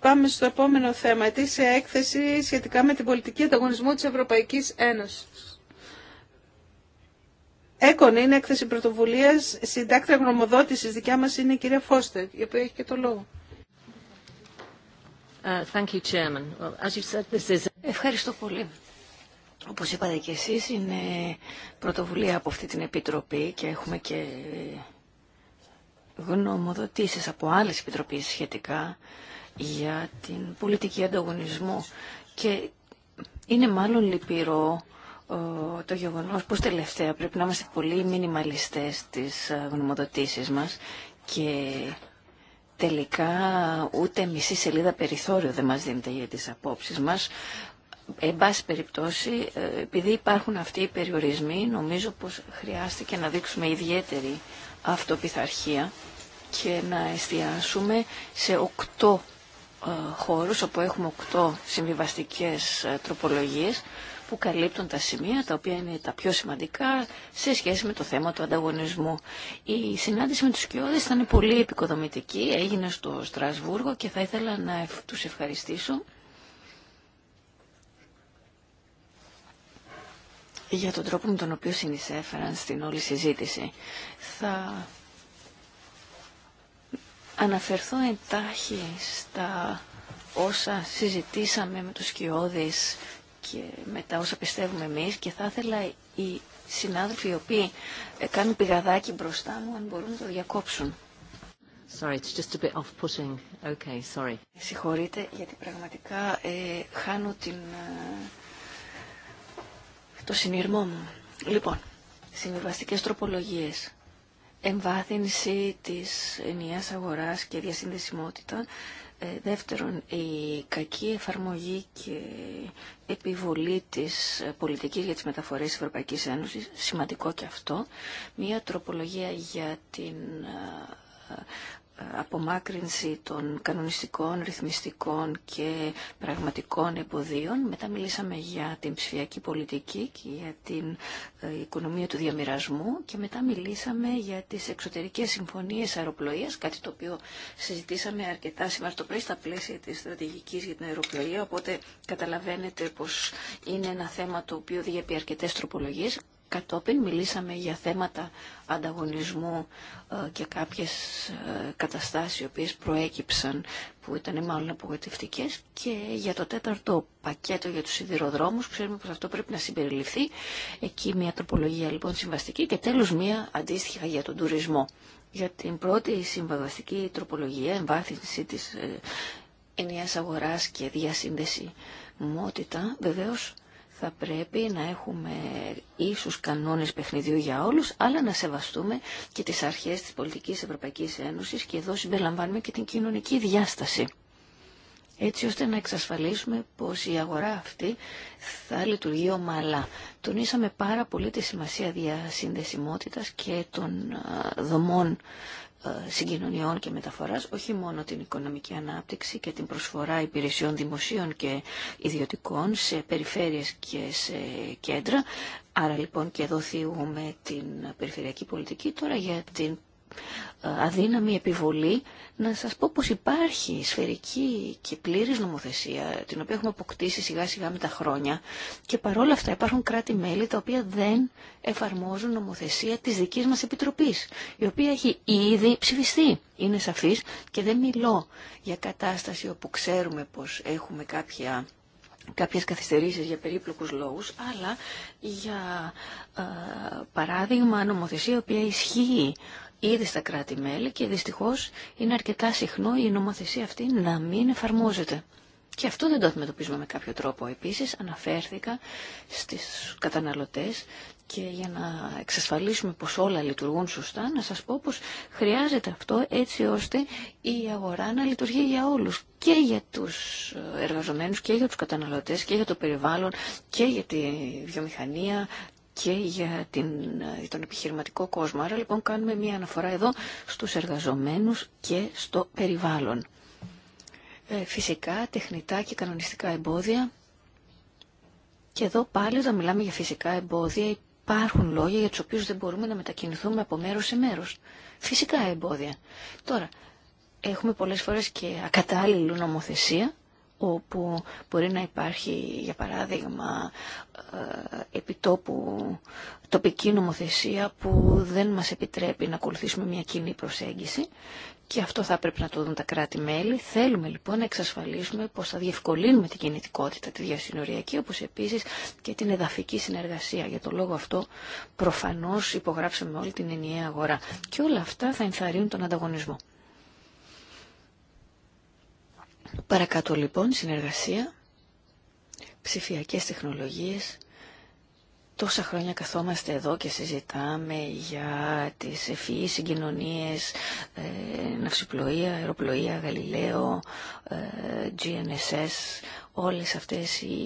Πάμε στο επόμενο θέμα. σε έκθεση σχετικά με την πολιτική ανταγωνισμού της Ευρωπαϊκής Ένωσης. Έκον είναι έκθεση πρωτοβουλίας, συντάκτρια γνωμοδότησης δικιά μας είναι η κυρία Φώστερ, η οποία έχει και το λόγο. Ευχαριστώ πολύ. Όπως είπατε και εσείς, είναι πρωτοβουλία από αυτή την Επιτροπή και έχουμε και γνωμοδοτήσεις από άλλες επιτροπές σχετικά για την πολιτική ανταγωνισμό και είναι μάλλον λυπηρό ε, το γεγονός πως τελευταία πρέπει να είμαστε πολύ μινιμαλιστές στις ε, γνωμοδοτήσεις μας και τελικά ούτε μισή σελίδα περιθώριο δεν μας δίνεται για τις απόψεις μας. Εν πάση περιπτώσει, ε, επειδή υπάρχουν αυτοί οι περιορισμοί, νομίζω πως χρειάστηκε να δείξουμε ιδιαίτερη αυτοπιθαρχία και να εστιάσουμε σε οκτώ ε, χώρους όπου έχουμε οκτώ συμβιβαστικές ε, τροπολογίες που καλύπτουν τα σημεία τα οποία είναι τα πιο σημαντικά σε σχέση με το θέμα του ανταγωνισμού. Η συνάντηση με τους κοιόδες ήταν πολύ επικοδομητική, έγινε στο Στρασβούργο και θα ήθελα να τους ευχαριστήσω για τον τρόπο με τον οποίο συνεισέφεραν στην όλη συζήτηση. Θα αναφερθώ εντάχει στα όσα συζητήσαμε με τους κιόδες και με τα όσα πιστεύουμε εμείς και θα ήθελα οι συνάδελφοι οι οποίοι ε, κάνουν πηγαδάκι μπροστά μου αν μπορούν να το διακόψουν. Sorry, it's just a bit off-putting. Okay, sorry. Συγχωρείτε γιατί πραγματικά ε, χάνω την, ε, το συνειρμό μου. Λοιπόν, συμβιβαστικές τροπολογίες εμβάθυνση της ενιαίας αγοράς και διασυνδεσιμότητα. Ε, δεύτερον, η κακή εφαρμογή και επιβολή της πολιτικής για τις μεταφορές της Ευρωπαϊκής Ένωσης, σημαντικό και αυτό. Μία τροπολογία για την απομάκρυνση των κανονιστικών, ρυθμιστικών και πραγματικών εμποδίων. Μετά μιλήσαμε για την ψηφιακή πολιτική και για την ε, οικονομία του διαμοιρασμού και μετά μιλήσαμε για τις εξωτερικές συμφωνίες αεροπλοείας, κάτι το οποίο συζητήσαμε αρκετά σήμερα το πρωί στα πλαίσια της στρατηγικής για την αεροπλοεία, οπότε καταλαβαίνετε πως είναι ένα θέμα το οποίο διέπει αρκετές τροπολογίες. Κατόπιν μιλήσαμε για θέματα ανταγωνισμού ε, και κάποιες ε, καταστάσεις οι οποίες προέκυψαν που ήταν μάλλον απογοητευτικές και για το τέταρτο πακέτο για τους σιδηροδρόμους ξέρουμε πως αυτό πρέπει να συμπεριληφθεί εκεί μια τροπολογία λοιπόν συμβαστική και τέλος μια αντίστοιχα για τον τουρισμό για την πρώτη συμβαστική τροπολογία εμβάθυνση της ε, ενιαίας αγοράς και διασύνδεση μότητα βεβαίως θα πρέπει να έχουμε ίσους κανόνες παιχνιδιού για όλους, αλλά να σεβαστούμε και τις αρχές της πολιτικής Ευρωπαϊκής Ένωσης και εδώ συμπεριλαμβάνουμε και την κοινωνική διάσταση. Έτσι ώστε να εξασφαλίσουμε πως η αγορά αυτή θα λειτουργεί ομαλά. Τονίσαμε πάρα πολύ τη σημασία διασυνδεσιμότητας και των δομών ε, συγκοινωνιών και μεταφοράς, όχι μόνο την οικονομική ανάπτυξη και την προσφορά υπηρεσιών δημοσίων και ιδιωτικών σε περιφέρειες και σε κέντρα. Άρα λοιπόν και εδώ την περιφερειακή πολιτική τώρα για την ε, αδύναμη επιβολή, να σας πω πως υπάρχει σφαιρική και πλήρης νομοθεσία, την οποία έχουμε αποκτήσει σιγά σιγά με τα χρόνια και παρόλα αυτά υπάρχουν κράτη-μέλη τα οποία δεν εφαρμόζουν νομοθεσία της δικής μας Επιτροπής, η οποία έχει ήδη ψηφιστεί. Είναι σαφής και δεν μιλώ για κατάσταση όπου ξέρουμε πως έχουμε κάποια κάποιες καθυστερήσεις για περίπλοκους λόγους, αλλά για ε, παράδειγμα νομοθεσία η οποία ισχύει ήδη στα κράτη-μέλη και δυστυχώς είναι αρκετά συχνό η νομοθεσία αυτή να μην εφαρμόζεται. Και αυτό δεν το αντιμετωπίζουμε με κάποιο τρόπο. Επίσης αναφέρθηκα στις καταναλωτές και για να εξασφαλίσουμε πως όλα λειτουργούν σωστά, να σας πω πως χρειάζεται αυτό έτσι ώστε η αγορά να λειτουργεί για όλους και για τους εργαζομένους και για τους καταναλωτές και για το περιβάλλον και για τη βιομηχανία, και για την, τον επιχειρηματικό κόσμο. Άρα λοιπόν κάνουμε μία αναφορά εδώ στους εργαζομένους και στο περιβάλλον. Ε, φυσικά, τεχνητά και κανονιστικά εμπόδια. Και εδώ πάλι όταν μιλάμε για φυσικά εμπόδια υπάρχουν λόγια για τους οποίους δεν μπορούμε να μετακινηθούμε από μέρος σε μέρος. Φυσικά εμπόδια. Τώρα, έχουμε πολλές φορές και ακατάλληλη νομοθεσία όπου μπορεί να υπάρχει, για παράδειγμα, ε, επιτόπου τοπική νομοθεσία που δεν μας επιτρέπει να ακολουθήσουμε μια κοινή προσέγγιση και αυτό θα πρέπει να το δουν τα κράτη-μέλη. Θέλουμε λοιπόν να εξασφαλίσουμε πως θα διευκολύνουμε την κινητικότητα, τη διασυνοριακή, όπως επίσης και την εδαφική συνεργασία. Για το λόγο αυτό προφανώς υπογράψαμε όλη την ενιαία αγορά. Και όλα αυτά θα ενθαρρύνουν τον ανταγωνισμό. Παρακάτω λοιπόν, συνεργασία, ψηφιακές τεχνολογίες. Τόσα χρόνια καθόμαστε εδώ και συζητάμε για τις ευφυείς συγκοινωνίες, ε, ναυσιπλοεία, αεροπλοεία, γαλιλαίο, ε, GNSS, όλες αυτές οι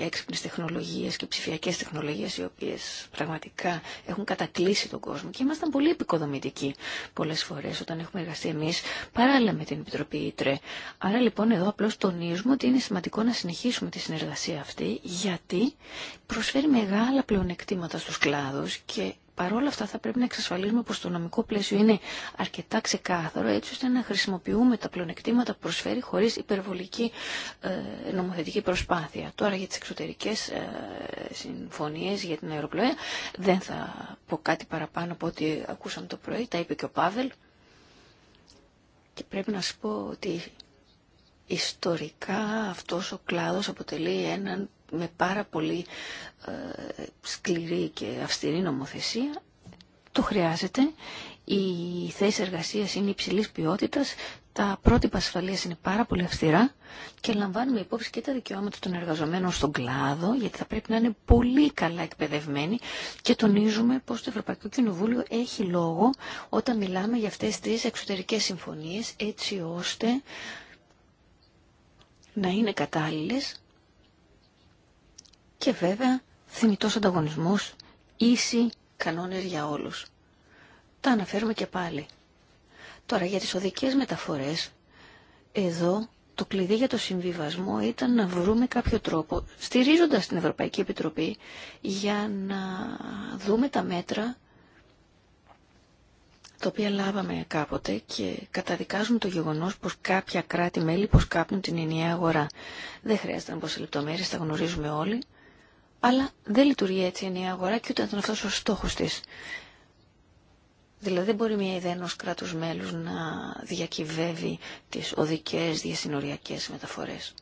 έξυπνες τεχνολογίες και ψηφιακές τεχνολογίες οι οποίες πραγματικά έχουν κατακλείσει τον κόσμο και ήμασταν πολύ επικοδομητικοί πολλές φορές όταν έχουμε εργαστεί εμείς παράλληλα με την Επιτροπή Ήτρε. Άρα λοιπόν εδώ απλώς τονίζουμε ότι είναι σημαντικό να συνεχίσουμε τη συνεργασία αυτή γιατί προσφέρει μεγάλα πλεονεκτήματα στους κλάδους και παρόλα αυτά θα πρέπει να εξασφαλίσουμε πως το νομικό πλαίσιο είναι αρκετά ξεκάθαρο έτσι ώστε να χρησιμοποιούμε τα πλονεκτήματα που προσφέρει χωρίς υπερβολική ε, νομοθετική προσπάθεια. Τώρα για τις εξωτερικές ε, συμφωνίες για την αεροπλοεία δεν θα πω κάτι παραπάνω από ό,τι ακούσαμε το πρωί, τα είπε και ο Πάβελ. Και πρέπει να σου πω ότι ιστορικά αυτός ο κλάδος αποτελεί έναν με πάρα πολύ ε, σκληρή και αυστηρή νομοθεσία. Το χρειάζεται. Οι θέσει εργασία είναι υψηλή ποιότητας, τα πρότυπα ασφαλεία είναι πάρα πολύ αυστηρά και λαμβάνουμε υπόψη και τα δικαιώματα των εργαζομένων στον κλάδο, γιατί θα πρέπει να είναι πολύ καλά εκπαιδευμένοι και τονίζουμε πως το Ευρωπαϊκό Κοινοβούλιο έχει λόγο όταν μιλάμε για αυτέ τι εξωτερικέ συμφωνίε, έτσι ώστε να είναι κατάλληλες και βέβαια θυμητός ανταγωνισμός, ίσοι κανόνες για όλους. Τα αναφέρουμε και πάλι. Τώρα για τις οδικές μεταφορές, εδώ το κλειδί για το συμβιβασμό ήταν να βρούμε κάποιο τρόπο, στηρίζοντας την Ευρωπαϊκή Επιτροπή, για να δούμε τα μέτρα τα οποία λάβαμε κάποτε και καταδικάζουμε το γεγονός πως κάποια κράτη-μέλη πως κάπνουν την ενιαία αγορά. Δεν χρειάζεται να πω σε λεπτομέρειες, τα γνωρίζουμε όλοι αλλά δεν λειτουργεί έτσι η αγορά και ούτε ήταν αυτό ο στόχο της. Δηλαδή δεν μπορεί μια ιδέα ενό κράτου μέλου να διακυβεύει τις οδικέ διασυνοριακές μεταφορές.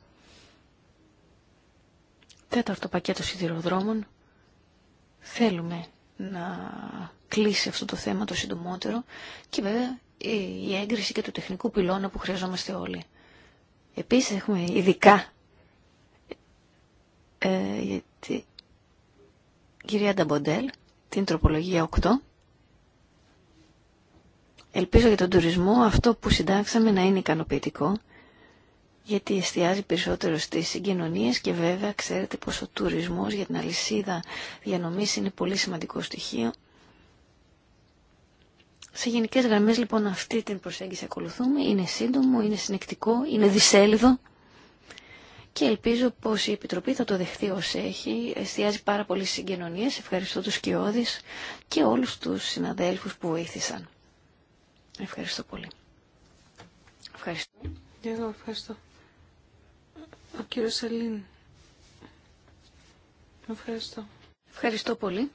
Τέταρτο πακέτο σιδηροδρόμων. Θέλουμε να κλείσει αυτό το θέμα το συντομότερο και βέβαια η έγκριση και του τεχνικού πυλώνα που χρειαζόμαστε όλοι. Επίσης έχουμε ειδικά ε, κυρία Νταμποντέλ, την τροπολογία 8. Ελπίζω για τον τουρισμό αυτό που συντάξαμε να είναι ικανοποιητικό, γιατί εστιάζει περισσότερο στις συγκοινωνίες και βέβαια ξέρετε πως ο τουρισμός για την αλυσίδα διανομής είναι πολύ σημαντικό στοιχείο. Σε γενικές γραμμές λοιπόν αυτή την προσέγγιση ακολουθούμε, είναι σύντομο, είναι συνεκτικό, είναι δυσέλιδο και ελπίζω πως η Επιτροπή θα το δεχθεί ως έχει. Εστιάζει πάρα πολύ στις συγκοινωνίες. Ευχαριστώ τους Κιώδης και όλους τους συναδέλφους που βοήθησαν. Ευχαριστώ πολύ. Ευχαριστώ. Και εγώ ευχαριστώ. Ο κύριος Ευχαριστώ. Ευχαριστώ πολύ.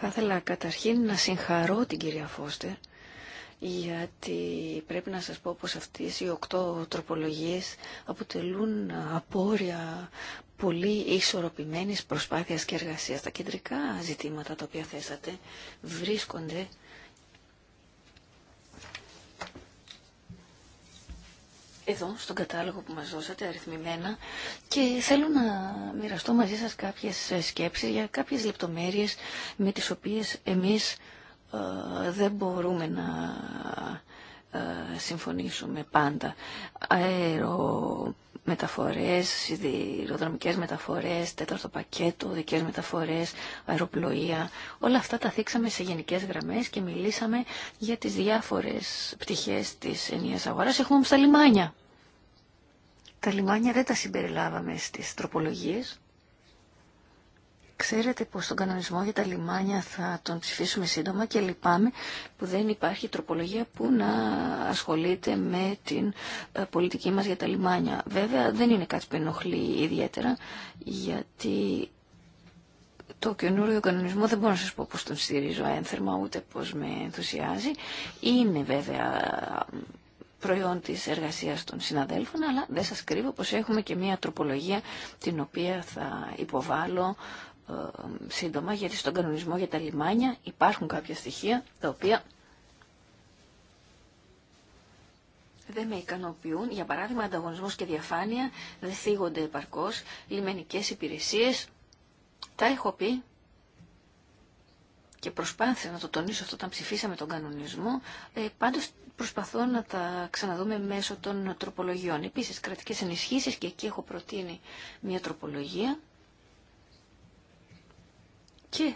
Θα ήθελα καταρχήν να συγχαρώ την κυρία Φώστερ γιατί πρέπει να σας πω πως αυτές οι οκτώ τροπολογίες αποτελούν απόρρια πολύ ισορροπημένης προσπάθειας και εργασίας. Τα κεντρικά ζητήματα τα οποία θέσατε βρίσκονται εδώ στον κατάλογο που μας δώσατε αριθμημένα και θέλω να μοιραστώ μαζί σας κάποιες σκέψεις για κάποιες λεπτομέρειες με τις οποίες εμείς ε, δεν μπορούμε να ε, συμφωνήσουμε πάντα. Αέρο, μεταφορές, σιδηροδρομικές μεταφορές, τέταρτο πακέτο, δικές μεταφορές, αεροπλοεία. Όλα αυτά τα θίξαμε σε γενικές γραμμές και μιλήσαμε για τις διάφορες πτυχές της ενιαίας αγοράς. Έχουμε όμως τα λιμάνια. Τα λιμάνια δεν τα συμπεριλάβαμε στις τροπολογίες. Ξέρετε πως τον κανονισμό για τα λιμάνια θα τον ψηφίσουμε σύντομα και λυπάμαι που δεν υπάρχει τροπολογία που να ασχολείται με την ε, πολιτική μας για τα λιμάνια. Βέβαια δεν είναι κάτι που ενοχλεί ιδιαίτερα γιατί το καινούριο κανονισμό δεν μπορώ να σας πω πως τον στηρίζω ένθερμα ούτε πως με ενθουσιάζει. Είναι βέβαια προϊόν της εργασίας των συναδέλφων, αλλά δεν σας κρύβω πως έχουμε και μια τροπολογία την οποία θα υποβάλω ε, σύντομα, γιατί στον κανονισμό για τα λιμάνια υπάρχουν κάποια στοιχεία τα οποία δεν με ικανοποιούν. Για παράδειγμα, ανταγωνισμός και διαφάνεια δεν θίγονται επαρκώς, λιμενικές υπηρεσίες. Τα έχω πει και προσπάθησα να το τονίσω αυτό όταν ψηφίσαμε τον κανονισμό. Ε, πάντως προσπαθώ να τα ξαναδούμε μέσω των τροπολογιών. Επίσης, κρατικές ενισχύσεις και εκεί έχω προτείνει μια τροπολογία και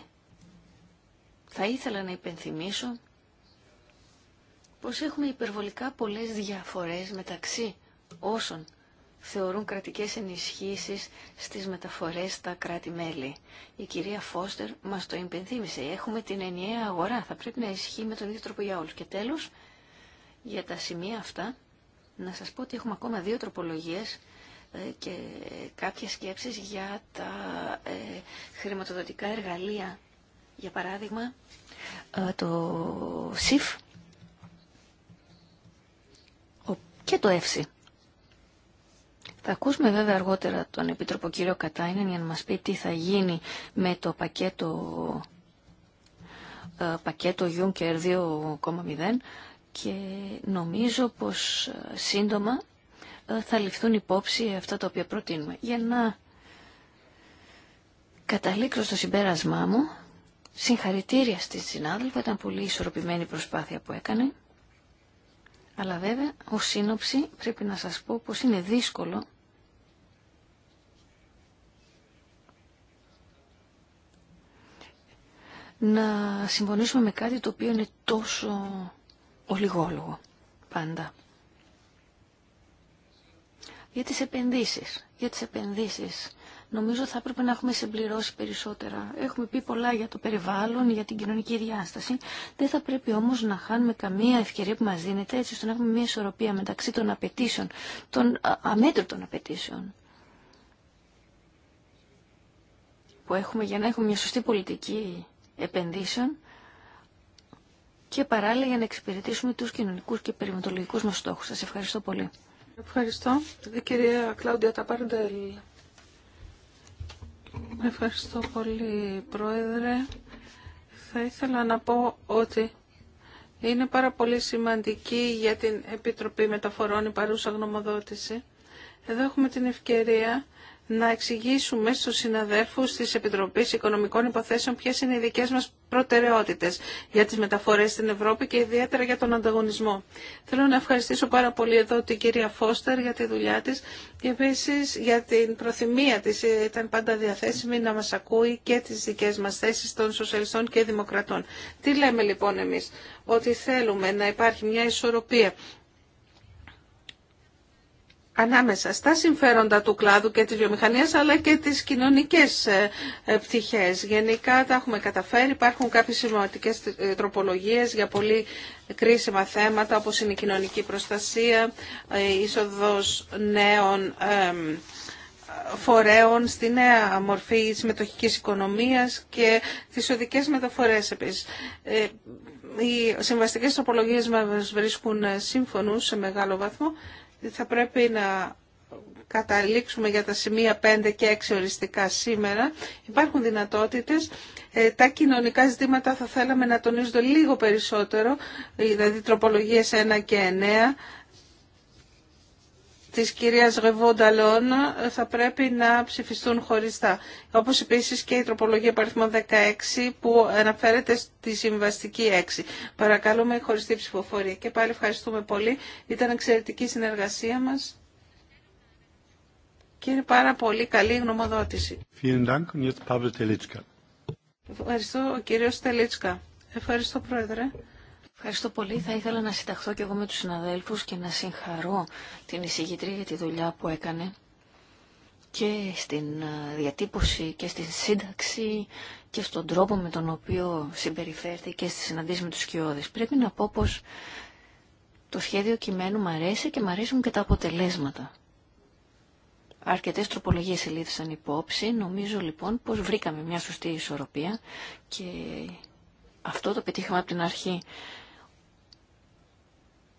θα ήθελα να υπενθυμίσω πως έχουμε υπερβολικά πολλές διαφορές μεταξύ όσων θεωρούν κρατικές ενισχύσεις στις μεταφορές στα κράτη-μέλη. Η κυρία Φώστερ μας το υπενθύμισε. Έχουμε την ενιαία αγορά. Θα πρέπει να ισχύει με τον ίδιο τρόπο για όλους. Και τέλος, για τα σημεία αυτά, να σας πω ότι έχουμε ακόμα δύο τροπολογίες ε, και κάποιες σκέψεις για τα ε, χρηματοδοτικά εργαλεία. Για παράδειγμα, ε, το ΣΥΦ και το ΕΦΣΥ. Θα ακούσουμε βέβαια αργότερα τον Επίτροπο κύριο Κατάινεν για να μας πει τι θα γίνει με το πακέτο, πακέτο Juncker 2.0 και νομίζω πως σύντομα ε, θα ληφθούν υπόψη αυτά τα οποία προτείνουμε. Για να καταλήξω στο συμπέρασμά μου, συγχαρητήρια στη συνάδελφα, ήταν πολύ ισορροπημένη προσπάθεια που έκανε. Αλλά βέβαια, ω σύνοψη πρέπει να σας πω πως είναι δύσκολο να συμφωνήσουμε με κάτι το οποίο είναι τόσο ολιγόλογο πάντα. Για τις επενδύσεις. Για τις επενδύσεις. Νομίζω θα έπρεπε να έχουμε συμπληρώσει περισσότερα. Έχουμε πει πολλά για το περιβάλλον, για την κοινωνική διάσταση. Δεν θα πρέπει όμως να χάνουμε καμία ευκαιρία που μας δίνεται έτσι ώστε να έχουμε μια ισορροπία μεταξύ των απαιτήσεων, των αμέτρητων απαιτήσεων που έχουμε για να έχουμε μια σωστή πολιτική επενδύσεων και παράλληλα για να εξυπηρετήσουμε τους κοινωνικούς και περιβαλλοντικούς μας στόχους. Σας ευχαριστώ πολύ. Ευχαριστώ. Η κυρία Κλάουντια Ταπάρντελ. Ευχαριστώ πολύ, Πρόεδρε. Θα ήθελα να πω ότι είναι πάρα πολύ σημαντική για την Επιτροπή Μεταφορών η παρούσα γνωμοδότηση. Εδώ έχουμε την ευκαιρία να εξηγήσουμε στους συναδέλφους της Επιτροπής Οικονομικών Υποθέσεων ποιες είναι οι δικές μας προτεραιότητες για τις μεταφορές στην Ευρώπη και ιδιαίτερα για τον ανταγωνισμό. Θέλω να ευχαριστήσω πάρα πολύ εδώ την κυρία Φώστερ για τη δουλειά της και επίση για την προθυμία της. Ήταν πάντα διαθέσιμη να μας ακούει και τις δικές μας θέσεις των σοσιαλιστών και δημοκρατών. Τι λέμε λοιπόν εμείς, ότι θέλουμε να υπάρχει μια ισορροπία ανάμεσα στα συμφέροντα του κλάδου και της βιομηχανίας αλλά και τις κοινωνικές ε, ε, πτυχές. Γενικά τα έχουμε καταφέρει, υπάρχουν κάποιες σημαντικές ε, τροπολογίες για πολύ κρίσιμα θέματα όπως είναι η κοινωνική προστασία, η είσοδος νέων φορέων στη νέα μορφή συμμετοχική οικονομίας και τις οδικές μεταφορές επίσης. Οι συμβαστικές τροπολογίες μας βρίσκουν σύμφωνους σε μεγάλο βαθμό θα πρέπει να καταλήξουμε για τα σημεία 5 και 6 οριστικά σήμερα. Υπάρχουν δυνατότητες. Ε, τα κοινωνικά ζητήματα θα θέλαμε να τονίζονται λίγο περισσότερο, ε, δηλαδή τροπολογίες 1 και 9 της κυρίας Γεβόνταλόν θα πρέπει να ψηφιστούν χωριστά. Όπως επίσης και η τροπολογία παριθμών 16 που αναφέρεται στη συμβαστική 6. Παρακαλούμε χωριστή ψηφοφορία. Και πάλι ευχαριστούμε πολύ. Ήταν εξαιρετική συνεργασία μας. Και είναι πάρα πολύ καλή γνωμοδότηση. Ευχαριστώ ο κύριος Τελίτσκα. Ευχαριστώ πρόεδρε. Ευχαριστώ πολύ. Θα ήθελα να συνταχθώ και εγώ με τους συναδέλφους και να συγχαρώ την εισηγητρία για τη δουλειά που έκανε και στην ε, διατύπωση και στην σύνταξη και στον τρόπο με τον οποίο συμπεριφέρθηκε στη συναντήση με τους σκιώδες. Πρέπει να πω πως το σχέδιο κειμένου μου αρέσει και μου αρέσουν και τα αποτελέσματα. Αρκετές τροπολογίες ελήφθησαν υπόψη. Νομίζω λοιπόν πως βρήκαμε μια σωστή ισορροπία και αυτό το πετύχαμε από την αρχή.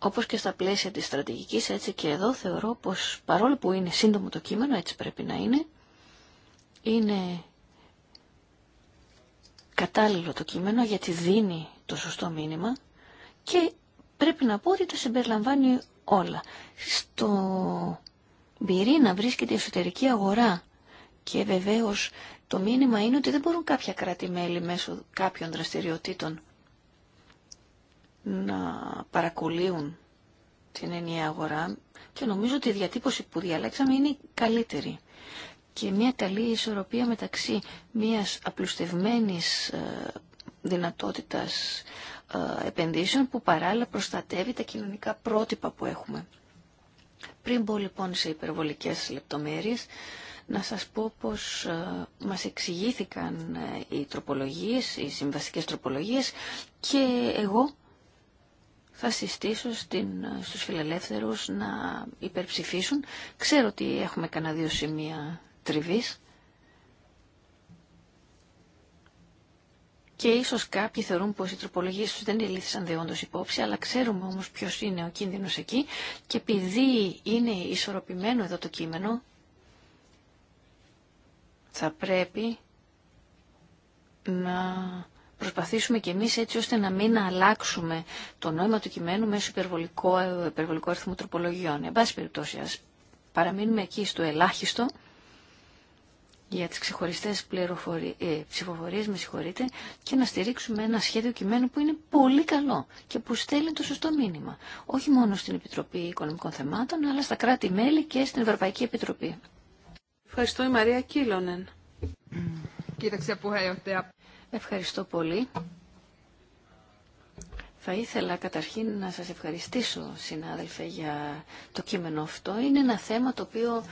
Όπως και στα πλαίσια της στρατηγικής, έτσι και εδώ θεωρώ πως παρόλο που είναι σύντομο το κείμενο, έτσι πρέπει να είναι, είναι κατάλληλο το κείμενο γιατί δίνει το σωστό μήνυμα και πρέπει να πω ότι το συμπεριλαμβάνει όλα. Στο πυρήνα βρίσκεται η εσωτερική αγορά και βεβαίως το μήνυμα είναι ότι δεν μπορούν κάποια κράτη-μέλη μέσω κάποιων δραστηριοτήτων να παρακολύουν την ενιαία αγορά και νομίζω ότι η διατύπωση που διαλέξαμε είναι καλύτερη και μια καλή ισορροπία μεταξύ μιας απλουστευμένης ε, δυνατότητας ε, επενδύσεων που παράλληλα προστατεύει τα κοινωνικά πρότυπα που έχουμε. Πριν μπω λοιπόν σε υπερβολικές λεπτομέρειες, να σας πω πως ε, μας εξηγήθηκαν οι τροπολογίες, οι συμβαστικές τροπολογίες και εγώ θα συστήσω στην, στους φιλελεύθερους να υπερψηφίσουν. Ξέρω ότι έχουμε κανένα δύο σημεία τριβής. Και ίσως κάποιοι θεωρούν πως οι τροπολογίες τους δεν ελήφθησαν δεόντως υπόψη, αλλά ξέρουμε όμως ποιος είναι ο κίνδυνος εκεί. Και επειδή είναι ισορροπημένο εδώ το κείμενο, θα πρέπει να προσπαθήσουμε κι εμείς έτσι ώστε να μην αλλάξουμε το νόημα του κειμένου μέσω υπερβολικό, υπερβολικό αριθμού τροπολογιών. Εν πάση περιπτώσει, ας παραμείνουμε εκεί στο ελάχιστο για τις ξεχωριστές πληροφορι... ε, ψηφοφορίες, με συγχωρείτε, και να στηρίξουμε ένα σχέδιο κειμένου που είναι πολύ καλό και που στέλνει το σωστό μήνυμα. Όχι μόνο στην Επιτροπή Οικονομικών Θεμάτων, αλλά στα κράτη-μέλη και στην Ευρωπαϊκή Επιτροπή. Ευχαριστώ η Μαρία Κίλωνεν. Ευχαριστώ πολύ. Θα ήθελα καταρχήν να σας ευχαριστήσω, συνάδελφε, για το κείμενο αυτό. Είναι ένα θέμα το οποίο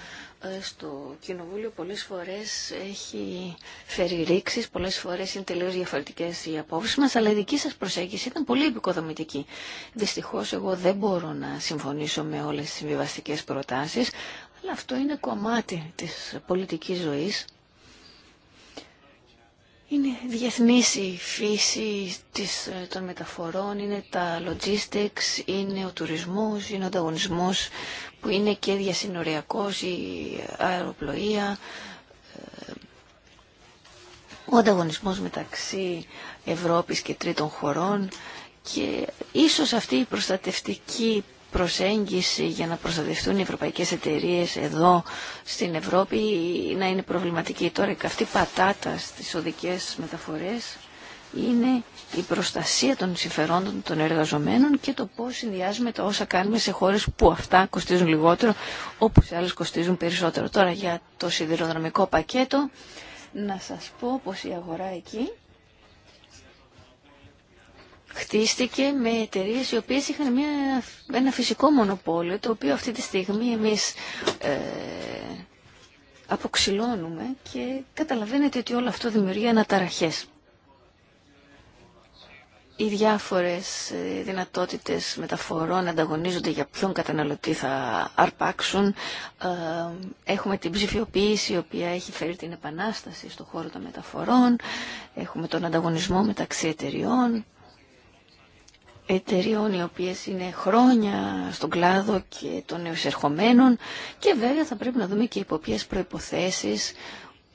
ε, στο Κοινοβούλιο πολλές φορές έχει φέρει ρήξεις, πολλές φορές είναι τελείως διαφορετικές οι απόψεις μας, αλλά η δική σας προσέγγιση ήταν πολύ επικοδομητική. Δυστυχώς εγώ δεν μπορώ να συμφωνήσω με όλες τις συμβιβαστικές προτάσεις, αλλά αυτό είναι κομμάτι της πολιτικής ζωής είναι διεθνής η φύση της, ε, των μεταφορών, είναι τα logistics, είναι ο τουρισμός, είναι ο ανταγωνισμός που είναι και διασυνοριακός, η αεροπλοεία, ε, ο ανταγωνισμός μεταξύ Ευρώπης και τρίτων χωρών και ίσως αυτή η προστατευτική προσέγγιση για να προστατευτούν οι ευρωπαϊκές εταιρείες εδώ στην Ευρώπη να είναι προβληματική. Τώρα η αυτή η πατάτα στις οδικές μεταφορές είναι η προστασία των συμφερόντων των εργαζομένων και το πώς συνδυάζουμε τα όσα κάνουμε σε χώρες που αυτά κοστίζουν λιγότερο, όπως οι άλλες κοστίζουν περισσότερο. Τώρα για το σιδηροδρομικό πακέτο, να σας πω πως η αγορά εκεί χτίστηκε με εταιρείε οι οποίες είχαν μια, ένα φυσικό μονοπόλιο το οποίο αυτή τη στιγμή εμείς ε, αποξηλώνουμε και καταλαβαίνετε ότι όλο αυτό δημιουργεί αναταραχές. Οι διάφορες ε, δυνατότητες μεταφορών ανταγωνίζονται για ποιον καταναλωτή θα αρπάξουν. Ε, έχουμε την ψηφιοποίηση η οποία έχει φέρει την επανάσταση στον χώρο των μεταφορών. Έχουμε τον ανταγωνισμό μεταξύ εταιριών εταιριών οι οποίες είναι χρόνια στον κλάδο και των νεοεισερχομένων και βέβαια θα πρέπει να δούμε και υπό ποιες προϋποθέσεις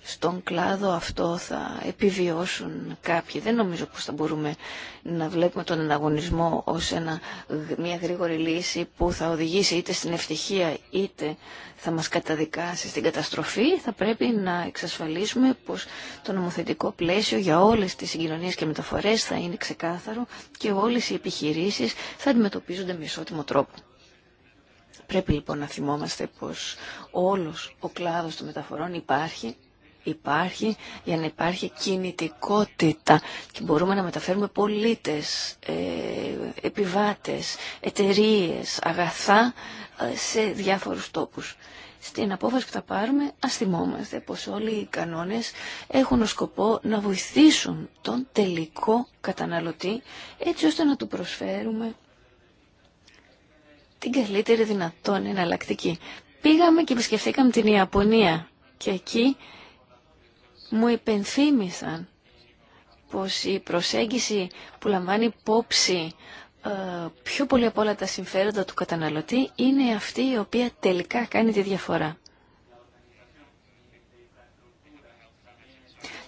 στον κλάδο αυτό θα επιβιώσουν κάποιοι. Δεν νομίζω πως θα μπορούμε να βλέπουμε τον ανταγωνισμό ως ένα, μια γρήγορη λύση που θα οδηγήσει είτε στην ευτυχία είτε θα μας καταδικάσει στην καταστροφή. Θα πρέπει να εξασφαλίσουμε πως το νομοθετικό πλαίσιο για όλες τις συγκοινωνίες και μεταφορές θα είναι ξεκάθαρο και όλες οι επιχειρήσεις θα αντιμετωπίζονται με ισότιμο τρόπο. Πρέπει λοιπόν να θυμόμαστε πως όλος ο κλάδος των μεταφορών υπάρχει υπάρχει για να υπάρχει κινητικότητα και μπορούμε να μεταφέρουμε πολίτες, ε, επιβάτες, εταιρίες, αγαθά ε, σε διάφορους τόπους. Στην απόφαση που θα πάρουμε ας θυμόμαστε πως όλοι οι κανόνες έχουν ως σκοπό να βοηθήσουν τον τελικό καταναλωτή έτσι ώστε να του προσφέρουμε την καλύτερη δυνατόν εναλλακτική. Πήγαμε και επισκεφθήκαμε την Ιαπωνία και εκεί μου υπενθύμησαν πως η προσέγγιση που λαμβάνει υπόψη ε, πιο πολύ από όλα τα συμφέροντα του καταναλωτή είναι αυτή η οποία τελικά κάνει τη διαφορά.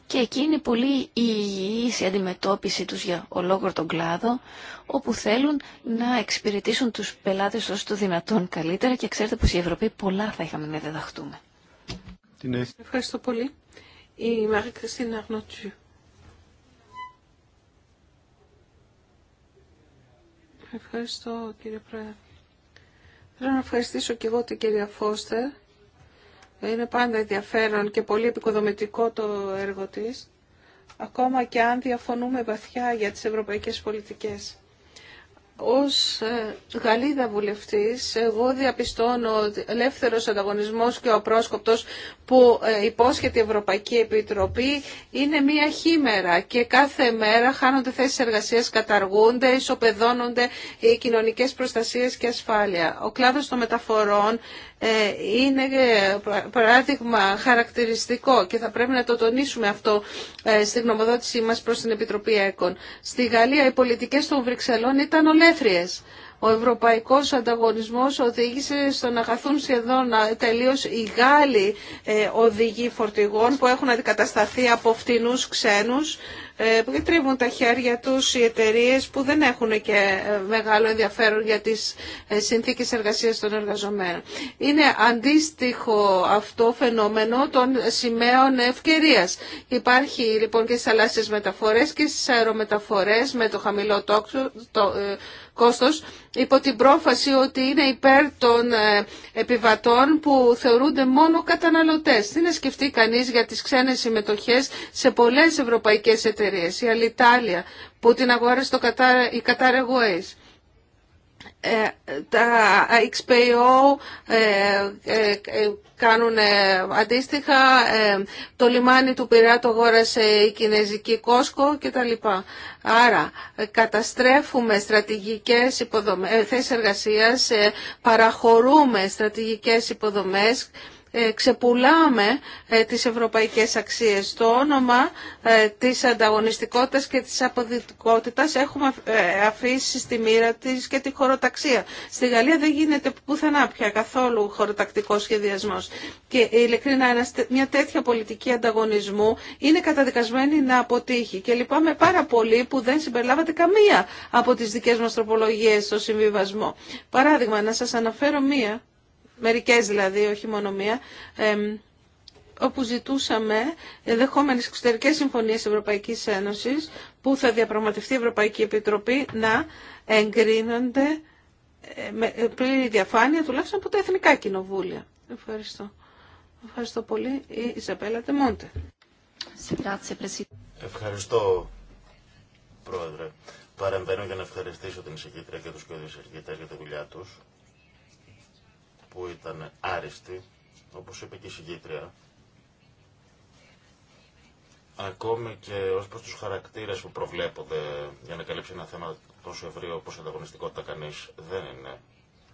Και εκεί είναι πολύ η υγιής η αντιμετώπιση τους για ολόκληρο τον κλάδο, όπου θέλουν να εξυπηρετήσουν τους πελάτες όσο το δυνατόν καλύτερα και ξέρετε πως οι Ευρωπαίοι πολλά θα είχαμε να διδαχτούμε. Ευχαριστώ πολύ η Marie-Christine Αρνοτζού. Ευχαριστώ κύριε Πρόεδρε. Θέλω να ευχαριστήσω και εγώ την κυρία Φώστερ. Είναι πάντα ενδιαφέρον και πολύ επικοδομητικό το έργο της, ακόμα και αν διαφωνούμε βαθιά για τις ευρωπαϊκές πολιτικές. Ως ε, Γαλλίδα βουλευτής, εγώ διαπιστώνω ότι ελεύθερος ανταγωνισμός και ο πρόσκοπτος που ε, υπόσχεται η Ευρωπαϊκή Επιτροπή είναι μία χήμερα και κάθε μέρα χάνονται θέσεις εργασίας, καταργούνται, ισοπεδώνονται οι κοινωνικές προστασίες και ασφάλεια. Ο κλάδος των μεταφορών ε, είναι παράδειγμα χαρακτηριστικό και θα πρέπει να το τονίσουμε αυτό στη γνωμοδότησή μας προς την Επιτροπή ΕΚΟΝ. Στη Γαλλία οι πολιτικές των Βρυξελών ήταν ολιγοπολαίθριες. Ο ευρωπαϊκός ανταγωνισμός οδήγησε στο να χαθούν σχεδόν τελείως οι Γάλλοι ε, οδηγοί φορτηγών που έχουν αντικατασταθεί από φτηνούς ξένους ε, που τρίβουν τα χέρια τους οι εταιρείε που δεν έχουν και ε, μεγάλο ενδιαφέρον για τις συνθήκες εργασίας των εργαζομένων. Είναι αντίστοιχο αυτό φαινόμενο των σημαίων ευκαιρίας. Υπάρχει λοιπόν και στις θαλάσσιες μεταφορές και στις αερομεταφορές με το χαμηλό τόξο, κόστος υπό την πρόφαση ότι είναι υπέρ των ε, επιβατών που θεωρούνται μόνο καταναλωτές. Τι να σκεφτεί κανείς για τις ξένες συμμετοχές σε πολλές ευρωπαϊκές εταιρείες, η Αλιτάλια που την αγόρασε το κατά, η ε, τα XPO ε, ε, κάνουν αντίστοιχα, το λιμάνι του Πειραιά το γόρασε η Κινέζικη Κόσκο κτλ. Άρα καταστρέφουμε στρατηγικές υποδομές, θέσεις εργασίας, παραχωρούμε στρατηγικές υποδομές ε, ξεπουλάμε ε, τις ευρωπαϊκές αξίες. Το όνομα ε, της ανταγωνιστικότητας και της αποδυτικότητας έχουμε αφήσει στη μοίρα της και τη χωροταξία. Στη Γαλλία δεν γίνεται πουθενά πια καθόλου χωροτακτικό σχεδιασμός. Και ειλικρινά μια τέτοια πολιτική ανταγωνισμού είναι καταδικασμένη να αποτύχει. Και λυπάμαι πάρα πολύ που δεν συμπεριλάβατε καμία από τις δικές μας τροπολογίες στο συμβιβασμό. Παράδειγμα, να σας αναφέρω μία μερικές δηλαδή, όχι μόνο μία, όπου ζητούσαμε ενδεχόμενες εξωτερικές συμφωνίες Ευρωπαϊκής Ένωσης που θα διαπραγματευτεί η Ευρωπαϊκή Επιτροπή να εγκρίνονται ε, με ε, πλήρη διαφάνεια τουλάχιστον από τα Εθνικά Κοινοβούλια. Ευχαριστώ. Ευχαριστώ πολύ. Η Ισαπέλα Τεμόντε. Ευχαριστώ, Πρόεδρε. Παρεμβαίνω για να ευχαριστήσω την εισηγήτρια και τους και για τη δουλειά τους που ήταν άριστη, όπως είπε και η συγκήτρια, ακόμη και ως προς τους χαρακτήρες που προβλέπονται για να καλύψει ένα θέμα τόσο ευρύ όπως ανταγωνιστικότητα κανείς δεν είναι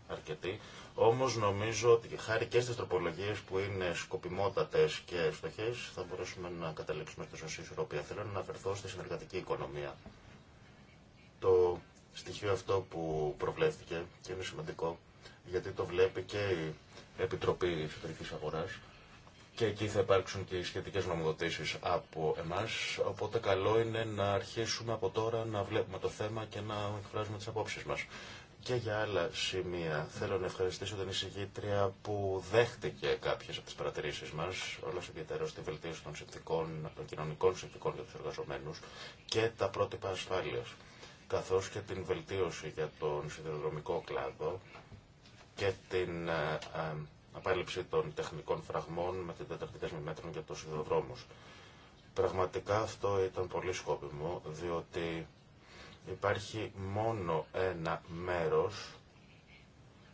αρκετή. Όμως νομίζω ότι χάρη και στις τροπολογίες που είναι σκοπιμότατες και στοχές θα μπορέσουμε να καταλήξουμε στο σωσή ισορροπία. Θέλω να αναφερθώ στη συνεργατική οικονομία. Το στοιχείο αυτό που προβλέφθηκε και είναι σημαντικό γιατί το βλέπει και η Επιτροπή Εξωτερικής Αγοράς και εκεί θα υπάρξουν και οι σχετικές νομοδοτήσεις από εμάς, οπότε καλό είναι να αρχίσουμε από τώρα να βλέπουμε το θέμα και να εκφράζουμε τις απόψεις μας. Και για άλλα σημεία θέλω να ευχαριστήσω την εισηγήτρια που δέχτηκε κάποιες από τις παρατηρήσεις μας, όλο ιδιαίτερα στη βελτίωση των, συνθηκών, των κοινωνικών συνθηκών για τους εργαζομένους και τα πρότυπα ασφάλειας καθώς και την βελτίωση για τον σιδηροδρομικό κλάδο και την ε, ε, απάλληψη των τεχνικών φραγμών με την δέσμη μέτρων για τους ιδεοδρόμους. Πραγματικά αυτό ήταν πολύ σκόπιμο, διότι υπάρχει μόνο ένα μέρος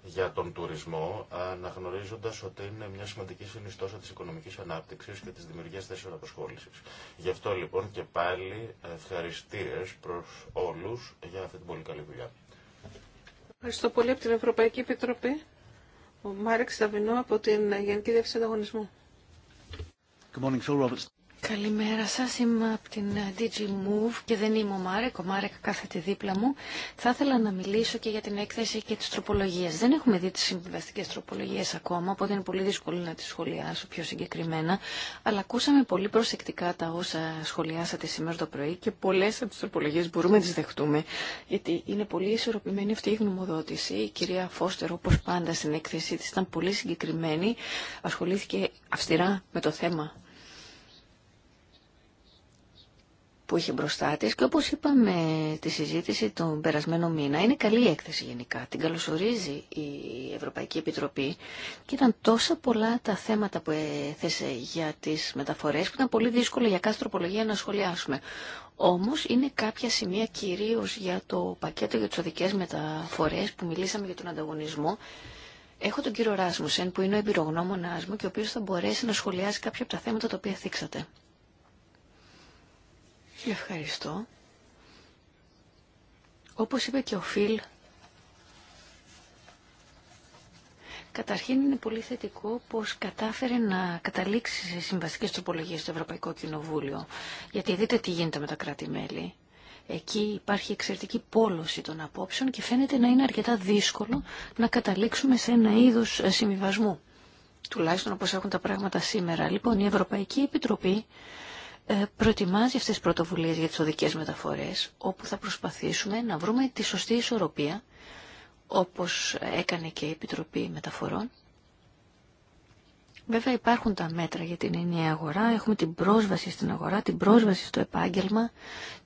για τον τουρισμό, αναγνωρίζοντα ότι είναι μια σημαντική συνιστόσα της οικονομικής ανάπτυξης και της δημιουργίας θέσεων απασχόληση. Γι' αυτό λοιπόν και πάλι ευχαριστίε προ όλου για αυτή την πολύ καλή δουλειά. Ευχαριστώ πολύ από την Ευρωπαϊκή Επιτροπή. Ο Μάρεξ Σταβινό από την Γενική Διεύθυνση Ανταγωνισμού. Good morning, Phil Roberts. Καλημέρα σας, είμαι από την ε, DG Move και δεν είμαι ο Μάρεκ, ο Μάρεκ κάθεται δίπλα μου. Θα ήθελα να μιλήσω και για την έκθεση και τις τροπολογίες. Δεν έχουμε δει τις συμβιβαστικές τροπολογίες ακόμα, οπότε είναι πολύ δύσκολο να τις σχολιάσω πιο συγκεκριμένα, αλλά ακούσαμε πολύ προσεκτικά τα όσα σχολιάσατε σήμερα το πρωί και πολλές από τις τροπολογίες μπορούμε να τις δεχτούμε, γιατί είναι πολύ ισορροπημένη αυτή η γνωμοδότηση. Η κυρία Φώστερ, όπως πάντα στην έκθεσή της, ήταν πολύ συγκεκριμένη, ασχολήθηκε αυστηρά με το θέμα που είχε μπροστά τη και όπω είπαμε τη συζήτηση τον περασμένο μήνα, είναι καλή έκθεση γενικά. Την καλωσορίζει η Ευρωπαϊκή Επιτροπή και ήταν τόσα πολλά τα θέματα που έθεσε για τι μεταφορέ, που ήταν πολύ δύσκολο για κάθε τροπολογία να σχολιάσουμε. Όμω είναι κάποια σημεία κυρίω για το πακέτο για τι οδικέ μεταφορέ που μιλήσαμε για τον ανταγωνισμό Έχω τον κύριο Ράσμουσεν που είναι ο εμπειρογνώμονά μου και ο οποίο θα μπορέσει να σχολιάσει κάποια από τα θέματα τα οποία θίξατε. Ευχαριστώ. Όπως είπε και ο Φιλ, Καταρχήν είναι πολύ θετικό πως κατάφερε να καταλήξει σε συμβαστικές τροπολογίες στο Ευρωπαϊκό Κοινοβούλιο. Γιατί δείτε τι γίνεται με τα κράτη-μέλη. Εκεί υπάρχει εξαιρετική πόλωση των απόψεων και φαίνεται να είναι αρκετά δύσκολο να καταλήξουμε σε ένα είδος ε, συμβιβασμού. Τουλάχιστον όπως έχουν τα πράγματα σήμερα. Λοιπόν, η Ευρωπαϊκή Επιτροπή ε, προετοιμάζει αυτές τις πρωτοβουλίες για τις οδικές μεταφορές, όπου θα προσπαθήσουμε να βρούμε τη σωστή ισορροπία, όπως έκανε και η Επιτροπή Μεταφορών. Βέβαια υπάρχουν τα μέτρα για την ενιαία αγορά, έχουμε την πρόσβαση στην αγορά, την πρόσβαση στο επάγγελμα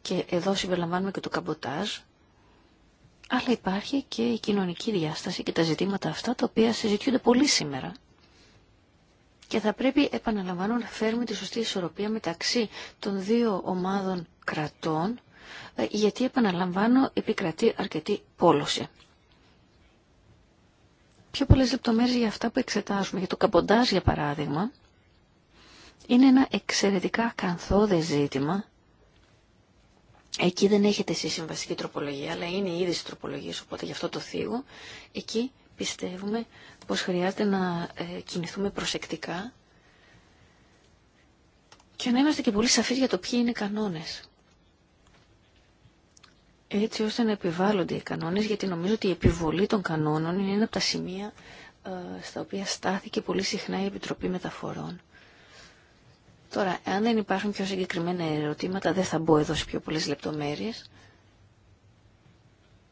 και εδώ συμπεριλαμβάνουμε και το καμποτάζ, αλλά υπάρχει και η κοινωνική διάσταση και τα ζητήματα αυτά τα οποία συζητιούνται πολύ σήμερα και θα πρέπει, επαναλαμβάνω, να φέρουμε τη σωστή ισορροπία μεταξύ των δύο ομάδων κρατών, ε, γιατί, επαναλαμβάνω, επικρατεί αρκετή πόλωση. Πιο πολλές λεπτομέρειες για αυτά που εξετάζουμε. Για το καμποντάζ, για παράδειγμα, είναι ένα εξαιρετικά κανθόδε ζήτημα, Εκεί δεν έχετε εσείς συμβασική τροπολογία, αλλά είναι ήδη τροπολογία, οπότε γι' αυτό το θίγω. Εκεί πιστεύουμε πως χρειάζεται να ε, κινηθούμε προσεκτικά και να είμαστε και πολύ σαφείς για το ποιοι είναι οι κανόνες. Έτσι ώστε να επιβάλλονται οι κανόνες, γιατί νομίζω ότι η επιβολή των κανόνων είναι ένα από τα σημεία ε, στα οποία στάθηκε πολύ συχνά η Επιτροπή Μεταφορών. Τώρα, αν δεν υπάρχουν πιο συγκεκριμένα ερωτήματα, δεν θα μπω εδώ σε πιο πολλές λεπτομέρειες.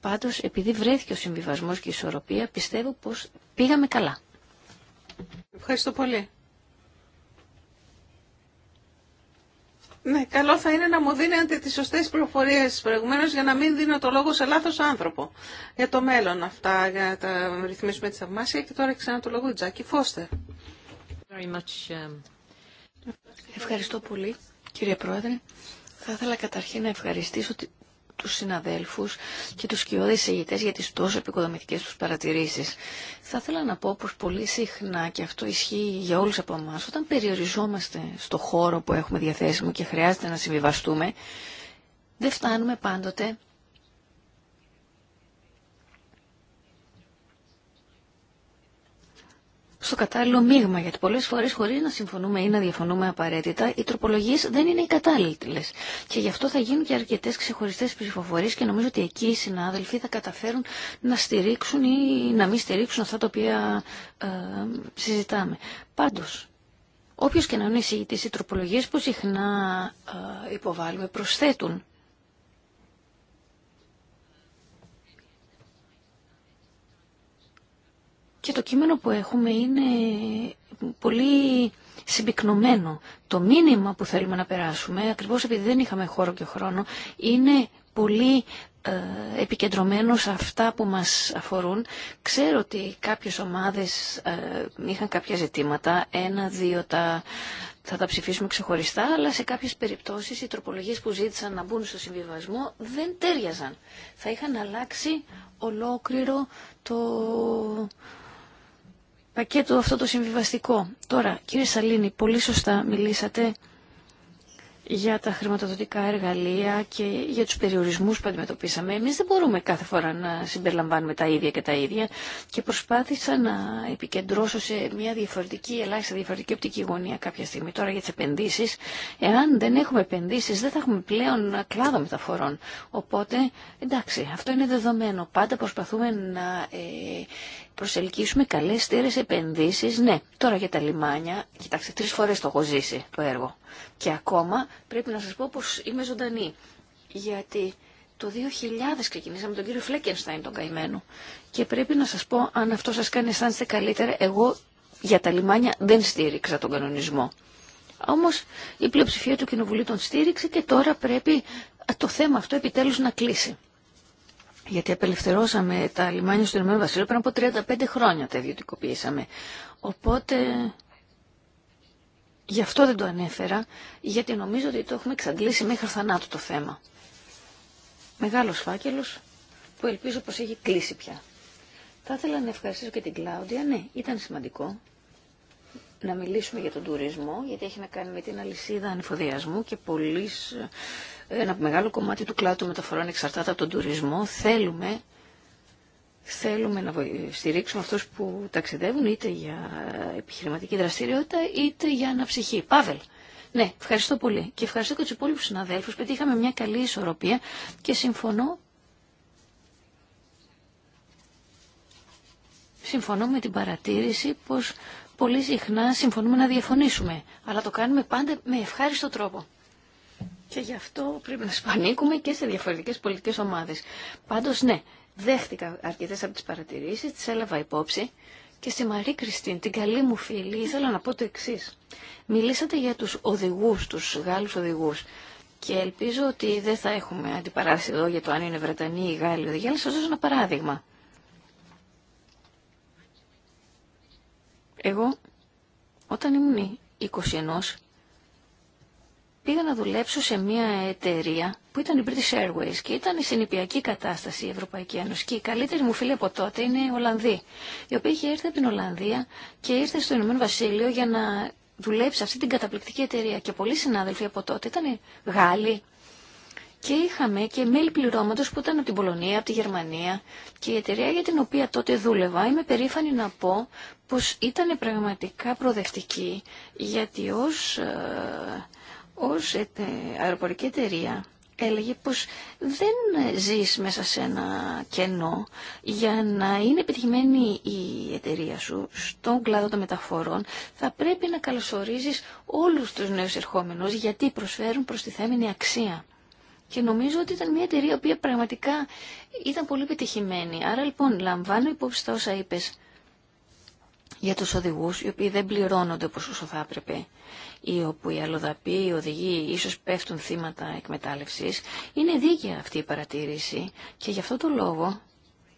Πάντως, επειδή βρέθηκε ο συμβιβασμός και η ισορροπία, πιστεύω πως πήγαμε καλά. Ευχαριστώ πολύ. Ναι, καλό θα είναι να μου δίνετε τις σωστές πληροφορίες προηγουμένως για να μην δίνω το λόγο σε λάθος άνθρωπο. Για το μέλλον αυτά, για να τα ρυθμίσουμε τη θαυμάσια και τώρα ξανά το λόγο η Τζάκη Φώστερ. much. Um, Ευχαριστώ πολύ κύριε Πρόεδρε. Θα ήθελα καταρχήν να ευχαριστήσω τους συναδέλφους και τους σκιώδει ηγητέ για τι τόσο επικοδομητικές τους παρατηρήσεις. Θα ήθελα να πω πω πολύ συχνά, και αυτό ισχύει για όλους από εμά, όταν περιοριζόμαστε στο χώρο που έχουμε διαθέσιμο και χρειάζεται να συμβιβαστούμε, δεν φτάνουμε πάντοτε στο κατάλληλο μείγμα, γιατί πολλές φορές χωρί να συμφωνούμε ή να διαφωνούμε απαραίτητα, οι τροπολογίε δεν είναι οι κατάλληλε. Και γι' αυτό θα γίνουν και αρκετέ ξεχωριστέ ψηφοφορίε και νομίζω ότι εκεί οι συνάδελφοι θα καταφέρουν να στηρίξουν ή να μην στηρίξουν αυτά τα οποία ε, συζητάμε. Πάντως, όποιος και να είναι εισηγητής, οι τροπολογίες που συχνά ε, υποβάλλουμε προσθέτουν Και το κείμενο που έχουμε είναι πολύ συμπυκνωμένο. Το μήνυμα που θέλουμε να περάσουμε, ακριβώς επειδή δεν είχαμε χώρο και χρόνο, είναι πολύ ε, επικεντρωμένο σε αυτά που μας αφορούν. Ξέρω ότι κάποιες ομάδες ε, είχαν κάποια ζητήματα, ένα, δύο τα, θα τα ψηφίσουμε ξεχωριστά, αλλά σε κάποιες περιπτώσεις οι τροπολογίες που ζήτησαν να μπουν στο συμβιβασμό δεν τέριαζαν. Θα είχαν αλλάξει ολόκληρο το πακέτο αυτό το συμβιβαστικό. Τώρα, κύριε Σαλίνη, πολύ σωστά μιλήσατε για τα χρηματοδοτικά εργαλεία και για τους περιορισμούς που αντιμετωπίσαμε. Εμείς δεν μπορούμε κάθε φορά να συμπεριλαμβάνουμε τα ίδια και τα ίδια και προσπάθησα να επικεντρώσω σε μια διαφορετική, ελάχιστα διαφορετική οπτική γωνία κάποια στιγμή τώρα για τις επενδύσεις. Εάν δεν έχουμε επενδύσεις δεν θα έχουμε πλέον κλάδο μεταφορών. Οπότε, εντάξει, αυτό είναι δεδομένο. Πάντα προσπαθούμε να ε, προσελκύσουμε καλέ στήρες επενδύσεις, ναι. Τώρα για τα λιμάνια, κοιτάξτε, τρεις φορές το έχω ζήσει το έργο. Και ακόμα πρέπει να σας πω πως είμαι ζωντανή. Γιατί το 2000 ξεκινήσαμε τον κύριο Φλέκενστάιν τον καημένο. Και πρέπει να σας πω, αν αυτό σα κάνει αισθάνεστε καλύτερα, εγώ για τα λιμάνια δεν στήριξα τον κανονισμό. Όμω η πλειοψηφία του Κοινοβουλίου τον στήριξε και τώρα πρέπει το θέμα αυτό επιτέλου να κλείσει γιατί απελευθερώσαμε τα λιμάνια στο Ηνωμένο Βασίλειο πριν από 35 χρόνια τα ιδιωτικοποιήσαμε. Οπότε γι' αυτό δεν το ανέφερα, γιατί νομίζω ότι το έχουμε εξαντλήσει μέχρι θανάτου το θέμα. Μεγάλος φάκελος που ελπίζω πως έχει κλείσει πια. Θα ήθελα να ευχαριστήσω και την Κλάουδια. Ναι, ήταν σημαντικό να μιλήσουμε για τον τουρισμό, γιατί έχει να κάνει με την αλυσίδα ανεφοδιασμού και πολλής ένα μεγάλο κομμάτι του κλάδου μεταφορών εξαρτάται από τον τουρισμό. Θέλουμε, θέλουμε να στηρίξουμε αυτούς που ταξιδεύουν είτε για επιχειρηματική δραστηριότητα είτε για αναψυχή. Πάβελ. Ναι, ευχαριστώ πολύ. Και ευχαριστώ και του υπόλοιπου συναδέλφου. Πετύχαμε μια καλή ισορροπία και συμφωνώ. Συμφωνώ με την παρατήρηση πως πολύ συχνά συμφωνούμε να διαφωνήσουμε, αλλά το κάνουμε πάντα με ευχάριστο τρόπο. Και γι' αυτό πρέπει να σπανίκουμε και σε διαφορετικές πολιτικές ομάδες. Πάντως ναι, δέχτηκα αρκετές από τις παρατηρήσεις, τις έλαβα υπόψη. Και στη Μαρή Κριστίν, την καλή μου φίλη, ήθελα να πω το εξή. Μιλήσατε για τους οδηγούς, τους Γάλλους οδηγούς. Και ελπίζω ότι δεν θα έχουμε αντιπαράθεση εδώ για το αν είναι Βρετανοί ή Γάλλοι οδηγοί, αλλά σας δώσω ένα παράδειγμα. Εγώ, όταν ήμουν 21, πήγα να δουλέψω σε μια εταιρεία που ήταν η British Airways και ήταν στην νηπιακή κατάσταση η Ευρωπαϊκή Ένωση. Και η καλύτερη μου φίλη από τότε είναι η Ολλανδή, η οποία είχε έρθει από την Ολλανδία και ήρθε στο Ηνωμένο Βασίλειο για να δουλέψει σε αυτή την καταπληκτική εταιρεία. Και πολλοί συνάδελφοι από τότε ήταν Γάλλοι. Και είχαμε και μέλη πληρώματος που ήταν από την Πολωνία, από τη Γερμανία και η εταιρεία για την οποία τότε δούλευα είμαι περήφανη να πω πως ήταν πραγματικά προοδευτική γιατί ως ε, ως αεροπορική εταιρεία έλεγε πως δεν ζεις μέσα σε ένα κενό για να είναι επιτυχημένη η εταιρεία σου στον κλάδο των μεταφορών θα πρέπει να καλωσορίζεις όλους τους νέους ερχόμενους γιατί προσφέρουν προστιθέμενη αξία. Και νομίζω ότι ήταν μια εταιρεία που πραγματικά ήταν πολύ επιτυχημένη. Άρα λοιπόν λαμβάνω υπόψη τα όσα είπες για τους οδηγούς οι οποίοι δεν πληρώνονται όπως όσο θα έπρεπε ή όπου οι αλλοδαποί, οι οδηγοί ίσως πέφτουν θύματα εκμετάλλευσης. Είναι δίκαια αυτή η παρατήρηση και γι' αυτό το λόγο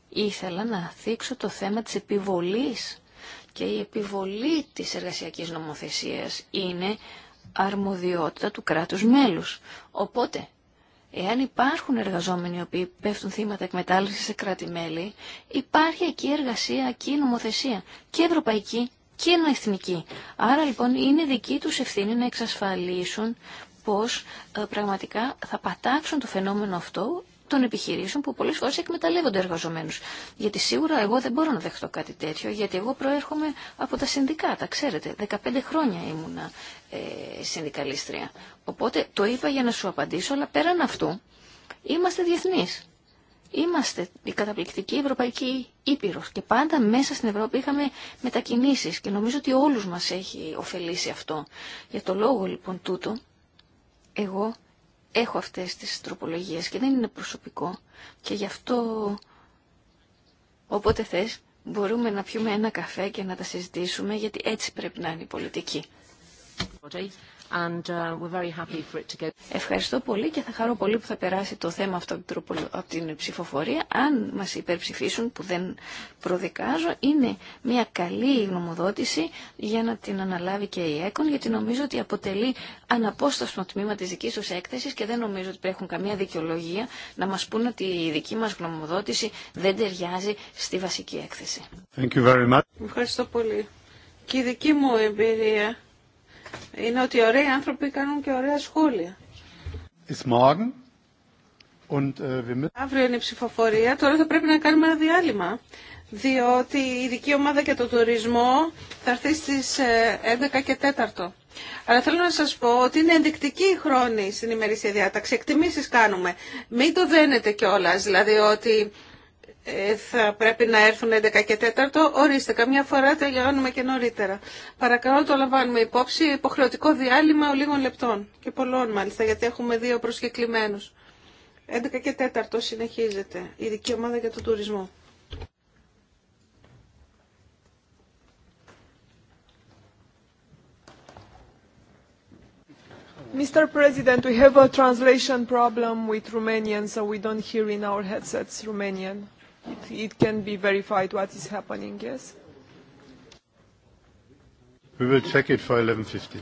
ήθελα να θίξω το θέμα της επιβολής και η επιβολή της εργασιακής νομοθεσίας είναι αρμοδιότητα του κράτους μέλους. Οπότε Εάν υπάρχουν εργαζόμενοι οι οποίοι πέφτουν θύματα εκμετάλλευση σε κράτη-μέλη, υπάρχει εκεί εργασία και νομοθεσία και ευρωπαϊκή και εθνική. Άρα λοιπόν είναι δική τους ευθύνη να εξασφαλίσουν πως ε, πραγματικά θα πατάξουν το φαινόμενο αυτό των επιχειρήσεων που πολλές φορές εκμεταλλεύονται εργαζομένους. Γιατί σίγουρα εγώ δεν μπορώ να δεχτώ κάτι τέτοιο, γιατί εγώ προέρχομαι από τα συνδικάτα, ξέρετε. 15 χρόνια ήμουνα ε, συνδικαλίστρια. Οπότε το είπα για να σου απαντήσω, αλλά πέραν αυτού είμαστε διεθνείς. Είμαστε η καταπληκτική Ευρωπαϊκή Ήπειρος και πάντα μέσα στην Ευρώπη είχαμε μετακινήσεις και νομίζω ότι όλους μας έχει ωφελήσει αυτό. Για το λόγο λοιπόν τούτο, εγώ έχω αυτές τις τροπολογίες και δεν είναι προσωπικό και γι' αυτό όποτε θες μπορούμε να πιούμε ένα καφέ και να τα συζητήσουμε γιατί έτσι πρέπει να είναι η πολιτική. And uh, we're very happy for it to go. Ευχαριστώ πολύ και θα χαρώ πολύ που θα περάσει το θέμα αυτό από την ψηφοφορία. Αν μας υπερψηφίσουν, που δεν προδικάζω, είναι μια καλή γνωμοδότηση για να την αναλάβει και η ΕΚΟΝ, γιατί νομίζω ότι αποτελεί αναπόσταστο τμήμα της δικής τους έκθεσης και δεν νομίζω ότι έχουν καμία δικαιολογία να μας πούν ότι η δική μας γνωμοδότηση δεν ταιριάζει στη βασική έκθεση. Ευχαριστώ πολύ. Και η δική μου εμπειρία είναι ότι ωραίοι άνθρωποι κάνουν και ωραία σχόλια. Äh, Αύριο είναι η ψηφοφορία. Τώρα θα πρέπει να κάνουμε ένα διάλειμμα. Διότι η ειδική ομάδα για το τουρισμό θα έρθει στις 11 ε, και 4. Αλλά θέλω να σας πω ότι είναι ενδεικτική η χρόνη στην ημερήσια διάταξη. Εκτιμήσει κάνουμε. Μην το δένετε κιόλα, Δηλαδή ότι ε, θα πρέπει να έρθουν 11 και 4. Ορίστε, καμιά φορά τελειώνουμε και νωρίτερα. Παρακαλώ το λαμβάνουμε υπόψη. Υποχρεωτικό διάλειμμα λίγων λεπτών. Και πολλών μάλιστα, γιατί έχουμε δύο προσκεκλημένους. 11 και 4 συνεχίζεται. Η δική ομάδα για το τουρισμό. Mr. President, we have a translation problem with Romanian, so we don't hear in our headsets Romanian it can be verified what is happening, yes? We will check it for 11.50.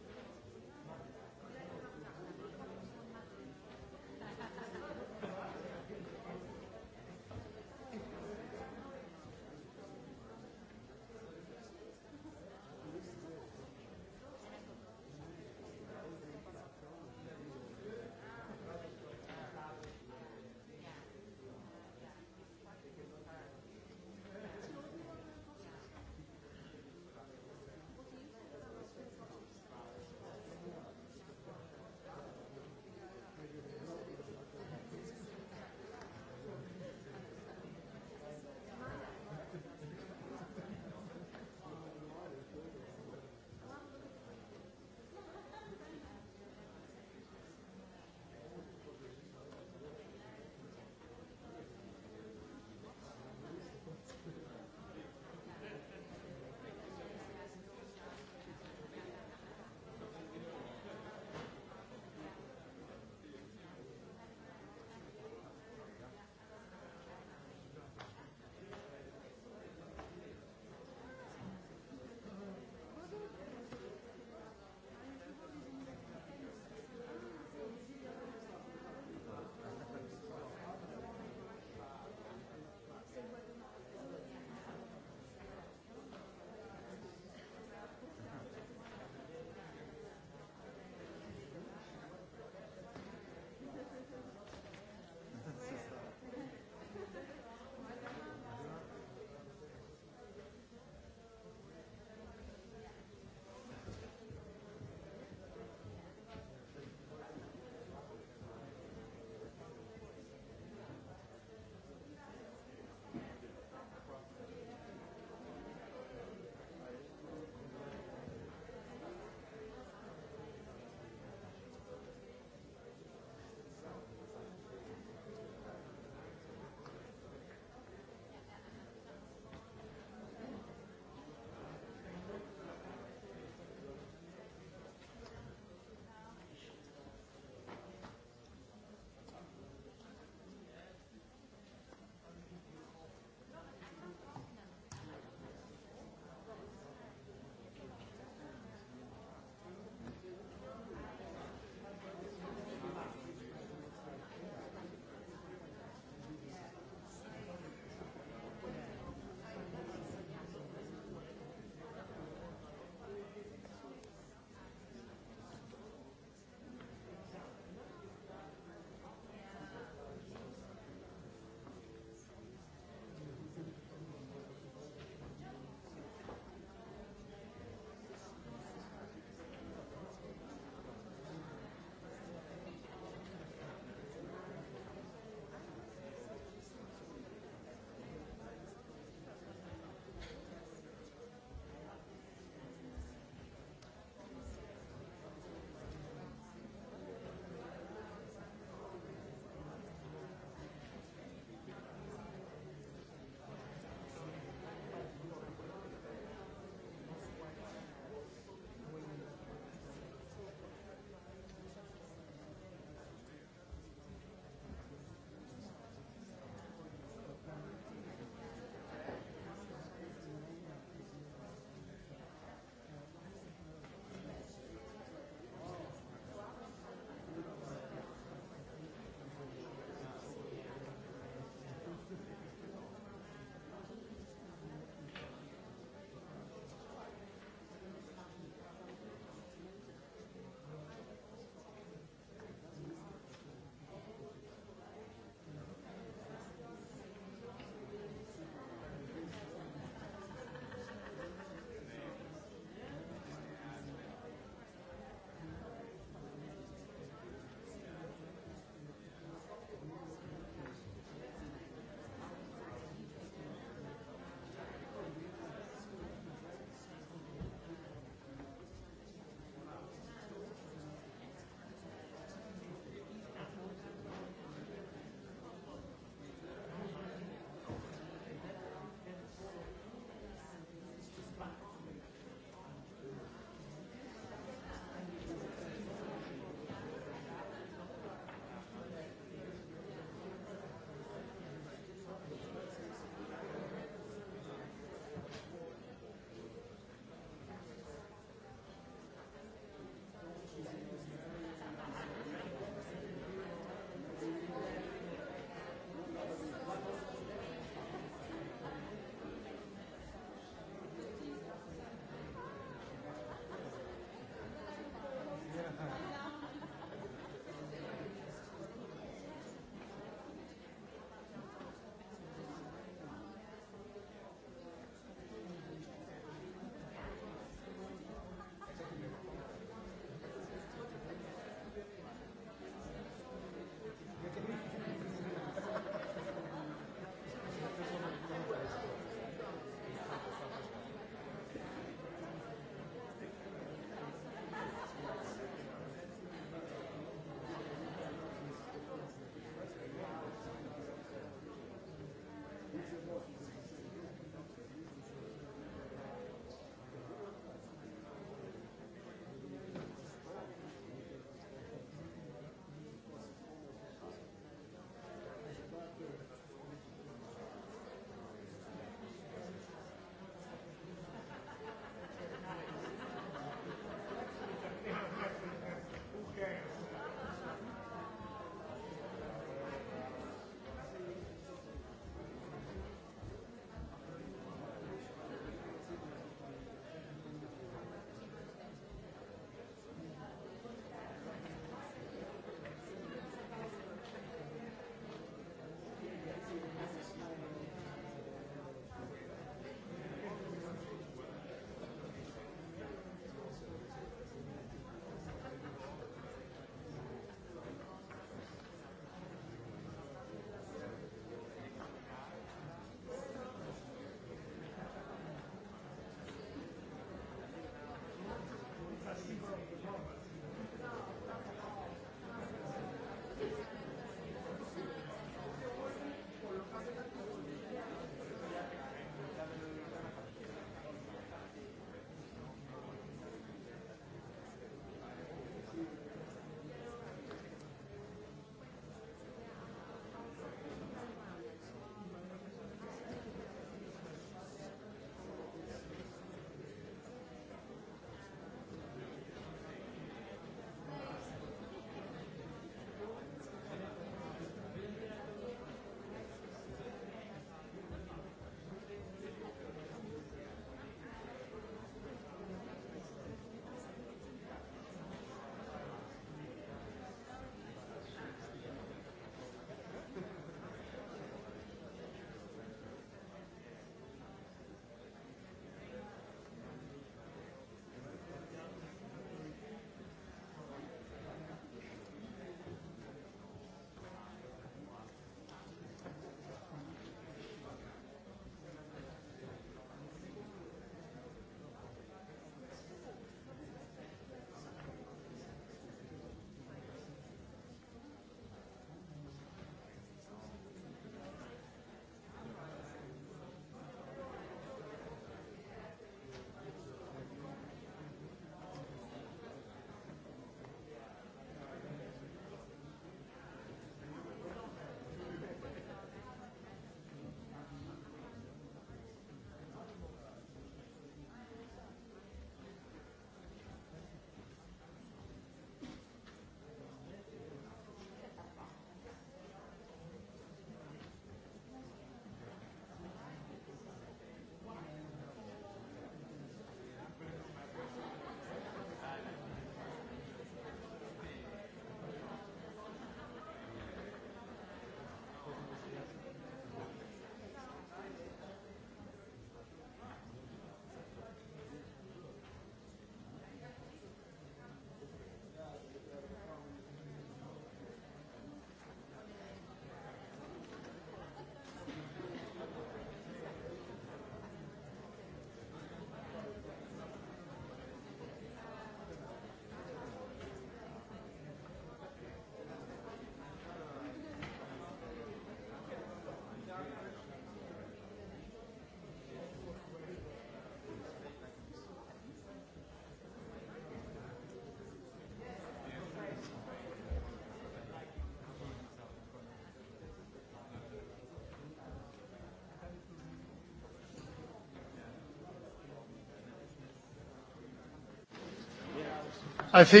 Ε,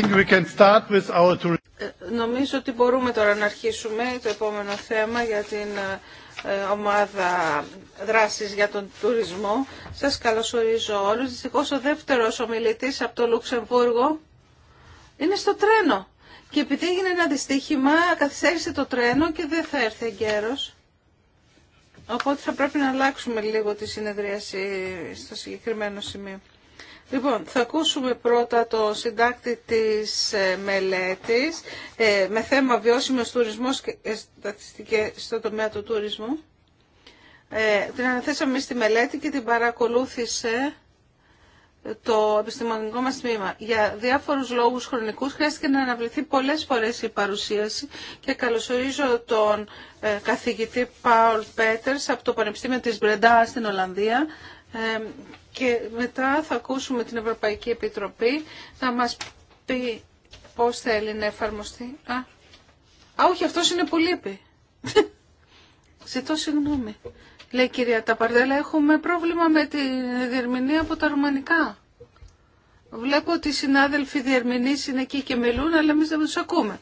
νομίζω ότι μπορούμε τώρα να αρχίσουμε το επόμενο θέμα για την ε, ε, ομάδα δράσης για τον τουρισμό. Σας καλωσορίζω όλους. Δυστυχώς ο δεύτερος ομιλητής από το Λουξεμβούργο είναι στο τρένο. Και επειδή έγινε ένα δυστύχημα, καθυστέρησε το τρένο και δεν θα έρθει εγκαίρος. Οπότε θα πρέπει να αλλάξουμε λίγο τη συνεδρίαση στο συγκεκριμένο σημείο. Λοιπόν, θα ακούσουμε πρώτα το συντάκτη της ε, μελέτης ε, με θέμα βιώσιμος τουρισμός και ε, στατιστικές στο τομέα του τουρισμού. Την αναθέσαμε στη μελέτη και την παρακολούθησε το επιστημονικό μας τμήμα. Για διάφορους λόγους χρονικούς χρειάστηκε να αναβληθεί πολλές φορές η παρουσίαση και καλωσορίζω τον καθηγητή Πάουλ Πέτερς από το Πανεπιστήμιο της Μπρεντά στην Ολλανδία και μετά θα ακούσουμε την Ευρωπαϊκή Επιτροπή να μας πει πώς θέλει να εφαρμοστεί. Α, α όχι, αυτός είναι που λείπει. Ζητώ συγγνώμη. Λέει κυρία Ταπαρδέλα, έχουμε πρόβλημα με τη διερμηνία από τα ρουμανικά. Βλέπω ότι οι συνάδελφοι διερμηνείς είναι εκεί και μιλούν, αλλά εμείς δεν τους ακούμε.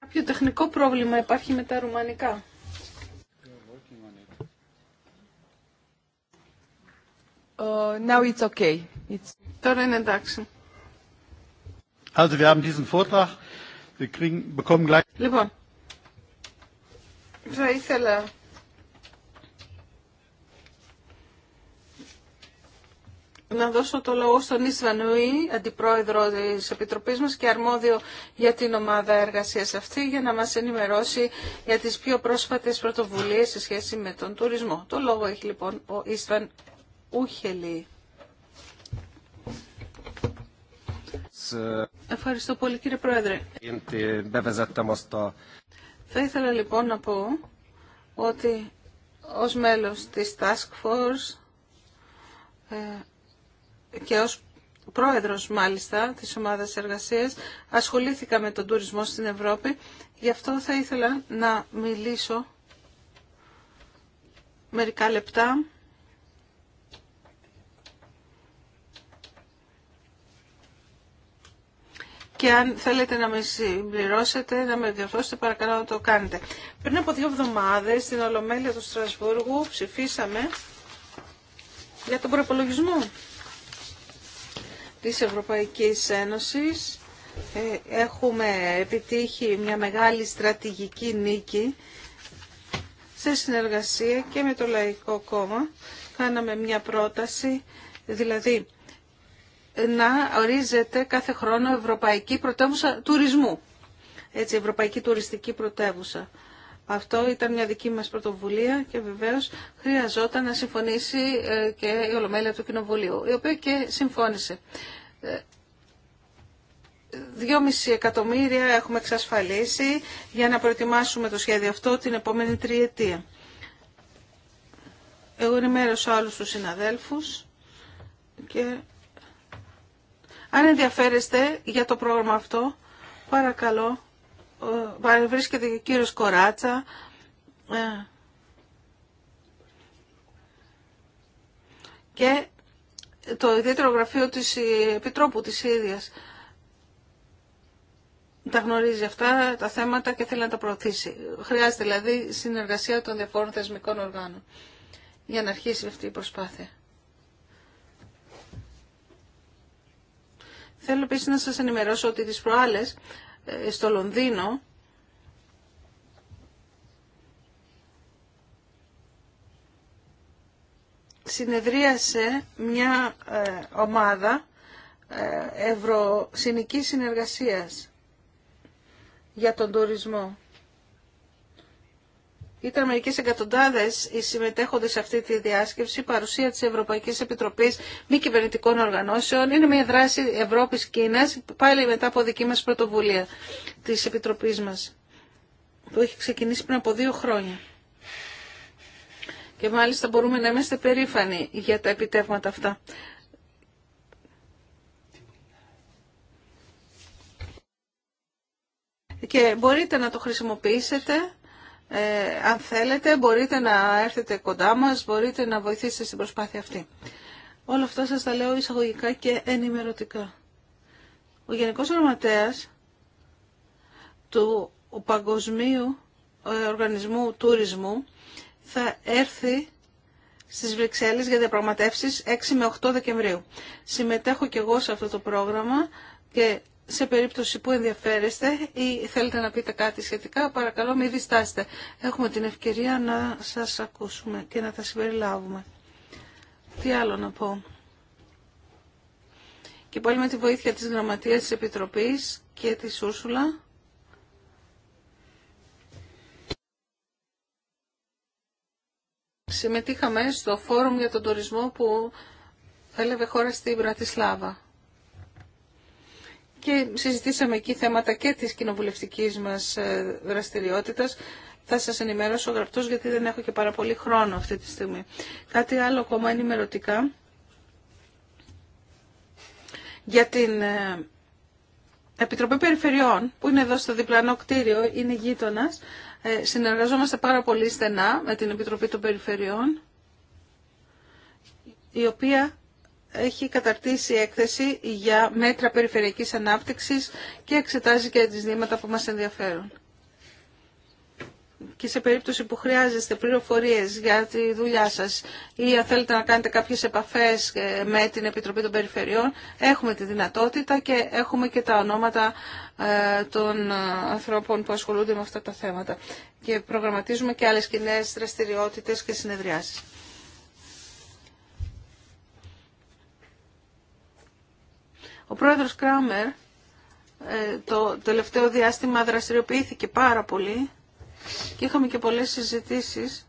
Κάποιο τεχνικό πρόβλημα υπάρχει με τα ρουμανικά. Ε, Τώρα είναι εντάξει. Λοιπόν, θα ήθελα να δώσω το λόγο στον Ισβανουή, αντιπρόεδρο της Επιτροπής μας και αρμόδιο για την ομάδα εργασίας αυτή, για να μας ενημερώσει για τις πιο πρόσφατες πρωτοβουλίες σε σχέση με τον τουρισμό. Το λόγο έχει λοιπόν ο Ισβαν Ευχαριστώ πολύ κύριε Πρόεδρε. Θα ήθελα λοιπόν να πω ότι ως μέλος της Task Force ε, και ως πρόεδρος μάλιστα της ομάδας εργασίας ασχολήθηκα με τον τουρισμό στην Ευρώπη. Γι' αυτό θα ήθελα να μιλήσω μερικά λεπτά και αν θέλετε να με συμπληρώσετε, να με διορθώσετε, παρακαλώ να το κάνετε. Πριν από δύο εβδομάδες, στην Ολομέλεια του Στρασβούργου, ψηφίσαμε για τον προπολογισμό της Ευρωπαϊκής Ένωσης. Ε, έχουμε επιτύχει μια μεγάλη στρατηγική νίκη σε συνεργασία και με το Λαϊκό Κόμμα. Κάναμε μια πρόταση, δηλαδή να ορίζεται κάθε χρόνο Ευρωπαϊκή Πρωτεύουσα Τουρισμού. Έτσι, Ευρωπαϊκή Τουριστική Πρωτεύουσα. Αυτό ήταν μια δική μας πρωτοβουλία και βεβαίως χρειαζόταν να συμφωνήσει ε, και η Ολομέλεια του Κοινοβουλίου, η οποία και συμφώνησε. 2,5 ε, εκατομμύρια έχουμε εξασφαλίσει για να προετοιμάσουμε το σχέδιο αυτό την επόμενη τριετία. Εγώ ενημέρωσα όλους τους συναδέλφους και αν ενδιαφέρεστε για το πρόγραμμα αυτό, παρακαλώ, βρίσκεται ε, και ο κύριος Κοράτσα. Ε, και το ιδιαίτερο γραφείο της ε, Επιτρόπου της ίδιας τα γνωρίζει αυτά τα θέματα και θέλει να τα προωθήσει. Χρειάζεται δηλαδή συνεργασία των διαφόρων θεσμικών οργάνων για να αρχίσει αυτή η προσπάθεια. Θέλω επίση να σας ενημερώσω ότι τις προάλλες ε, στο Λονδίνο συνεδρίασε μια ε, ομάδα ε, ευρωσυνικής συνεργασίας για τον τουρισμό. Ήταν μερικέ εκατοντάδε οι συμμετέχοντες σε αυτή τη διάσκεψη, παρουσία της Ευρωπαϊκής Επιτροπής Μη Κυβερνητικών Οργανώσεων. Είναι μια δράση Ευρώπη-Κίνα, πάλι μετά από δική μας πρωτοβουλία της Επιτροπής μας, που έχει ξεκινήσει πριν από δύο χρόνια. Και μάλιστα μπορούμε να είμαστε περήφανοι για τα επιτεύγματα αυτά. Και μπορείτε να το χρησιμοποιήσετε ε, αν θέλετε μπορείτε να έρθετε κοντά μας, μπορείτε να βοηθήσετε στην προσπάθεια αυτή. Όλα αυτά σας τα λέω εισαγωγικά και ενημερωτικά. Ο Γενικός Γραμματέας του Παγκοσμίου ε, Οργανισμού Τουρισμού θα έρθει στις Βρυξέλλες για διαπραγματεύσεις 6 με 8 Δεκεμβρίου. Συμμετέχω και εγώ σε αυτό το πρόγραμμα και σε περίπτωση που ενδιαφέρεστε ή θέλετε να πείτε κάτι σχετικά, παρακαλώ μην διστάσετε. Έχουμε την ευκαιρία να σας ακούσουμε και να τα συμπεριλάβουμε. Τι άλλο να πω. Και πάλι με τη βοήθεια της Γραμματείας της Επιτροπής και της Ούρσουλα. Συμμετείχαμε στο φόρουμ για τον τουρισμό που έλεγε χώρα στην Πρατισλάβα και συζητήσαμε εκεί θέματα και της κοινοβουλευτικής μας ε, δραστηριότητας. Θα σας ενημερώσω γραπτός γιατί δεν έχω και πάρα πολύ χρόνο αυτή τη στιγμή. Κάτι άλλο ακόμα ενημερωτικά για την ε, Επιτροπή Περιφερειών που είναι εδώ στο διπλανό κτίριο, είναι γείτονα. Ε, συνεργαζόμαστε πάρα πολύ στενά με την Επιτροπή των Περιφερειών η οποία έχει καταρτήσει έκθεση για μέτρα περιφερειακής ανάπτυξης και εξετάζει και τις δήματα που μας ενδιαφέρουν. Και σε περίπτωση που χρειάζεστε πληροφορίες για τη δουλειά σας ή αν θέλετε να κάνετε κάποιες επαφές ε, με την Επιτροπή των Περιφερειών, έχουμε τη δυνατότητα και έχουμε και τα ονόματα ε, των ε, ανθρώπων που ασχολούνται με αυτά τα θέματα. Και προγραμματίζουμε και άλλες κοινέ δραστηριότητες και συνεδριάσεις. Ο πρόεδρος Κράμερ ε, το τελευταίο διάστημα δραστηριοποιήθηκε πάρα πολύ και είχαμε και πολλές συζητήσεις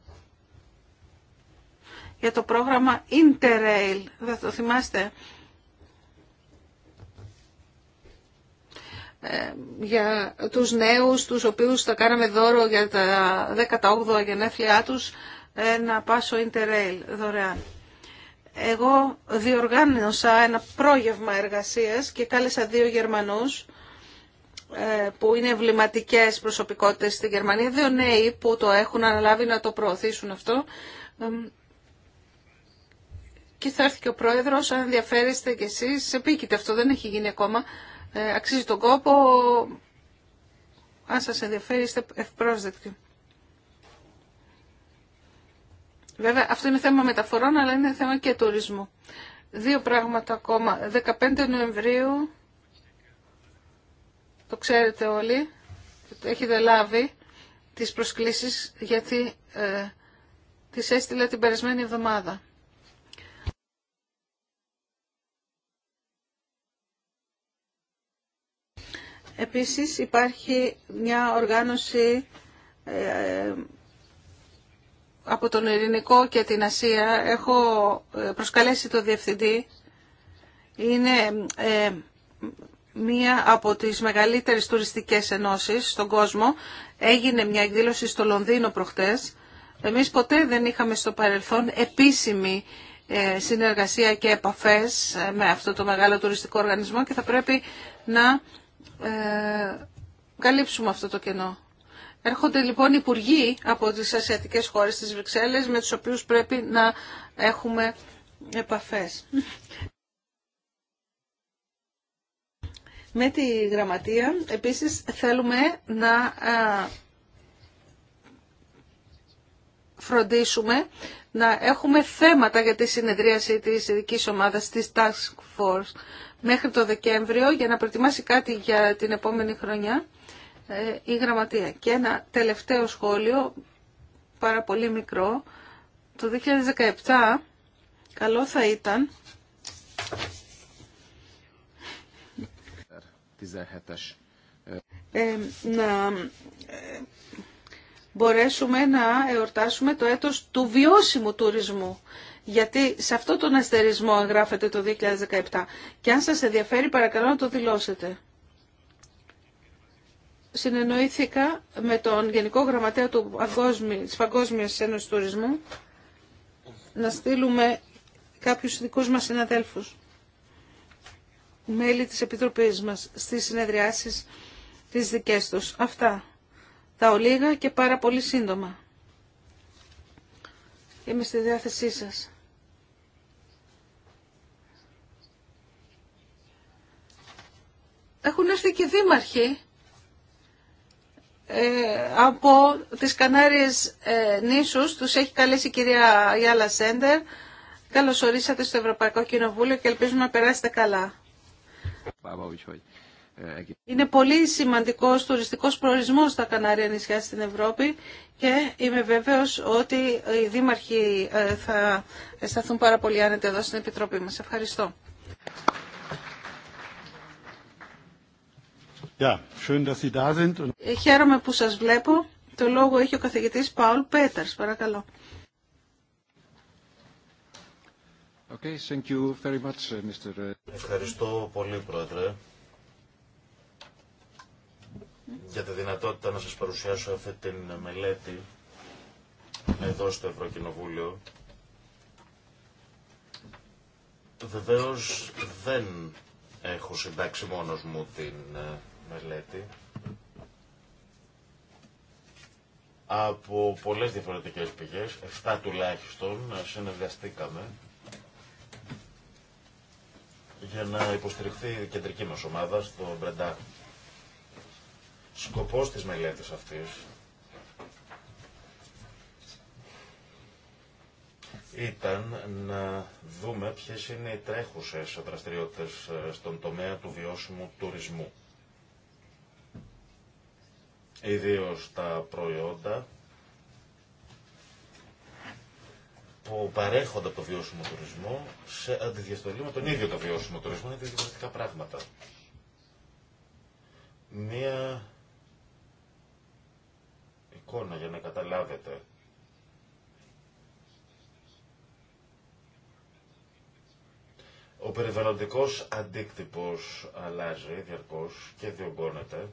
για το πρόγραμμα Interrail. Θα το θυμάστε. Ε, για τους νέους, τους οποίους τα κάναμε δώρο για τα 18 γενέθλιά τους, ένα ε, πάσο Interrail δωρεάν. Εγώ διοργάνωσα ένα πρόγευμα εργασίας και κάλεσα δύο Γερμανούς ε, που είναι εμβληματικέ προσωπικότητες στην Γερμανία, δύο νέοι που το έχουν αναλάβει να το προωθήσουν αυτό. Και θα έρθει και ο πρόεδρος, αν ενδιαφέρεστε κι εσείς, επίκειται αυτό, δεν έχει γίνει ακόμα, ε, αξίζει τον κόπο, αν σας ενδιαφέρει είστε ευπρόσδεκτοι. Βέβαια, αυτό είναι θέμα μεταφορών, αλλά είναι θέμα και τουρισμού. Δύο πράγματα ακόμα. 15 Νοεμβρίου, το ξέρετε όλοι, το έχετε λάβει τις προσκλήσεις, γιατί ε, τις έστειλα την περασμένη εβδομάδα. Επίσης υπάρχει μια οργάνωση ε, από τον Ειρηνικό και την Ασία. Έχω ε, προσκαλέσει το Διευθυντή. Είναι μια εκδήλωση στο Λονδίνο προχτές. Εμείς ποτέ δεν είχαμε στο παρελθόν επίσημη ε, συνεργασία και επαφές ε, με αυτό το μεγάλο τουριστικό οργανισμό και θα πρέπει να καλύψουμε αυτό το κενό. Έρχονται λοιπόν υπουργοί από τις ασιατικές χώρες της Βρυξέλλες με τους οποίους πρέπει να έχουμε επαφές. Με τη γραμματεία επίσης θέλουμε να φροντίσουμε να έχουμε θέματα για τη συνεδρίαση της ειδική ομάδας της Task Force μέχρι το Δεκέμβριο για να προετοιμάσει κάτι για την επόμενη χρονιά ε, η γραμματεία. Και ένα τελευταίο σχόλιο, πάρα πολύ μικρό. Το 2017 καλό θα ήταν... Ε, ε, να μπορέσουμε να εορτάσουμε το έτος του βιώσιμου τουρισμού. Γιατί σε αυτό τον αστερισμό εγγράφεται το 2017. Και αν σας ενδιαφέρει παρακαλώ να το δηλώσετε συνεννοήθηκα με τον Γενικό Γραμματέα του της Παγκόσμιας Ένωσης Τουρισμού να στείλουμε κάποιους δικούς μας συναδέλφους, μέλη της Επιτροπής μας, στις συνεδριάσεις της δικές τους. Αυτά τα ολίγα και πάρα πολύ σύντομα. Είμαι στη διάθεσή σας. Έχουν έρθει και δήμαρχοι ε, από τις Κανάριες ε, νήσους. Τους έχει καλέσει η κυρία Γιάλα Σέντερ. Καλώς ορίσατε στο Ευρωπαϊκό Κοινοβούλιο και ελπίζουμε να περάσετε καλά. Είναι πολύ σημαντικός τουριστικός προορισμός τα Κανάρια νησιά στην Ευρώπη και είμαι βέβαιος ότι οι δήμαρχοι ε, θα αισθανθούν πάρα πολύ άνετα εδώ στην Επιτροπή μας. Ευχαριστώ. Ε, χαίρομαι που σας βλέπω. Το λόγο έχει ο καθηγητής Παουλ Πέτερς. Παρακαλώ. Okay, thank you very much, uh, Mr. Uh, Ευχαριστώ πολύ, Πρόεδρε, για τη δυνατότητα να σας παρουσιάσω αυτή τη μελέτη εδώ στο Ευρωκοινοβούλιο. Βεβαίως δεν έχω συντάξει μόνος μου την ε, μελέτη από πολλές διαφορετικές πηγές, 7 τουλάχιστον, ε, συνεργαστήκαμε για να υποστηριχθεί η κεντρική μας ομάδα στο Μπρεντά. Σκοπός της μελέτης αυτής ήταν να δούμε ποιες είναι οι τρέχουσες δραστηριότητες ε, στον τομέα του βιώσιμου τουρισμού ιδίως τα προϊόντα που παρέχονται από το βιώσιμο τουρισμό σε αντιδιαστολή με τον ίδιο το βιώσιμο τουρισμό είναι διαφορετικά πράγματα. Μία εικόνα για να καταλάβετε Ο περιβαλλοντικός αντίκτυπος αλλάζει διαρκώς και διωγγώνεται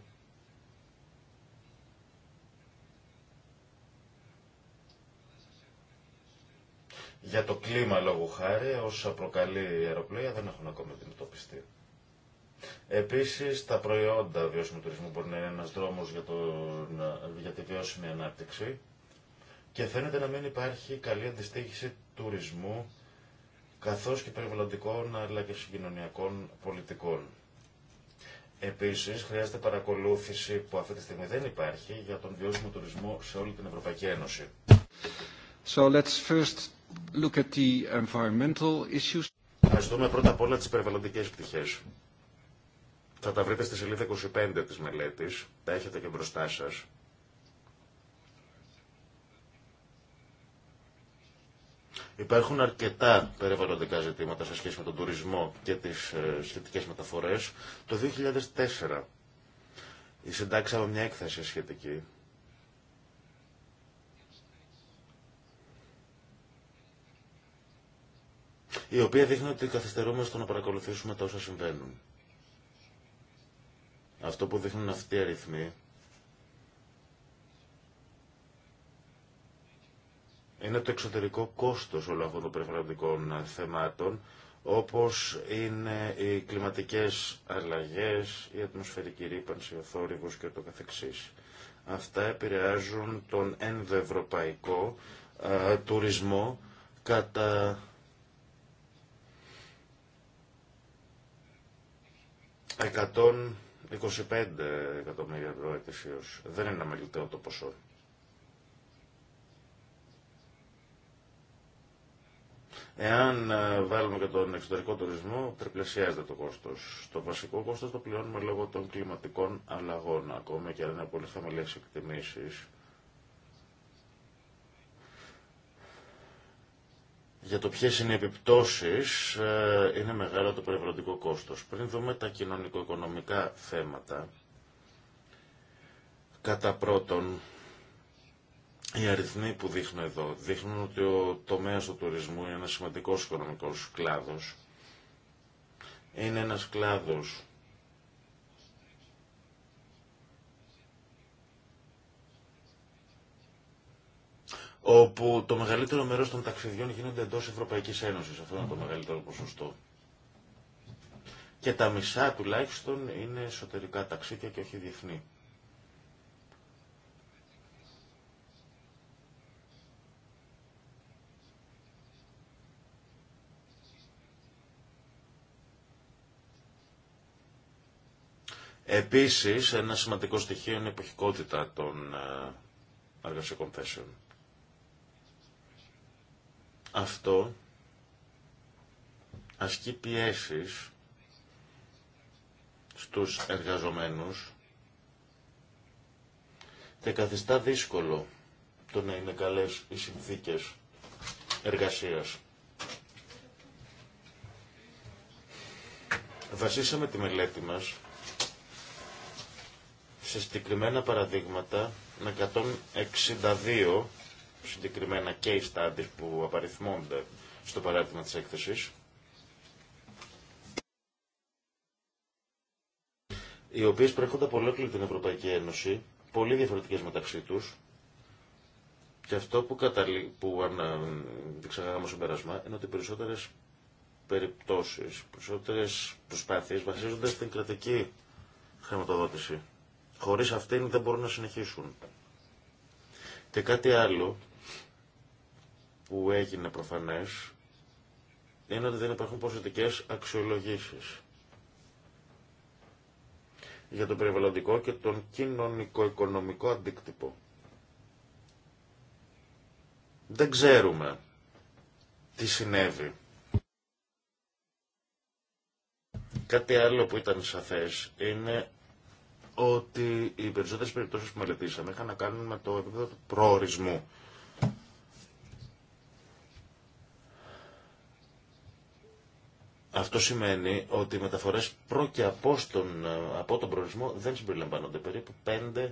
Για το κλίμα λόγω χάρη, όσα προκαλεί η αεροπλοεία δεν έχουν ακόμα αντιμετωπιστεί. Επίση, τα προϊόντα βιώσιμου τουρισμού μπορεί να είναι ένα δρόμο για, για τη βιώσιμη ανάπτυξη και φαίνεται να μην υπάρχει καλή αντιστοίχηση τουρισμού καθώ και περιβαλλοντικών αλλά και συγκοινωνιακών πολιτικών. Επίση, χρειάζεται παρακολούθηση που αυτή τη στιγμή δεν υπάρχει για τον βιώσιμο τουρισμό σε όλη την Ευρωπαϊκή Ένωση. So let's first look Ας δούμε πρώτα απ' όλα τις περιβαλλοντικές πτυχές. Θα τα βρείτε στη σελίδα 25 της μελέτης, τα έχετε και μπροστά σας. Υπάρχουν αρκετά περιβαλλοντικά ζητήματα σε σχέση με τον τουρισμό και τις ε, σχετικές μεταφορές. Το 2004 συντάξαμε μια έκθεση σχετική η οποία δείχνει ότι καθυστερούμε στο να παρακολουθήσουμε τα όσα συμβαίνουν. Αυτό που δείχνουν αυτοί οι αριθμοί είναι το εξωτερικό κόστος όλων αυτών των περιφερειακών θεμάτων, όπως είναι οι κλιματικές αλλαγές, η ατμοσφαιρική ρήπανση, ο θόρυβος και το καθεξής. Αυτά επηρεάζουν τον ενδοευρωπαϊκό τουρισμό κατά 125 εκατομμύρια ευρώ ετησίω. Δεν είναι αμεληταίο το ποσό. Εάν ε, βάλουμε και τον εξωτερικό τουρισμό, τριπλασιάζεται το κόστο. Το βασικό κόστο το πληρώνουμε λόγω των κλιματικών αλλαγών. Ακόμα και αν είναι πολύ χαμηλέ εκτιμήσει, για το ποιες είναι οι επιπτώσεις ε, είναι μεγάλο το περιβαλλοντικό κόστος. Πριν δούμε τα κοινωνικο-οικονομικά θέματα, κατά πρώτον, οι αριθμοί που δείχνω εδώ δείχνουν ότι ο τομέας του τουρισμού είναι ένας σημαντικός οικονομικός κλάδος. Είναι ένας κλάδος όπου το μεγαλύτερο μέρος των ταξιδιών γίνονται εντός Ευρωπαϊκής Ένωσης. Αυτό είναι το μεγαλύτερο ποσοστό. Και τα μισά τουλάχιστον είναι εσωτερικά ταξίδια και όχι διεθνή. Επίσης, ένα σημαντικό στοιχείο είναι η εποχικότητα των ε, εργασιακών θέσεων. Αυτό ασκεί πιέσεις στους εργαζομένους και καθιστά δύσκολο το να είναι καλές οι συνθήκες εργασίας. Βασίσαμε τη μελέτη μας σε συγκεκριμένα παραδείγματα με 162 συγκεκριμένα case studies που απαριθμώνται στο παράδειγμα της έκθεσης. οι οποίες προέρχονται από ολόκληρη την Ευρωπαϊκή Ένωση, πολύ διαφορετικές μεταξύ τους, και αυτό που, καταλή... που ανα... είναι ότι οι περισσότερες περιπτώσεις, περισσότερες προσπάθειες βασίζονται στην κρατική χρηματοδότηση. Χωρίς αυτήν δεν μπορούν να συνεχίσουν. Και κάτι άλλο που έγινε προφανές είναι ότι δεν υπάρχουν ποσοτικές αξιολογήσεις για το περιβαλλοντικό και τον κοινωνικο-οικονομικό αντίκτυπο. Δεν ξέρουμε τι συνέβη. Κάτι άλλο που ήταν σαφές είναι ότι οι περισσότερες περιπτώσεις που μελετήσαμε είχαν να κάνουν με το επίπεδο του προορισμού. Αυτό σημαίνει ότι οι μεταφορές προ και από, στον, ε, από τον προορισμό δεν συμπεριλαμβάνονται. Περίπου 5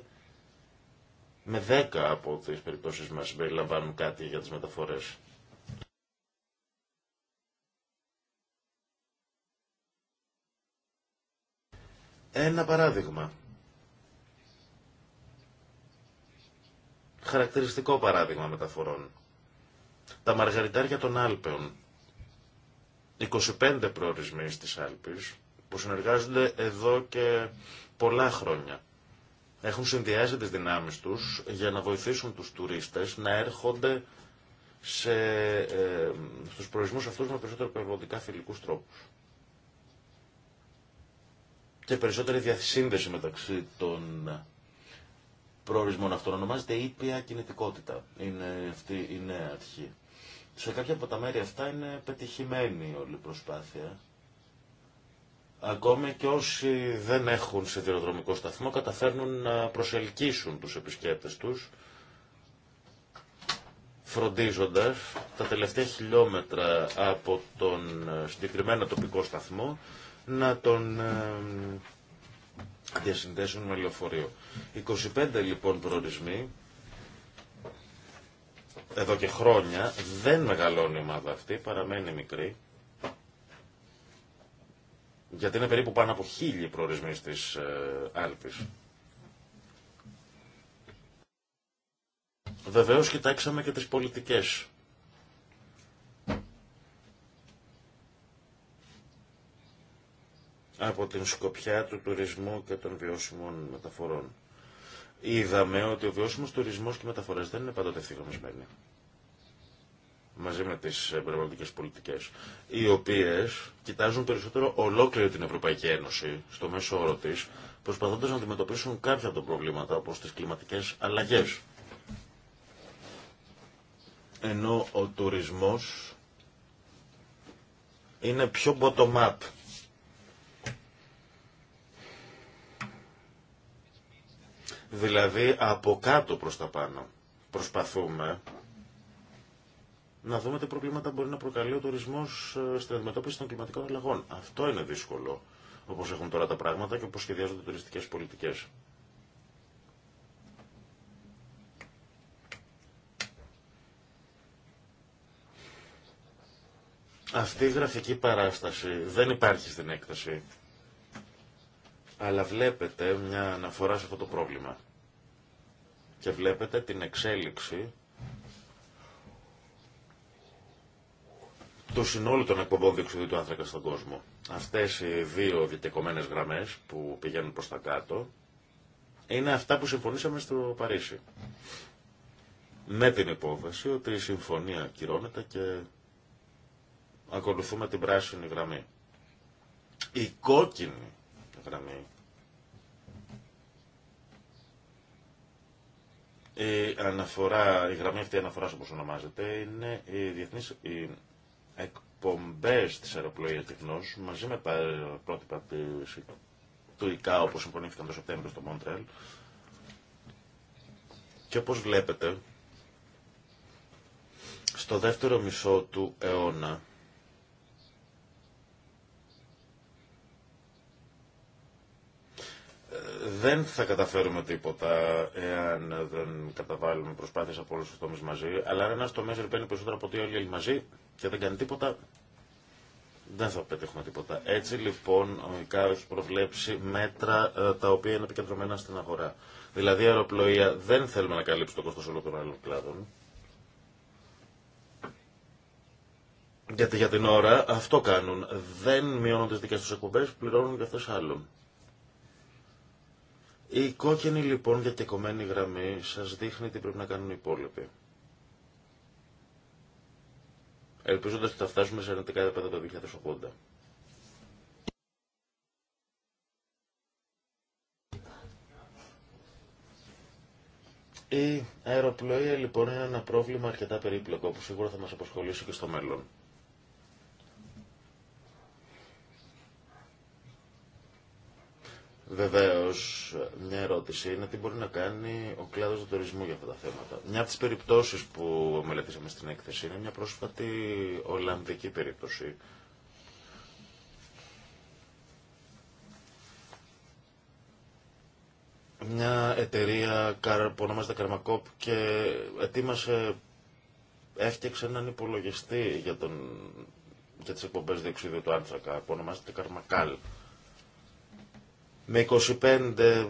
με 10 από τις περιπτώσεις μας συμπεριλαμβάνουν κάτι για τις μεταφορές. Ένα παράδειγμα. Χαρακτηριστικό παράδειγμα μεταφορών. Τα μαργαριτάρια των Άλπαιων 25 προορισμοί στις Άλπεις που συνεργάζονται εδώ και πολλά χρόνια. Έχουν συνδυάσει τις δυνάμεις τους για να βοηθήσουν τους τουρίστες να έρχονται σε, ε, στους προορισμούς αυτούς με περισσότερο περιβαλλοντικά φιλικούς τρόπους. Και περισσότερη διασύνδεση μεταξύ των προορισμών αυτών ονομάζεται ήπια κινητικότητα. Είναι αυτή η νέα αρχή. Σε κάποια από τα μέρη αυτά είναι πετυχημένη όλη η προσπάθεια. Ακόμη και όσοι δεν έχουν σιδηροδρομικό σταθμό καταφέρνουν να προσελκύσουν τους επισκέπτες τους φροντίζοντας τα τελευταία χιλιόμετρα από τον ε, συγκεκριμένο τοπικό σταθμό να τον ε, διασυνδέσουν με λεωφορείο. 25 λοιπόν προορισμοί εδώ και χρόνια δεν μεγαλώνει η ομάδα αυτή, παραμένει μικρή. Γιατί είναι περίπου πάνω από χίλιοι προορισμοί στις ε, Άλπεις. Βεβαίω κοιτάξαμε και τις πολιτικές. Από την σκοπιά του τουρισμού και των βιώσιμων μεταφορών είδαμε ότι ο βιώσιμος τουρισμός και οι μεταφορές δεν είναι πάντοτε ευθυγραμμισμένοι μαζί με τις περιβαλλοντικές πολιτικές, οι οποίες κοιτάζουν περισσότερο ολόκληρη την Ευρωπαϊκή Ένωση στο μέσο όρο της, προσπαθώντας να αντιμετωπίσουν κάποια από τα προβλήματα, όπως τις κλιματικές αλλαγές. Ενώ ο τουρισμός είναι πιο bottom-up Δηλαδή από κάτω προς τα πάνω προσπαθούμε να δούμε τι προβλήματα μπορεί να προκαλεί ο τουρισμός ε, στην αντιμετώπιση των κλιματικών αλλαγών. Αυτό είναι δύσκολο όπως έχουν τώρα τα πράγματα και όπως σχεδιάζονται οι τουριστικές πολιτικές. Αυτή η γραφική παράσταση δεν υπάρχει στην έκταση αλλά βλέπετε μια αναφορά σε αυτό το πρόβλημα. Και βλέπετε την εξέλιξη του συνόλου των εκπομπών διοξιδίου του άνθρακα στον κόσμο. Αυτές οι δύο διατεκομένες γραμμές που πηγαίνουν προς τα κάτω είναι αυτά που συμφωνήσαμε στο Παρίσι. Με την υπόθεση ότι η συμφωνία κυρώνεται και ακολουθούμε την πράσινη γραμμή. Η κόκκινη η, αναφορά, η γραμμή αυτή αναφορά όπως ονομάζεται είναι οι διεθνείς οι εκπομπές της αεροπλοίας μαζί με τα πρότυπα της, του ΙΚΑ όπως συμφωνήθηκαν το Σεπτέμβριο στο Μόντρελ και όπως βλέπετε στο δεύτερο μισό του αιώνα δεν θα καταφέρουμε τίποτα εάν δεν καταβάλουμε προσπάθειες από όλους τους τομείς μαζί. Αλλά αν ένας τομέας ρηπαίνει περισσότερο από ό,τι όλοι μαζί και δεν κάνει τίποτα, δεν θα πετύχουμε τίποτα. Έτσι λοιπόν ο ΙΚΑΟ προβλέψει μέτρα ε, τα οποία είναι επικεντρωμένα στην αγορά. Δηλαδή η αεροπλοεία δεν θέλουμε να καλύψει το κόστος όλων των άλλων κλάδων. Γιατί για την ώρα αυτό κάνουν. Δεν μειώνουν τι δικέ του εκπομπέ, πληρώνουν και αυτές άλλων. Η κόκκινη λοιπόν διατεκομένη γραμμή σας δείχνει τι πρέπει να κάνουν οι υπόλοιποι. Ελπίζοντας ότι θα φτάσουμε σε αρνητικά επίπεδα το 2080. Η αεροπλοεία λοιπόν είναι ένα πρόβλημα αρκετά περίπλοκο που σίγουρα θα μας αποσχολήσει και στο μέλλον. Βεβαίω, μια ερώτηση είναι τι μπορεί να κάνει ο κλάδο του τουρισμού για αυτά τα θέματα. Μια από τι περιπτώσει που μελετήσαμε στην έκθεση είναι μια πρόσφατη Ολλανδική περίπτωση. Μια εταιρεία που ονομάζεται Καρμακόπ και ετοίμασε, έφτιαξε έναν υπολογιστή για, τον, για τις εκπομπές του άνθρακα που ονομάζεται Καρμακάλ με 25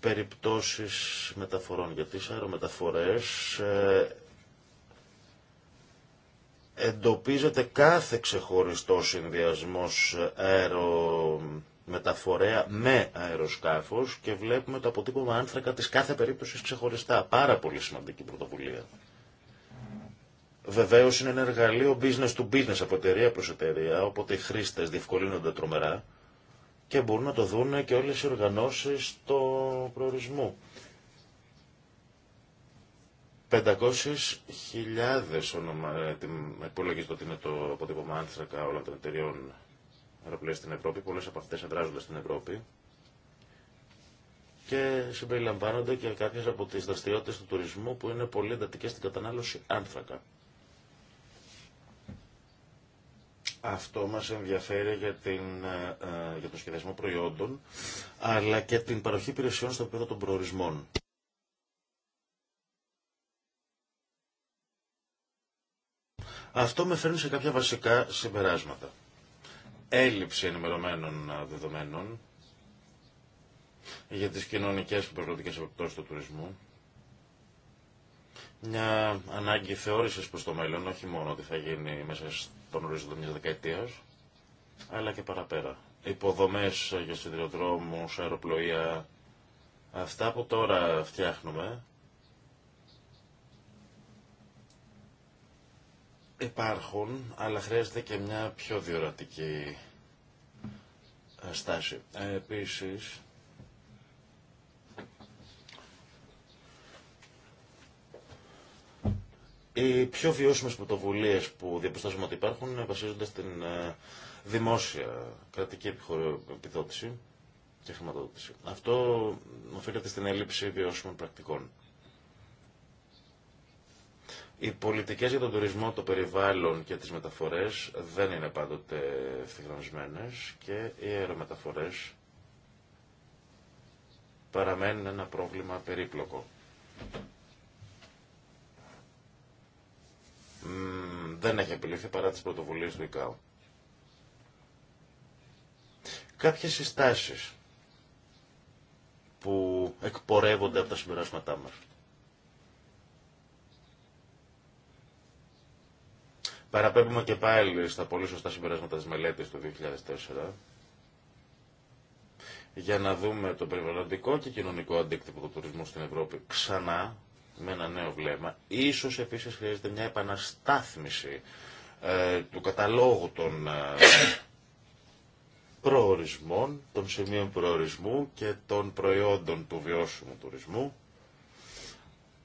περιπτώσεις μεταφορών για τις αερομεταφορές ε, εντοπίζεται κάθε ξεχωριστό συνδυασμός αερομεταφορέα με αεροσκάφος και βλέπουμε το αποτύπωμα άνθρακα της κάθε περίπτωσης ξεχωριστά. Πάρα πολύ σημαντική πρωτοβουλία. Βεβαίως είναι ένα εργαλείο business to business από εταιρεία προς εταιρεία, οπότε οι χρήστες διευκολύνονται τρομερά και μπορούν να το δουν και όλες οι οργανώσεις του προορισμού. 500.000 όνομα, υπολογίζεται ότι είναι το αποτύπωμα άνθρακα όλων των εταιριών αεροπλές στην Ευρώπη. Πολλές από αυτές εδράζονται στην Ευρώπη. Και συμπεριλαμβάνονται και κάποιες από τις δραστηριότητες του τουρισμού που είναι πολύ εντατικές στην κατανάλωση άνθρακα. Αυτό μας ενδιαφέρει για, την, ε, ε, για το σχεδιασμό προϊόντων, αλλά και την παροχή υπηρεσιών στο επίπεδο των προορισμών. Αυτό με φέρνει σε κάποια βασικά συμπεράσματα. Έλλειψη ενημερωμένων ε, δεδομένων για τις κοινωνικές και επιπτώσεις του τουρισμού, μια ανάγκη θεώρησης προς το μέλλον, όχι μόνο ότι θα γίνει μέσα στον ορίζοντα μιας δεκαετίας, αλλά και παραπέρα. Υποδομές για σιδηροδρόμους, αεροπλοεία, αυτά που τώρα φτιάχνουμε, υπάρχουν, αλλά χρειάζεται και μια πιο διορατική στάση. Ε, επίσης, Οι πιο βιώσιμες πρωτοβουλίε που διαπιστώσαμε ότι υπάρχουν βασίζονται στην ε, δημόσια κρατική επιδότηση και χρηματοδότηση. Αυτό οφείλεται στην έλλειψη βιώσιμων πρακτικών. Οι πολιτικές για τον τουρισμό, το περιβάλλον και τις μεταφορές δεν είναι πάντοτε ευθυγραμμισμένες και οι αερομεταφορές παραμένουν ένα πρόβλημα περίπλοκο. δεν έχει επιληθεί παρά τις πρωτοβουλίες του ΙΚΑΟ. Κάποιες συστάσεις που εκπορεύονται από τα συμπεράσματά μας. Παραπέμπουμε και πάλι στα πολύ σωστά συμπεράσματα της μελέτης του 2004 για να δούμε το περιβαλλοντικό και κοινωνικό αντίκτυπο του τουρισμού στην Ευρώπη ξανά με ένα νέο βλέμμα. Ίσως επίσης χρειάζεται μια επαναστάθμιση ε, του καταλόγου των ε, προορισμών, των σημείων προορισμού και των προϊόντων του βιώσιμου τουρισμού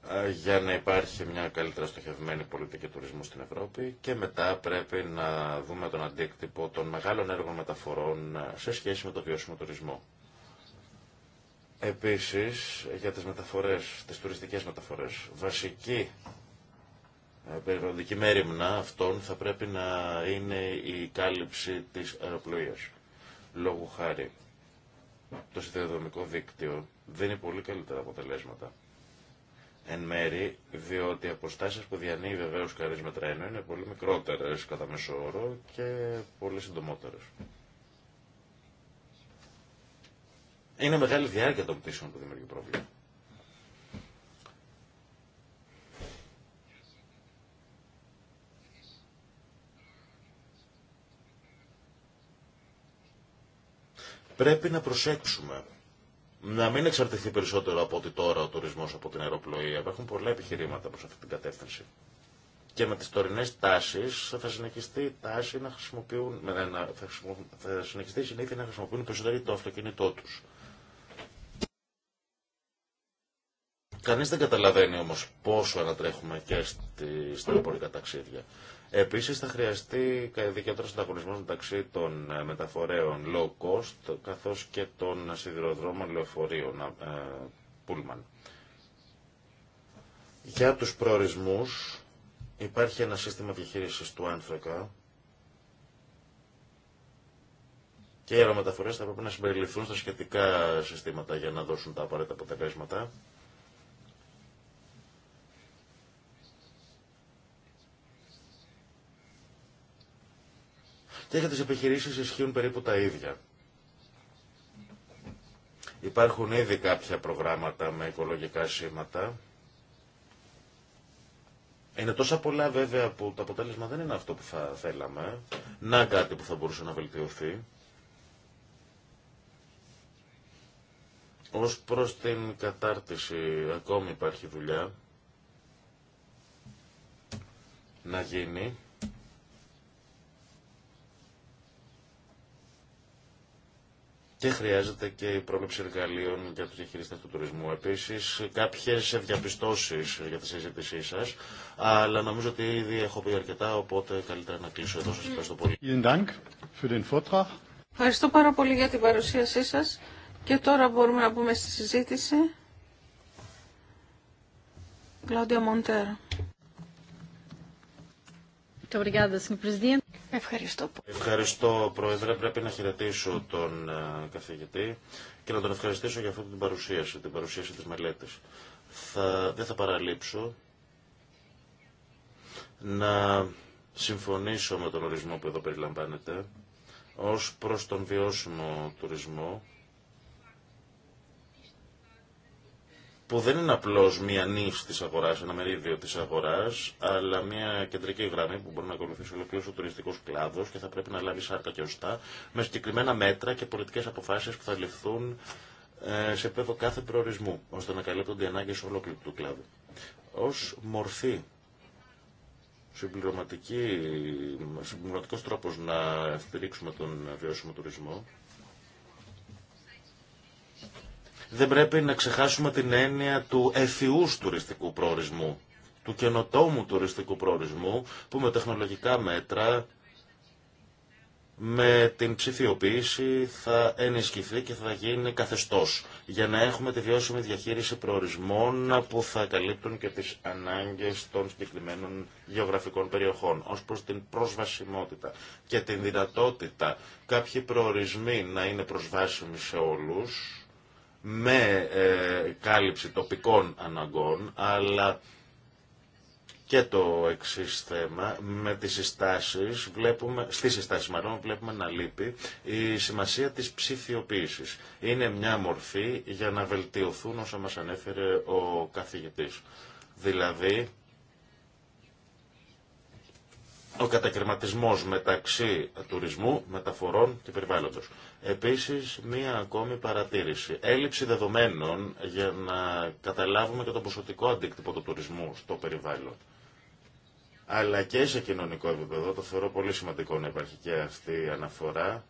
ε, για να υπάρχει μια καλύτερα στοχευμένη πολιτική τουρισμού στην Ευρώπη και μετά πρέπει να δούμε τον αντίκτυπο των μεγάλων έργων μεταφορών σε σχέση με το βιώσιμο τουρισμό. Επίσης, για τις μεταφορές, τις τουριστικές μεταφορές, βασική ε, περιβαλλοντική μέρημνα αυτών θα πρέπει να είναι η κάλυψη της αεροπλοείας. Λόγου χάρη, το συνδεδομικό δίκτυο δίνει πολύ καλύτερα αποτελέσματα. Εν μέρη, διότι οι αποστάσεις που διανύει βεβαίως καρύς με τρένο είναι πολύ μικρότερες κατά μέσο και πολύ συντομότερες. Είναι μεγάλη διάρκεια των πτήσεων που δημιουργεί πρόβλημα. Πρέπει να προσέξουμε να μην εξαρτηθεί περισσότερο από ότι τώρα ο τουρισμός από την αεροπλοεία. Υπάρχουν πολλά επιχειρήματα προς αυτή την κατεύθυνση. Και με τις τωρινές τάσεις θα συνεχιστεί η τάση να χρησιμοποιούν, θα, συνεχιστεί η συνήθεια να χρησιμοποιούν περισσότερο το αυτοκίνητό τους. Κανείς δεν καταλαβαίνει όμως πόσο ανατρέχουμε και στα αεροπορικά ταξίδια. Επίσης θα χρειαστεί δικαιότερος ανταγωνισμός μεταξύ των ε, μεταφορέων low cost καθώς και των σιδηροδρόμων λεωφορείων ε, πούλμαν. Για τους προορισμούς υπάρχει ένα σύστημα διαχείρισης του άνθρακα και οι αερομεταφορές θα πρέπει να συμπεριληφθούν στα σχετικά συστήματα για να δώσουν τα απαραίτητα αποτελέσματα. Και για τις επιχειρήσεις ισχύουν περίπου τα ίδια. Υπάρχουν ήδη κάποια προγράμματα με οικολογικά σήματα. Είναι τόσα πολλά βέβαια που το αποτέλεσμα δεν είναι αυτό που θα θέλαμε. Να κάτι που θα μπορούσε να βελτιωθεί. Ως προς την κατάρτιση ακόμη υπάρχει δουλειά να γίνει. Και χρειάζεται και η πρόληψη εργαλείων για τους διαχειριστές του τουρισμού. Επίσης, κάποιες διαπιστώσεις για τη συζήτησή σας, αλλά νομίζω ότι ήδη έχω πει αρκετά, οπότε καλύτερα να κλείσω εδώ. Σας ευχαριστώ πολύ. Ευχαριστώ πάρα πολύ για την παρουσίασή σας και τώρα μπορούμε να πούμε στη συζήτηση. Κλάδια Μοντέρα. Ευχαριστώ. Ευχαριστώ, Πρόεδρε. Πρέπει να χαιρετήσω τον ε, καθηγητή και να τον ευχαριστήσω για αυτή την παρουσίαση, την παρουσίαση της μελέτης. Θα, δεν θα παραλείψω να συμφωνήσω με τον ορισμό που εδώ περιλαμβάνεται ως προς τον βιώσιμο τουρισμό που δεν είναι απλώς μία νύχη της αγοράς, ένα μερίδιο της αγοράς, αλλά μία κεντρική γραμμή που μπορεί να ακολουθήσει ολοκλήρως ο τουριστικός κλάδος και θα πρέπει να λάβει σάρκα και οστά, με συγκεκριμένα μέτρα και πολιτικές αποφάσεις που θα ληφθούν ε, σε πέδο κάθε προορισμού, ώστε να καλύπτονται οι ανάγκες ολόκληρου του κλάδου. Ως μορφή συμπληρωματικός τρόπος να στηρίξουμε τον βιώσιμο τουρισμό, Δεν πρέπει να ξεχάσουμε την έννοια του εφιούς τουριστικού προορισμού, του καινοτόμου τουριστικού προορισμού, που με τεχνολογικά μέτρα, με την ψηφιοποίηση θα ενισχυθεί και θα γίνει καθεστώς, για να έχουμε τη βιώσιμη διαχείριση προορισμών που θα καλύπτουν και τις ανάγκες των συγκεκριμένων γεωγραφικών περιοχών, ως προς την προσβασιμότητα και την δυνατότητα κάποιοι προορισμοί να είναι προσβάσιμοι σε όλους, με ε, κάλυψη τοπικών αναγκών, αλλά και το εξή θέμα, με τις συστάσεις, βλέπουμε, στις συστάσεις μάλλον βλέπουμε να λείπει η σημασία της ψηφιοποίησης. Είναι μια μορφή για να βελτιωθούν όσα μας ανέφερε ο καθηγητής. Δηλαδή, ο κατακαιρματισμός μεταξύ τουρισμού, μεταφορών και περιβάλλοντος. Επίσης, μία ακόμη παρατήρηση. Έλλειψη δεδομένων για να καταλάβουμε και το ποσοτικό αντίκτυπο του τουρισμού στο περιβάλλον. Αλλά και σε κοινωνικό επίπεδο, το θεωρώ πολύ σημαντικό να υπάρχει και αυτή η αναφορά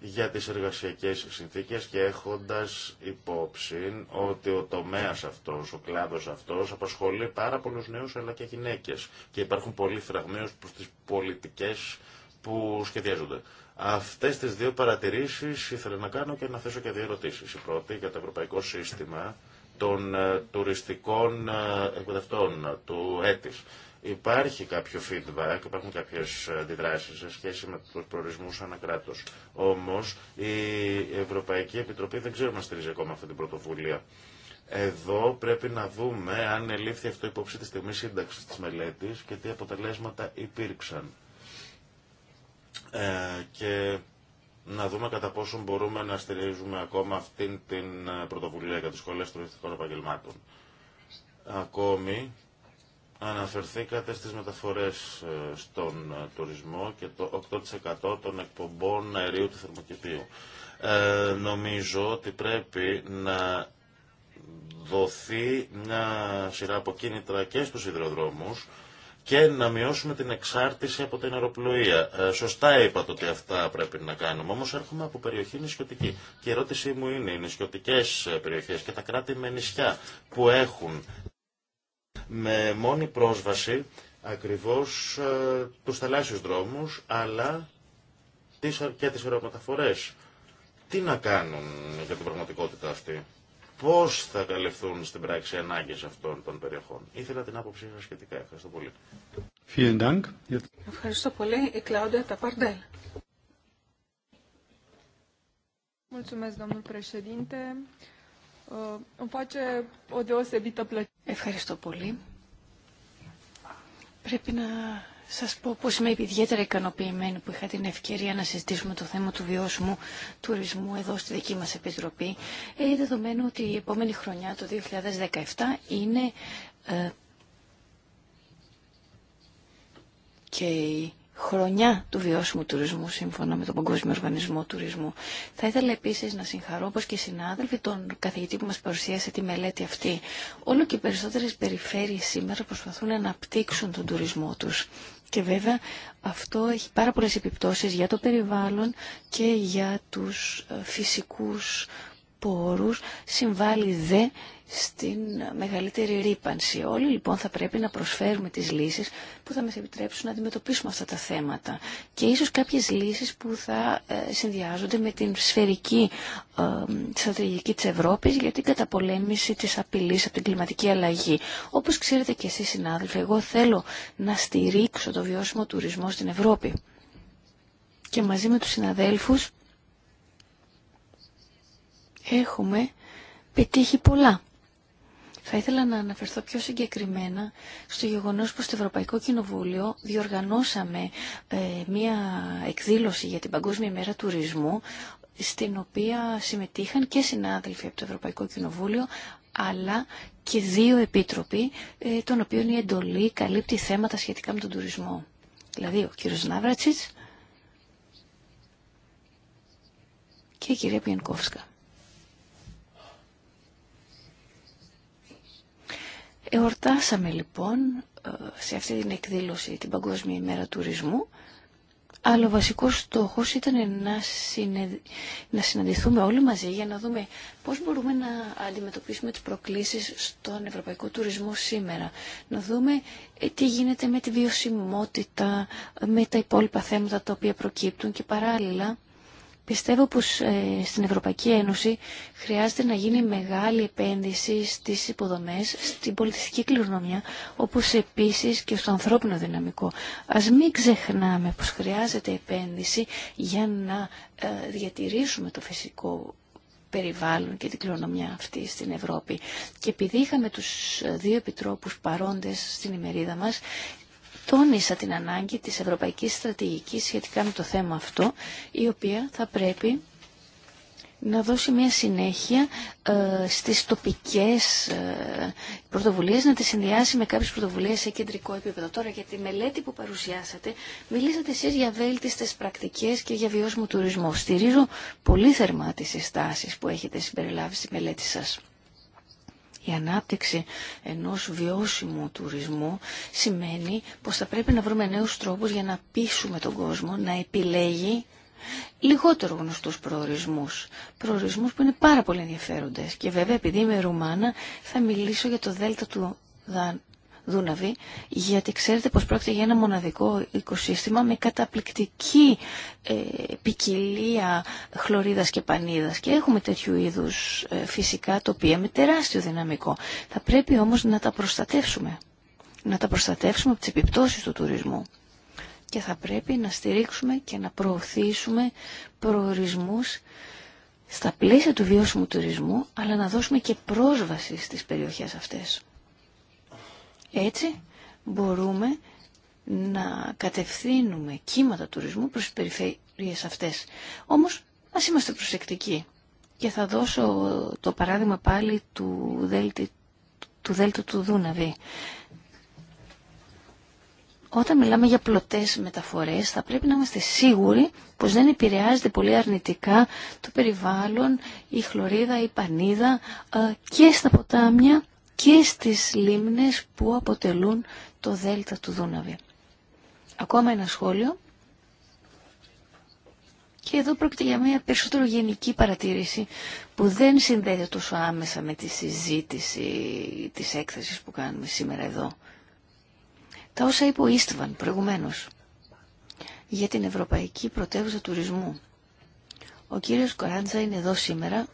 για τις εργασιακές συνθήκες και έχοντας υπόψη ότι ο τομέας αυτός, ο κλάδος αυτός απασχολεί πάρα πολλούς νέους αλλά και γυναίκες και υπάρχουν πολλοί φραγμίους προς τις πολιτικές που σχεδιάζονται. Αυτέ τι δύο παρατηρήσει ήθελα να κάνω και να θέσω και δύο ερωτήσει. Η πρώτη για το ευρωπαϊκό σύστημα των ε, τουριστικών ε, εκπαιδευτών του έτης. Υπάρχει κάποιο feedback, υπάρχουν κάποιε αντιδράσει σε σχέση με του προορισμού ανακράτω. Όμω η Ευρωπαϊκή Επιτροπή δεν ξέρουμε να στηρίζει ακόμα αυτή την πρωτοβουλία. Εδώ πρέπει να δούμε αν ελήφθη αυτό υπόψη τη στιγμή σύνταξη τη μελέτη και τι αποτελέσματα υπήρξαν. Ε, και να δούμε κατά πόσο μπορούμε να στηρίζουμε ακόμα αυτήν την ε, πρωτοβουλία για τις σχολές τουριστικών επαγγελμάτων. Ακόμη, αναφερθήκατε στις μεταφορές ε, στον τουρισμό και το 8% των εκπομπών αερίου του θερμοκηπίου. Ε, νομίζω ότι πρέπει να δοθεί μια σειρά από κίνητρα και στους υδροδρόμους και να μειώσουμε την εξάρτηση από την αεροπλοεία. Ε, σωστά είπατε ότι αυτά πρέπει να κάνουμε, όμως έρχομαι από περιοχή νησιωτική. Και η ερώτησή μου είναι οι νησιωτικές ε, περιοχές και τα κράτη με νησιά που έχουν με μόνη πρόσβαση ακριβώς ε, τους θαλάσσιους δρόμους, αλλά και τις αερομεταφορές. Τι να κάνουν για την πραγματικότητα αυτή πώς θα καλυφθούν στην πράξη ανάγκες αυτών των περιοχών. Ήθελα την άποψή σας σχετικά. Ευχαριστώ πολύ. Ευχαριστώ πολύ. Η Κλάουντα Ταπαρντέλ. Ευχαριστώ πολύ. Πρέπει να σας πω πως είμαι ιδιαίτερα ικανοποιημένη που είχα την ευκαιρία να συζητήσουμε το θέμα του βιώσιμου τουρισμού εδώ στη δική μας Επιτροπή, ε, δεδομένου ότι η επόμενη χρονιά, το 2017, είναι ε, και χρονιά του βιώσιμου τουρισμού σύμφωνα με τον Παγκόσμιο Οργανισμό Τουρισμού. Θα ήθελα επίσης να συγχαρώ όπως και οι συνάδελφοι τον καθηγητή που μας παρουσίασε τη μελέτη αυτή. Όλο και οι περισσότερες περιφέρειες σήμερα προσπαθούν να αναπτύξουν τον τουρισμό τους. Και βέβαια αυτό έχει πάρα πολλές επιπτώσεις για το περιβάλλον και για τους ε, φυσικούς πόρους συμβάλλει δε στην μεγαλύτερη ρήπανση. Όλοι λοιπόν θα πρέπει να προσφέρουμε τις λύσεις που θα μας επιτρέψουν να αντιμετωπίσουμε αυτά τα θέματα και ίσως κάποιες λύσεις που θα ε, συνδυάζονται με την σφαιρική ε, στρατηγική της Ευρώπης για την καταπολέμηση της απειλής από την κλιματική αλλαγή. Όπως ξέρετε και εσείς συνάδελφοι, εγώ θέλω να στηρίξω το βιώσιμο τουρισμό στην Ευρώπη. Και μαζί με τους συναδέλφους έχουμε πετύχει πολλά. Θα ήθελα να αναφερθώ πιο συγκεκριμένα στο γεγονός πως στο Ευρωπαϊκό Κοινοβούλιο διοργανώσαμε ε, μία εκδήλωση για την Παγκόσμια Μέρα Τουρισμού στην οποία συμμετείχαν και συνάδελφοι από το Ευρωπαϊκό Κοινοβούλιο αλλά και δύο επίτροποι ε, των οποίων η εντολή καλύπτει θέματα σχετικά με τον τουρισμό. Δηλαδή ο κύριος Ναύρατσιτς και η κυρία Πιενκόφσκα. Εορτάσαμε λοιπόν ε, σε αυτή την εκδήλωση την Παγκόσμια ημέρα τουρισμού αλλά ο βασικός στόχος ήταν να, να συναντηθούμε όλοι μαζί για να δούμε πώς μπορούμε να αντιμετωπίσουμε τις προκλήσεις στον ευρωπαϊκό τουρισμό σήμερα. Να δούμε ε, τι γίνεται με τη βιωσιμότητα, ε, με τα υπόλοιπα θέματα τα οποία προκύπτουν και παράλληλα Πιστεύω πως ε, στην Ευρωπαϊκή Ένωση χρειάζεται να γίνει μεγάλη επένδυση στις υποδομές, στην πολιτιστική κληρονομιά, όπως επίσης και στο ανθρώπινο δυναμικό. Ας μην ξεχνάμε πως χρειάζεται επένδυση για να ε, διατηρήσουμε το φυσικό περιβάλλον και την κληρονομιά αυτή στην Ευρώπη. Και επειδή είχαμε τους ε, δύο επιτρόπους παρόντες στην ημερίδα μας, τόνισα την ανάγκη της ευρωπαϊκής στρατηγικής σχετικά με το θέμα αυτό, η οποία θα πρέπει να δώσει μια συνέχεια ε, στις τοπικές ε, πρωτοβουλίες, να τις συνδυάσει με κάποιες πρωτοβουλίες σε κεντρικό επίπεδο. Τώρα για τη μελέτη που παρουσιάσατε, μιλήσατε εσείς για βέλτιστες πρακτικές και για βιώσιμο τουρισμό. Στηρίζω πολύ θερμά τις συστάσεις που έχετε συμπεριλάβει στη μελέτη σας. Η ανάπτυξη ενός βιώσιμου τουρισμού σημαίνει πως θα πρέπει να βρούμε νέους τρόπους για να πείσουμε τον κόσμο να επιλέγει λιγότερο γνωστούς προορισμούς. Προορισμούς που είναι πάρα πολύ ενδιαφέροντες. Και βέβαια επειδή είμαι Ρουμάνα θα μιλήσω για το Δέλτα του Δούναβη, γιατί ξέρετε πως πρόκειται για ένα μοναδικό οικοσύστημα με καταπληκτική ε, ποικιλία χλωρίδας και πανίδας και έχουμε τέτοιου είδους ε, φυσικά τοπία με τεράστιο δυναμικό. Θα πρέπει όμως να τα προστατεύσουμε, να τα προστατεύσουμε από τις επιπτώσεις του τουρισμού και θα πρέπει να στηρίξουμε και να προωθήσουμε προορισμούς στα πλαίσια του βιώσιμου τουρισμού, αλλά να δώσουμε και πρόσβαση στις περιοχές αυτές. Έτσι μπορούμε να κατευθύνουμε κύματα τουρισμού προς τις περιφέρειες αυτές. Όμως ας είμαστε προσεκτικοί. Και θα δώσω το παράδειγμα πάλι του δέλτη του, δέλτου του Δούναβη. Όταν μιλάμε για πλωτές μεταφορές θα πρέπει να είμαστε σίγουροι πως δεν επηρεάζεται πολύ αρνητικά το περιβάλλον, η χλωρίδα, η πανίδα ε, και στα ποτάμια και στις λίμνες που αποτελούν το δέλτα του Δούναβη. Ακόμα ένα σχόλιο. Και εδώ πρόκειται για μια περισσότερο γενική παρατήρηση που δεν συνδέεται τόσο άμεσα με τη συζήτηση της έκθεσης που κάνουμε σήμερα εδώ. Τα όσα είπε ο Ίστβαν προηγουμένως για την Ευρωπαϊκή Πρωτεύουσα Τουρισμού. Ο κύριος Κοράντζα είναι εδώ σήμερα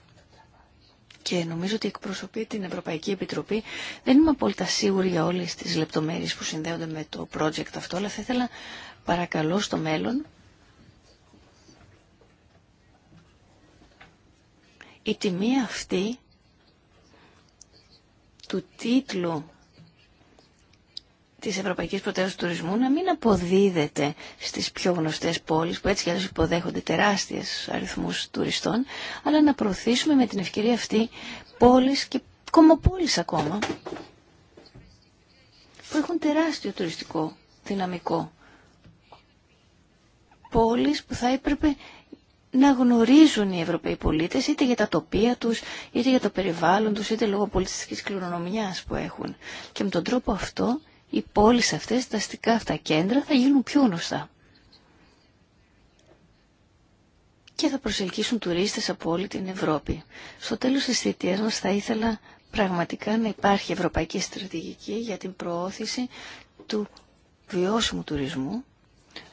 και νομίζω ότι εκπροσωπεί την Ευρωπαϊκή Επιτροπή. Δεν είμαι απόλυτα σίγουρη για όλε τι λεπτομέρειε που συνδέονται με το project αυτό, αλλά θα ήθελα παρακαλώ στο μέλλον η τιμή αυτή του τίτλου της Ευρωπαϊκής Πρωτεύουσας Τουρισμού να μην αποδίδεται στις πιο γνωστές πόλεις που έτσι και αλλιώς υποδέχονται τεράστιες αριθμούς τουριστών αλλά να προωθήσουμε με την ευκαιρία αυτή πόλεις και κομμοπόλεις ακόμα που έχουν τεράστιο τουριστικό δυναμικό. Πόλεις που θα έπρεπε να γνωρίζουν οι Ευρωπαίοι πολίτες είτε για τα τοπία τους, είτε για το περιβάλλον τους, είτε λόγω πολιτιστικής κληρονομιάς που έχουν. Και με τον τρόπο αυτό οι πόλεις αυτές, τα αστικά αυτά κέντρα θα γίνουν πιο γνωστά. και θα προσελκύσουν τουρίστες από όλη την Ευρώπη. Στο τέλος της θητείας μας θα ήθελα πραγματικά να υπάρχει ευρωπαϊκή στρατηγική για την προώθηση του βιώσιμου τουρισμού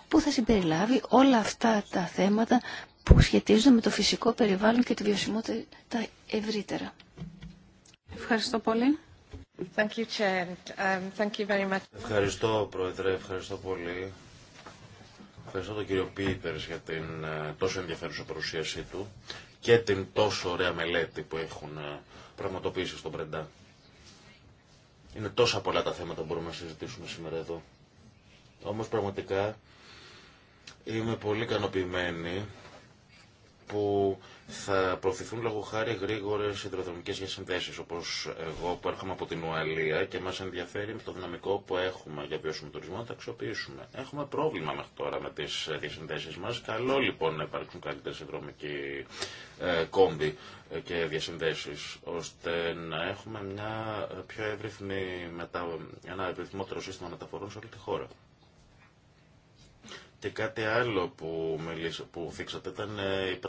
που θα συμπεριλάβει όλα αυτά τα θέματα που σχετίζονται με το φυσικό περιβάλλον και τη βιωσιμότητα ευρύτερα. Ευχαριστώ πολύ. Um, Ευχαριστώ, Πρόεδρε. Ευχαριστώ πολύ. Ευχαριστώ τον κύριο Πίπερς για την ε, τόσο ενδιαφέρουσα παρουσίασή του και την τόσο ωραία μελέτη που έχουν ε, πραγματοποιήσει στον Πρεντά. Είναι τόσα πολλά τα θέματα που μπορούμε να συζητήσουμε σήμερα εδώ. Όμως πραγματικά είμαι πολύ ικανοποιημένη που θα προωθηθούν λόγω χάρη γρήγορε υδροδρομικέ διασυνδέσει. Όπω εγώ που έρχομαι από την Ουαλία και μα ενδιαφέρει το δυναμικό που έχουμε για βιώσιμο τουρισμό να τα αξιοποιήσουμε. Έχουμε πρόβλημα μέχρι τώρα με τι διασυνδέσει μα. Καλό λοιπόν να υπάρξουν καλύτερε συνδρομικοί ε, κόμποι ε, και διασυνδέσει, ώστε να έχουμε μια ε, πιο μετα... ένα ευρυθμότερο σύστημα μεταφορών σε όλη τη χώρα. Και κάτι άλλο που, μιλήσα, που ήταν ε, οι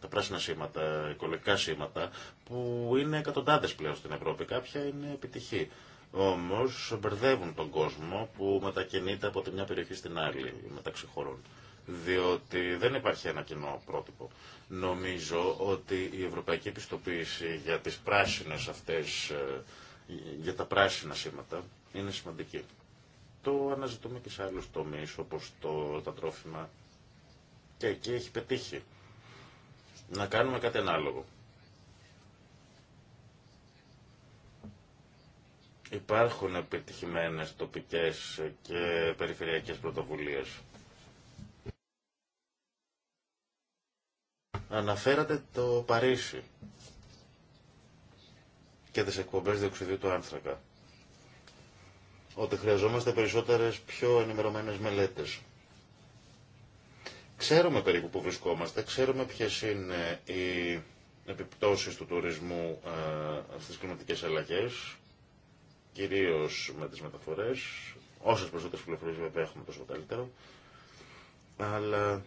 τα πράσινα σήματα, οικολογικά σήματα, που είναι εκατοντάδες πλέον στην Ευρώπη. Κάποια είναι επιτυχή. Όμως μπερδεύουν τον κόσμο που μετακινείται από τη μια περιοχή στην άλλη μεταξύ χωρών. Διότι δεν υπάρχει ένα κοινό πρότυπο. Νομίζω ότι η ευρωπαϊκή επιστοποίηση για τις πράσινες αυτές, ε, για τα πράσινα σήματα είναι σημαντική. Το αναζητούμε και σε άλλου τομεί όπω το, τα τρόφιμα. Και εκεί έχει πετύχει. Να κάνουμε κάτι ανάλογο. Υπάρχουν επιτυχημένες τοπικές και περιφερειακές πρωτοβουλίες. Αναφέρατε το Παρίσι και τις εκπομπές διοξιδίου του άνθρακα ότι χρειαζόμαστε περισσότερες πιο ενημερωμένες μελέτες. Ξέρουμε περίπου που βρισκόμαστε, ξέρουμε ποιες είναι οι επιπτώσεις του τουρισμού ε, στις κλιματικές αλλαγές, κυρίως με τις μεταφορές, όσες περισσότερες πληροφορίες βέβαια έχουμε τόσο καλύτερο, αλλά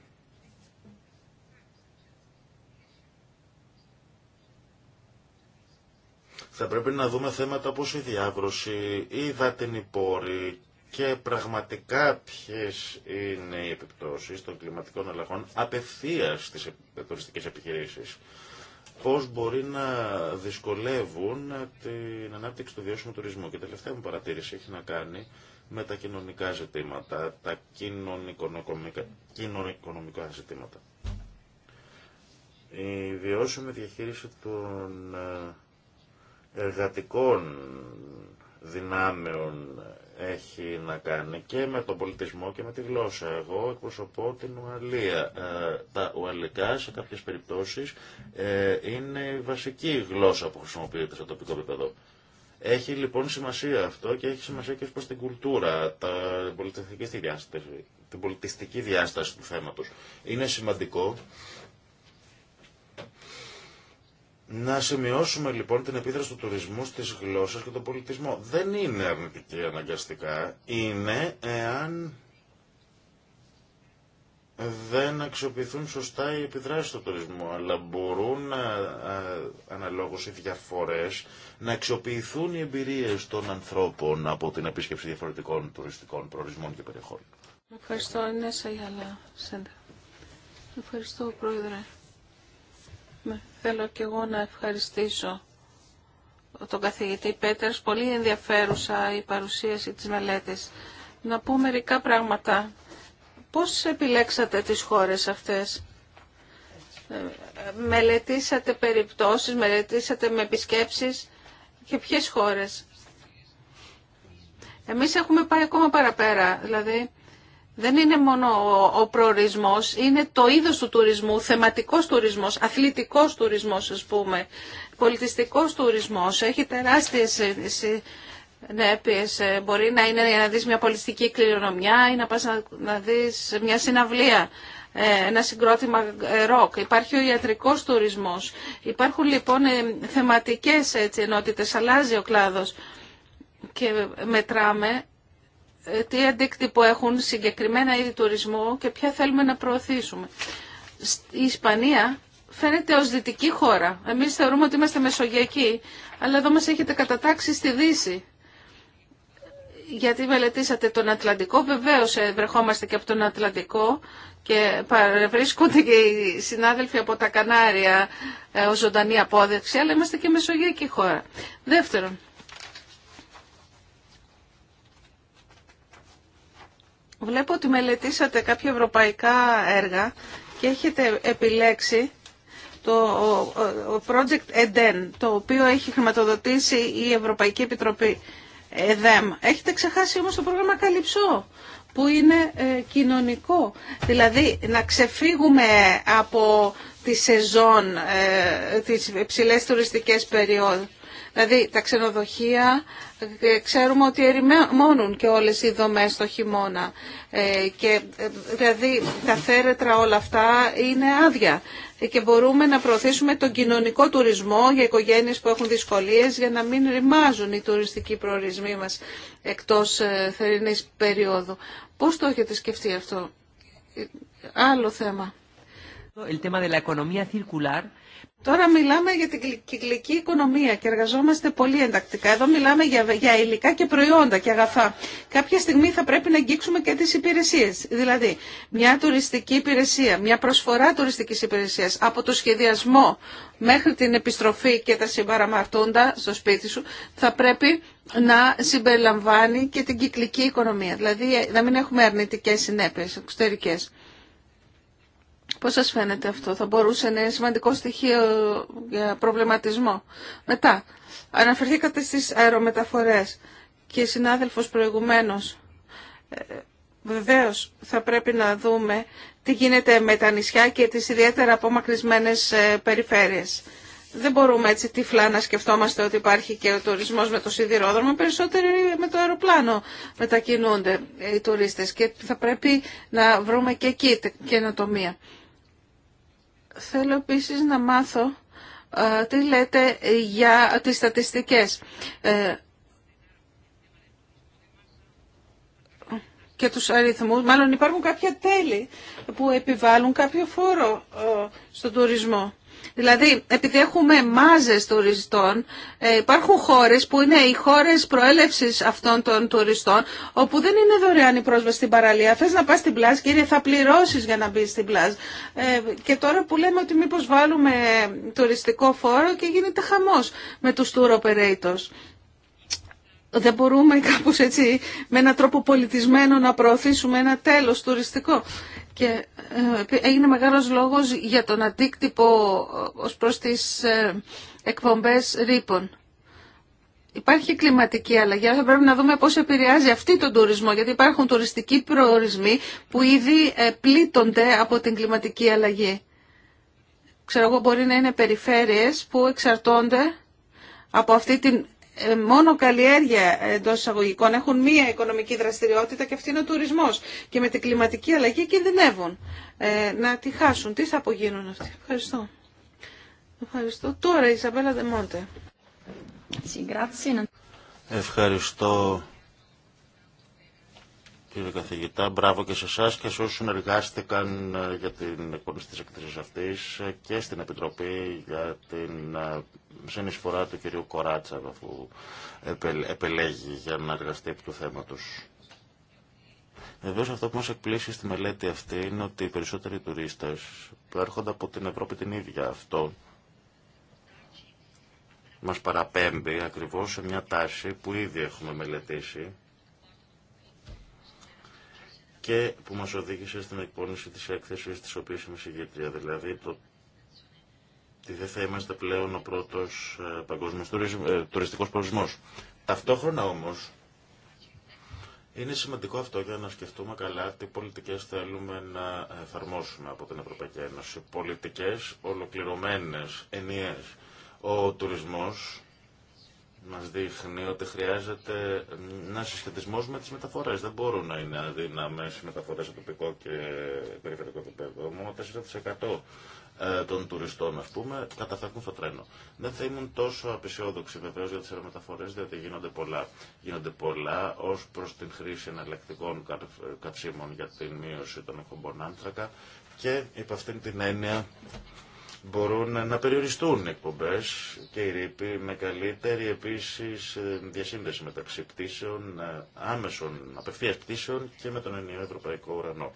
Θα πρέπει να δούμε θέματα όπως η διάβρωση, η υδάτινη πόρη και πραγματικά ποιε είναι οι επιπτώσεις των κλιματικών αλλαγών απευθείας στις τουριστικές επιχειρήσεις πώς μπορεί να δυσκολεύουν την ανάπτυξη του βιώσιμου τουρισμού. Και τελευταία μου παρατήρηση έχει να κάνει με τα κοινωνικά ζητήματα, τα κοινωνικονομικά, ζητήματα. Η βιώσιμη διαχείριση των ε, εργατικών δυνάμεων έχει να κάνει και με τον πολιτισμό και με τη γλώσσα. Εγώ εκπροσωπώ την Ουαλία. Ε, τα Ουαλικά σε κάποιες περιπτώσεις ε, είναι η βασική γλώσσα που χρησιμοποιείται στο τοπικό επίπεδο. Έχει λοιπόν σημασία αυτό και έχει σημασία και προ την κουλτούρα, τα πολιτιστική διάσταση, την πολιτιστική διάσταση του θέματος. Είναι σημαντικό να σημειώσουμε λοιπόν την επίδραση του τουρισμού στις γλώσσες και τον πολιτισμό. Δεν είναι αρνητική αναγκαστικά, είναι εάν δεν αξιοποιηθούν σωστά οι επιδράσεις του τουρισμού, αλλά μπορούν να, ε, ε, αναλόγως οι διαφορές να αξιοποιηθούν οι εμπειρίες των ανθρώπων από την επίσκεψη διαφορετικών τουριστικών προορισμών και περιοχών. Ευχαριστώ, Ενέσα Γιάννα Σέντερ. Ευχαριστώ, Πρόεδρε. Θέλω και εγώ να ευχαριστήσω τον καθηγητή Πέτρας. Πολύ ενδιαφέρουσα η παρουσίαση της μελέτης. Να πω μερικά πράγματα. Πώς επιλέξατε τις χώρες αυτές. Ε, μελετήσατε περιπτώσεις, μελετήσατε με επισκέψεις και ποιες χώρες. Εμείς έχουμε πάει ακόμα παραπέρα, δηλαδή δεν είναι μόνο ο προορισμός, είναι το είδος του τουρισμού, θεματικός τουρισμός, αθλητικός τουρισμός ας πούμε, πολιτιστικός τουρισμός, έχει τεράστιες ε, συνέπειες. Ε, μπορεί να είναι να δεις μια πολιτιστική κληρονομιά ή να πας να δεις μια συναυλία ε, ένα συγκρότημα ροκ. Υπάρχει ο ιατρικός τουρισμός. Υπάρχουν λοιπόν θεματικές έτσι, ενότητες. Αλλάζει ο κλάδος και μετράμε τι αντίκτυπο έχουν συγκεκριμένα είδη τουρισμού και ποια θέλουμε να προωθήσουμε. Η Ισπανία φαίνεται ως δυτική χώρα. Εμείς θεωρούμε ότι είμαστε μεσογειακοί, αλλά εδώ μας έχετε κατατάξει στη Δύση. Γιατί μελετήσατε τον Ατλαντικό, βεβαίως ε, βρεχόμαστε και από τον Ατλαντικό και βρίσκονται και οι συνάδελφοι από τα Κανάρια ε, ως ζωντανή απόδειξη, αλλά είμαστε και μεσογειακή χώρα. Δεύτερον, Βλέπω ότι μελετήσατε κάποια ευρωπαϊκά έργα και έχετε επιλέξει το project EDEN, το οποίο έχει χρηματοδοτήσει η Ευρωπαϊκή Επιτροπή ΕΔΕΜ. Έχετε ξεχάσει όμως το πρόγραμμα Καλυψό, που είναι ε, κοινωνικό. Δηλαδή, να ξεφύγουμε από τη σεζόν, ε, τις υψηλές τουριστικές περιόδους Δηλαδή τα ξενοδοχεία ε, ξέρουμε ότι ερημώνουν και όλες οι δομές το χειμώνα ε, και ε, δηλαδή τα θέρετρα όλα αυτά είναι άδεια και μπορούμε να προωθήσουμε τον κοινωνικό τουρισμό για οικογένειες που έχουν δυσκολίες για να μην ρημάζουν οι τουριστικοί προορισμοί μας εκτός θερινής περίοδου. Πώς το έχετε σκεφτεί αυτό. Άλλο θέμα. Το θέμα Τώρα μιλάμε για την κυκλική οικονομία και εργαζόμαστε πολύ εντακτικά. Εδώ μιλάμε για, για υλικά και προϊόντα και αγαθά. Κάποια στιγμή θα πρέπει να αγγίξουμε και τις υπηρεσίες. Δηλαδή, μια τουριστική υπηρεσία, μια προσφορά τουριστικής υπηρεσίας από το σχεδιασμό μέχρι την επιστροφή και τα συμπαραμαρτούντα στο σπίτι σου, θα πρέπει να συμπεριλαμβάνει και την κυκλική οικονομία. Δηλαδή, να μην έχουμε αρνητικές συνέπειες εξωτερικές. Πώς σας φαίνεται αυτό, θα μπορούσε να είναι σημαντικό στοιχείο για προβληματισμό. Μετά, αναφερθήκατε στις αερομεταφορές και συνάδελφος προηγουμένως. Ε, βεβαίως θα πρέπει να δούμε τι γίνεται με τα νησιά και τις ιδιαίτερα απομακρυσμένες ε, περιφέρειες. Δεν μπορούμε έτσι τυφλά να σκεφτόμαστε ότι υπάρχει και ο τουρισμός με το σιδηρόδρομο, περισσότεροι με το αεροπλάνο μετακινούνται ε, οι τουρίστες και θα πρέπει να βρούμε και εκεί καινοτομία. Θέλω επίσης να μάθω ε, τι λέτε για τις στατιστικές ε, και τους αριθμούς. Μάλλον υπάρχουν κάποια τέλη που επιβάλλουν κάποιο φόρο ε, στον τουρισμό. Δηλαδή, επειδή έχουμε μάζε τουριστών, ε, υπάρχουν χώρες που είναι οι χώρες προέλευση αυτών των τουριστών, όπου δεν είναι δωρεάν η πρόσβαση στην παραλία. Θες να πας στην πλάζ, κύριε, θα πληρώσεις για να μπει στην πλάζ. Ε, και τώρα που λέμε ότι μήπως βάλουμε τουριστικό φόρο και γίνεται χαμός με του tour operators. Δεν μπορούμε κάπως έτσι με έναν τρόπο πολιτισμένο να προωθήσουμε ένα τέλος τουριστικό και ε, έγινε μεγάλος λόγος για τον αντίκτυπο ε, ως προς τις ε, εκπομπές ρήπων. Υπάρχει κλιματική αλλαγή, αλλά θα πρέπει να δούμε πώς επηρεάζει αυτή τον τουρισμό, γιατί υπάρχουν τουριστικοί προορισμοί που ήδη πλήττονται από την κλιματική αλλαγή. Ξέρω εγώ μπορεί να είναι περιφέρειες που εξαρτώνται από αυτή την ε, μόνο καλλιέργεια εντό εισαγωγικών έχουν μία οικονομική δραστηριότητα και αυτή είναι ο τουρισμό. Και με την κλιματική αλλαγή κινδυνεύουν ε, να τη χάσουν. Τι θα απογίνουν αυτοί. Ευχαριστώ. Ευχαριστώ. Τώρα η Ισαμπέλα Δεμόντε. Ευχαριστώ κύριε καθηγητά. Μπράβο και σε εσά και σε όσου εργάστηκαν ε, για την εικόνα τη εκθέση αυτή και στην Επιτροπή για την συνεισφορά του κυρίου Κοράτσα αφού επελέγει για να εργαστεί επί του θέματος. Βεβαίω αυτό που μας εκπλήσει στη μελέτη αυτή είναι ότι οι περισσότεροι τουρίστες που έρχονται από την Ευρώπη την ίδια αυτό μας παραπέμπει ακριβώς σε μια τάση που ήδη έχουμε μελετήσει και που μας οδήγησε στην εκπόνηση της έκθεσης της οποίας είμαι συγγετρία, δηλαδή το ότι δεν θα είμαστε πλέον ο πρώτος ε, παγκόσμιος ε, τουριστικός προορισμός. Ταυτόχρονα όμως είναι σημαντικό αυτό για να σκεφτούμε καλά τι πολιτικές θέλουμε να εφαρμόσουμε από την Ευρωπαϊκή Ένωση. Πολιτικές ολοκληρωμένες, ενιαίες. Ο τουρισμός μας δείχνει ότι χρειάζεται ένα συσχετισμό με τις μεταφορές. Δεν μπορούν να είναι αδύναμες οι μεταφορές σε τοπικό και περιφερειακό επίπεδο. Μόνο 4% ε, των τουριστών, α πούμε, καταφεύγουν στο τρένο. Δεν θα ήμουν τόσο απεσιόδοξη βεβαίω για τι αερομεταφορέ, διότι γίνονται πολλά. Γίνονται πολλά ω προ την χρήση εναλλακτικών ε, καυσίμων για την μείωση των εκπομπών άνθρακα και υπ' αυτήν την έννοια μπορούν να περιοριστούν οι εκπομπέ και οι ρήποι με καλύτερη επίση ε, διασύνδεση μεταξύ πτήσεων, άμεσων απευθεία πτήσεων και με τον ενιαίο ευρωπαϊκό ουρανό.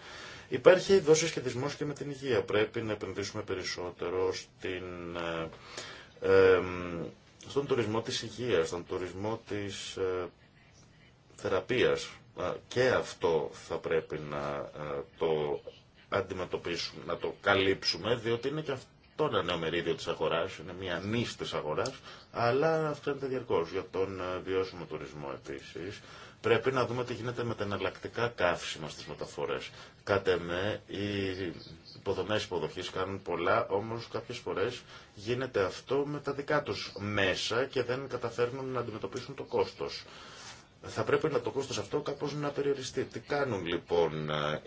Υπάρχει εδώ σχετισμό και με την υγεία. Πρέπει να επενδύσουμε περισσότερο στην, ε, στον τουρισμό της υγείας, στον τουρισμό της ε, θεραπείας. Και αυτό θα πρέπει να ε, το αντιμετωπίσουμε, να το καλύψουμε, διότι είναι και αυτό ένα νέο μερίδιο της αγοράς, είναι μια νης της αγοράς, αλλά αυξάνεται διαρκώς για τον ε, βιώσιμο τουρισμό επίσης. Πρέπει να δούμε τι γίνεται με τα εναλλακτικά καύσιμα στις μεταφορές. Κάτε με, οι υποδομέ υποδοχή κάνουν πολλά, όμω κάποιε φορέ γίνεται αυτό με τα δικά του μέσα και δεν καταφέρνουν να αντιμετωπίσουν το κόστο. Θα πρέπει να το κόστος αυτό κάπως να περιοριστεί. Τι κάνουν λοιπόν ε,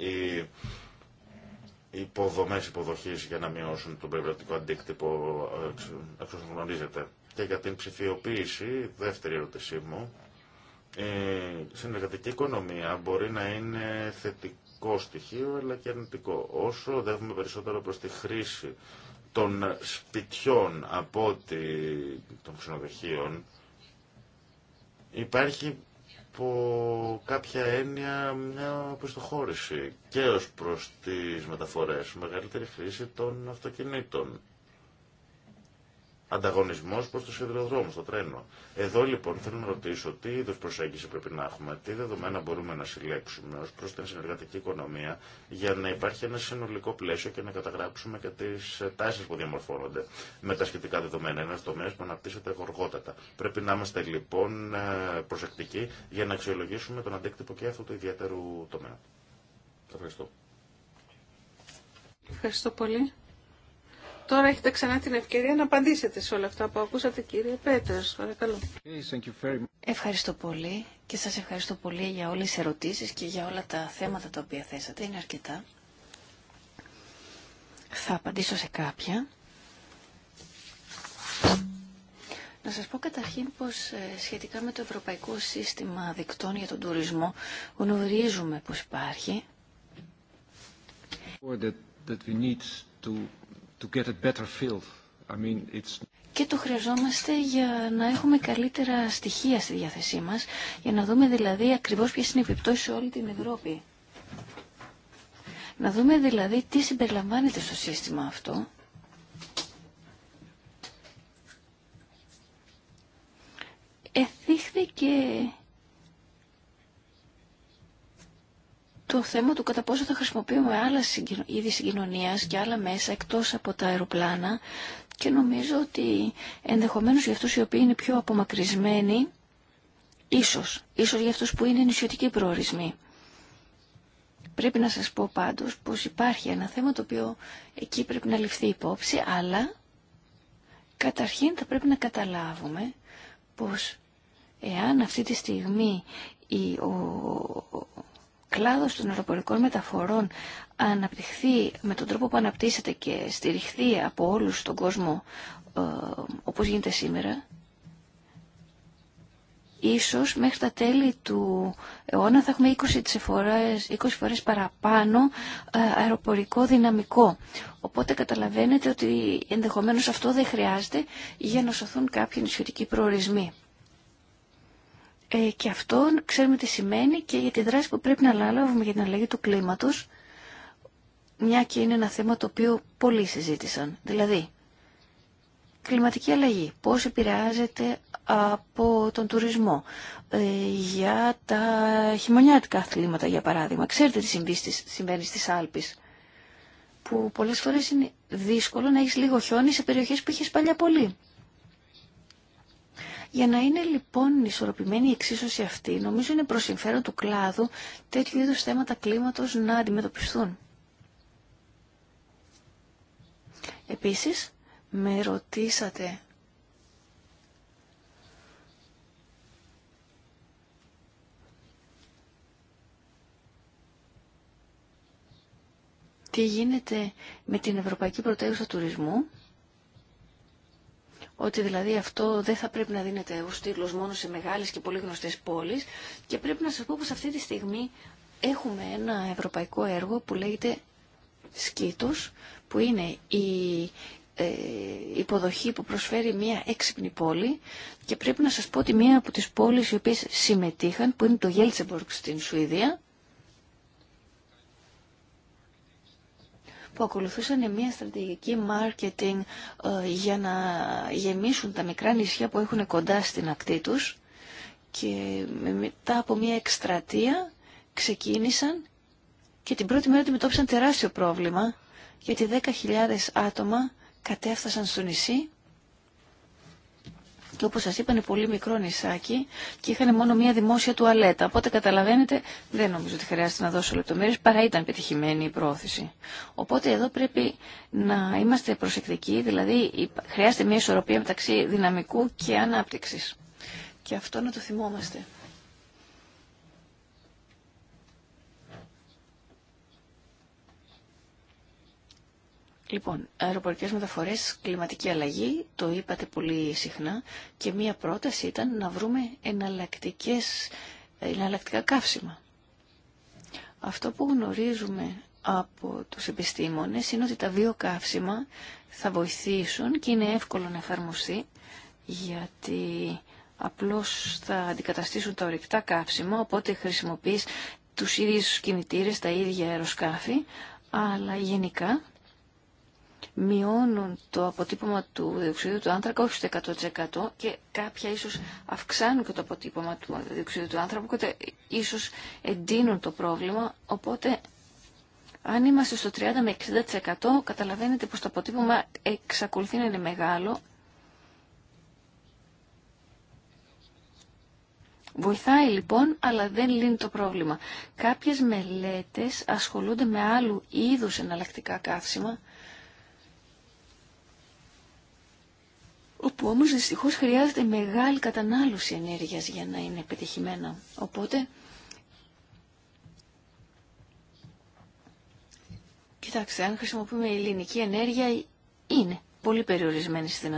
οι υποδομές υποδοχής για να μειώσουν τον περιβαλλοντικό αντίκτυπο, όπω ε, γνωρίζετε. Και για την ψηφιοποίηση, δεύτερη ερώτησή μου, η συνεργατική οικονομία μπορεί να είναι θετική θετικό στοιχείο αλλά και αρνητικό. Όσο οδεύουμε περισσότερο προς τη χρήση των σπιτιών από ότι των ξενοδοχείων υπάρχει από κάποια έννοια μια προστοχώρηση και ως προς τις μεταφορές, μεγαλύτερη χρήση των αυτοκινήτων ανταγωνισμό προ του σιδηροδρόμου, το τρένο. Εδώ λοιπόν θέλω να ρωτήσω τι είδου προσέγγιση πρέπει να έχουμε, τι δεδομένα μπορούμε να συλλέξουμε ω προ την συνεργατική οικονομία για να υπάρχει ένα συνολικό πλαίσιο και να καταγράψουμε και τι τάσει που διαμορφώνονται με τα σχετικά δεδομένα. Ένα τομέα που αναπτύσσεται γοργότατα. Πρέπει να είμαστε λοιπόν ε, προσεκτικοί για να αξιολογήσουμε τον αντίκτυπο και αυτού του ιδιαίτερου τομέα. Ευχαριστώ. Ευχαριστώ πολύ. Τώρα έχετε ξανά την ευκαιρία να απαντήσετε σε όλα αυτά που ακούσατε κύριε Πέτρας. Παρακαλώ. Ευχαριστώ πολύ και σας ευχαριστώ πολύ για όλες τις ερωτήσεις και για όλα τα θέματα τα οποία θέσατε. Είναι αρκετά. Θα απαντήσω σε κάποια. Να σας πω καταρχήν πως ε, σχετικά με το Ευρωπαϊκό Σύστημα Δικτών για τον Τουρισμό γνωρίζουμε πως υπάρχει to get better I mean, it's... Και το χρειαζόμαστε για να έχουμε καλύτερα στοιχεία στη διάθεσή μας, για να δούμε δηλαδή ακριβώς ποιες είναι οι επιπτώσεις σε όλη την Ευρώπη. Να δούμε δηλαδή τι συμπεριλαμβάνεται στο σύστημα αυτό. Εθίχθηκε το θέμα του κατά πόσο θα χρησιμοποιούμε άλλα είδη συγκοινωνία και άλλα μέσα εκτός από τα αεροπλάνα και νομίζω ότι ενδεχομένως για αυτούς οι οποίοι είναι πιο απομακρυσμένοι ίσως, ίσως για αυτούς που είναι νησιωτικοί προορισμοί. Πρέπει να σας πω πάντως πως υπάρχει ένα θέμα το οποίο εκεί πρέπει να ληφθεί υπόψη, αλλά καταρχήν θα πρέπει να καταλάβουμε πως εάν αυτή τη στιγμή η, ο, κλάδος των αεροπορικών μεταφορών αναπτυχθεί με τον τρόπο που αναπτύσσεται και στηριχθεί από όλους τον κόσμο ε, όπως γίνεται σήμερα, ίσως μέχρι τα τέλη του αιώνα θα έχουμε 20 φορές, 20 φορές παραπάνω ε, αεροπορικό δυναμικό. Οπότε καταλαβαίνετε ότι ενδεχομένως αυτό δεν χρειάζεται για να σωθούν κάποιοι νησιωτικοί προορισμοί. Ε, και αυτό ξέρουμε τι σημαίνει και για τη δράση που πρέπει να λάβουμε για την αλλαγή του κλίματος, μια και είναι ένα θέμα το οποίο πολλοί συζήτησαν. Δηλαδή, κλιματική αλλαγή, πώς επηρεάζεται από τον τουρισμό, ε, για τα χειμωνιάτικα αθλήματα για παράδειγμα. Ξέρετε τι συμβαίνει στις Άλπεις, που πολλές φορές είναι δύσκολο να έχεις λίγο χιόνι σε περιοχές που είχες παλιά πολύ. Για να είναι λοιπόν ισορροπημένη η εξίσωση αυτή, νομίζω είναι προ συμφέρον του κλάδου τέτοιου είδου θέματα κλίματο να αντιμετωπιστούν. Επίση, με ρωτήσατε τι γίνεται με την Ευρωπαϊκή Πρωτεύουσα Τουρισμού ότι δηλαδή αυτό δεν θα πρέπει να δίνεται ως τίτλος μόνο σε μεγάλες και πολύ γνωστές πόλεις και πρέπει να σας πω πως αυτή τη στιγμή έχουμε ένα ευρωπαϊκό έργο που λέγεται Σκήτος που είναι η ε, υποδοχή που προσφέρει μια έξυπνη πόλη και πρέπει να σας πω ότι μια από τις πόλεις οι οποίες συμμετείχαν που είναι το Γέλτσεμπορκ στην Σουηδία που ακολουθούσαν μια στρατηγική marketing ε, για να γεμίσουν τα μικρά νησιά που έχουν κοντά στην ακτή τους και μετά από μια εκστρατεία ξεκίνησαν και την πρώτη μέρα αντιμετώπισαν τεράστιο πρόβλημα γιατί 10.000 άτομα κατέφτασαν στο νησί και όπως σας είπα είναι πολύ μικρό νησάκι και είχαν μόνο μία δημόσια τουαλέτα. Οπότε καταλαβαίνετε, δεν νομίζω ότι χρειάζεται να δώσω λεπτομέρειες, παρά ήταν πετυχημένη η πρόθεση. Οπότε εδώ πρέπει να είμαστε προσεκτικοί, δηλαδή χρειάζεται μία ισορροπία μεταξύ δυναμικού και ανάπτυξης. Και αυτό να το θυμόμαστε. Λοιπόν, αεροπορικές μεταφορές, κλιματική αλλαγή, το είπατε πολύ συχνά και μία πρόταση ήταν να βρούμε εναλλακτικές, εναλλακτικά καύσιμα. Αυτό που γνωρίζουμε από τους επιστήμονες είναι ότι τα βιοκαύσιμα θα βοηθήσουν και είναι εύκολο να εφαρμοστεί γιατί απλώς θα αντικαταστήσουν τα ορυκτά καύσιμα οπότε χρησιμοποιείς τους ίδιους κινητήρες, τα ίδια αεροσκάφη αλλά γενικά μειώνουν το αποτύπωμα του διοξιδίου του άνθρακα όχι στο 100% και κάποια ίσως αυξάνουν και το αποτύπωμα του διοξιδίου του άνθρακα οπότε ίσως εντείνουν το πρόβλημα οπότε αν είμαστε στο 30 με 60% καταλαβαίνετε πως το αποτύπωμα εξακολουθεί να είναι μεγάλο Βοηθάει λοιπόν, αλλά δεν λύνει το πρόβλημα. Κάποιες μελέτες ασχολούνται με άλλου είδους εναλλακτικά καύσιμα, όπου όμως δυστυχώς χρειάζεται μεγάλη κατανάλωση ενέργειας για να είναι πετυχημένα. Οπότε, κοιτάξτε, αν χρησιμοποιούμε ελληνική ενέργεια, είναι πολύ περιορισμένη στις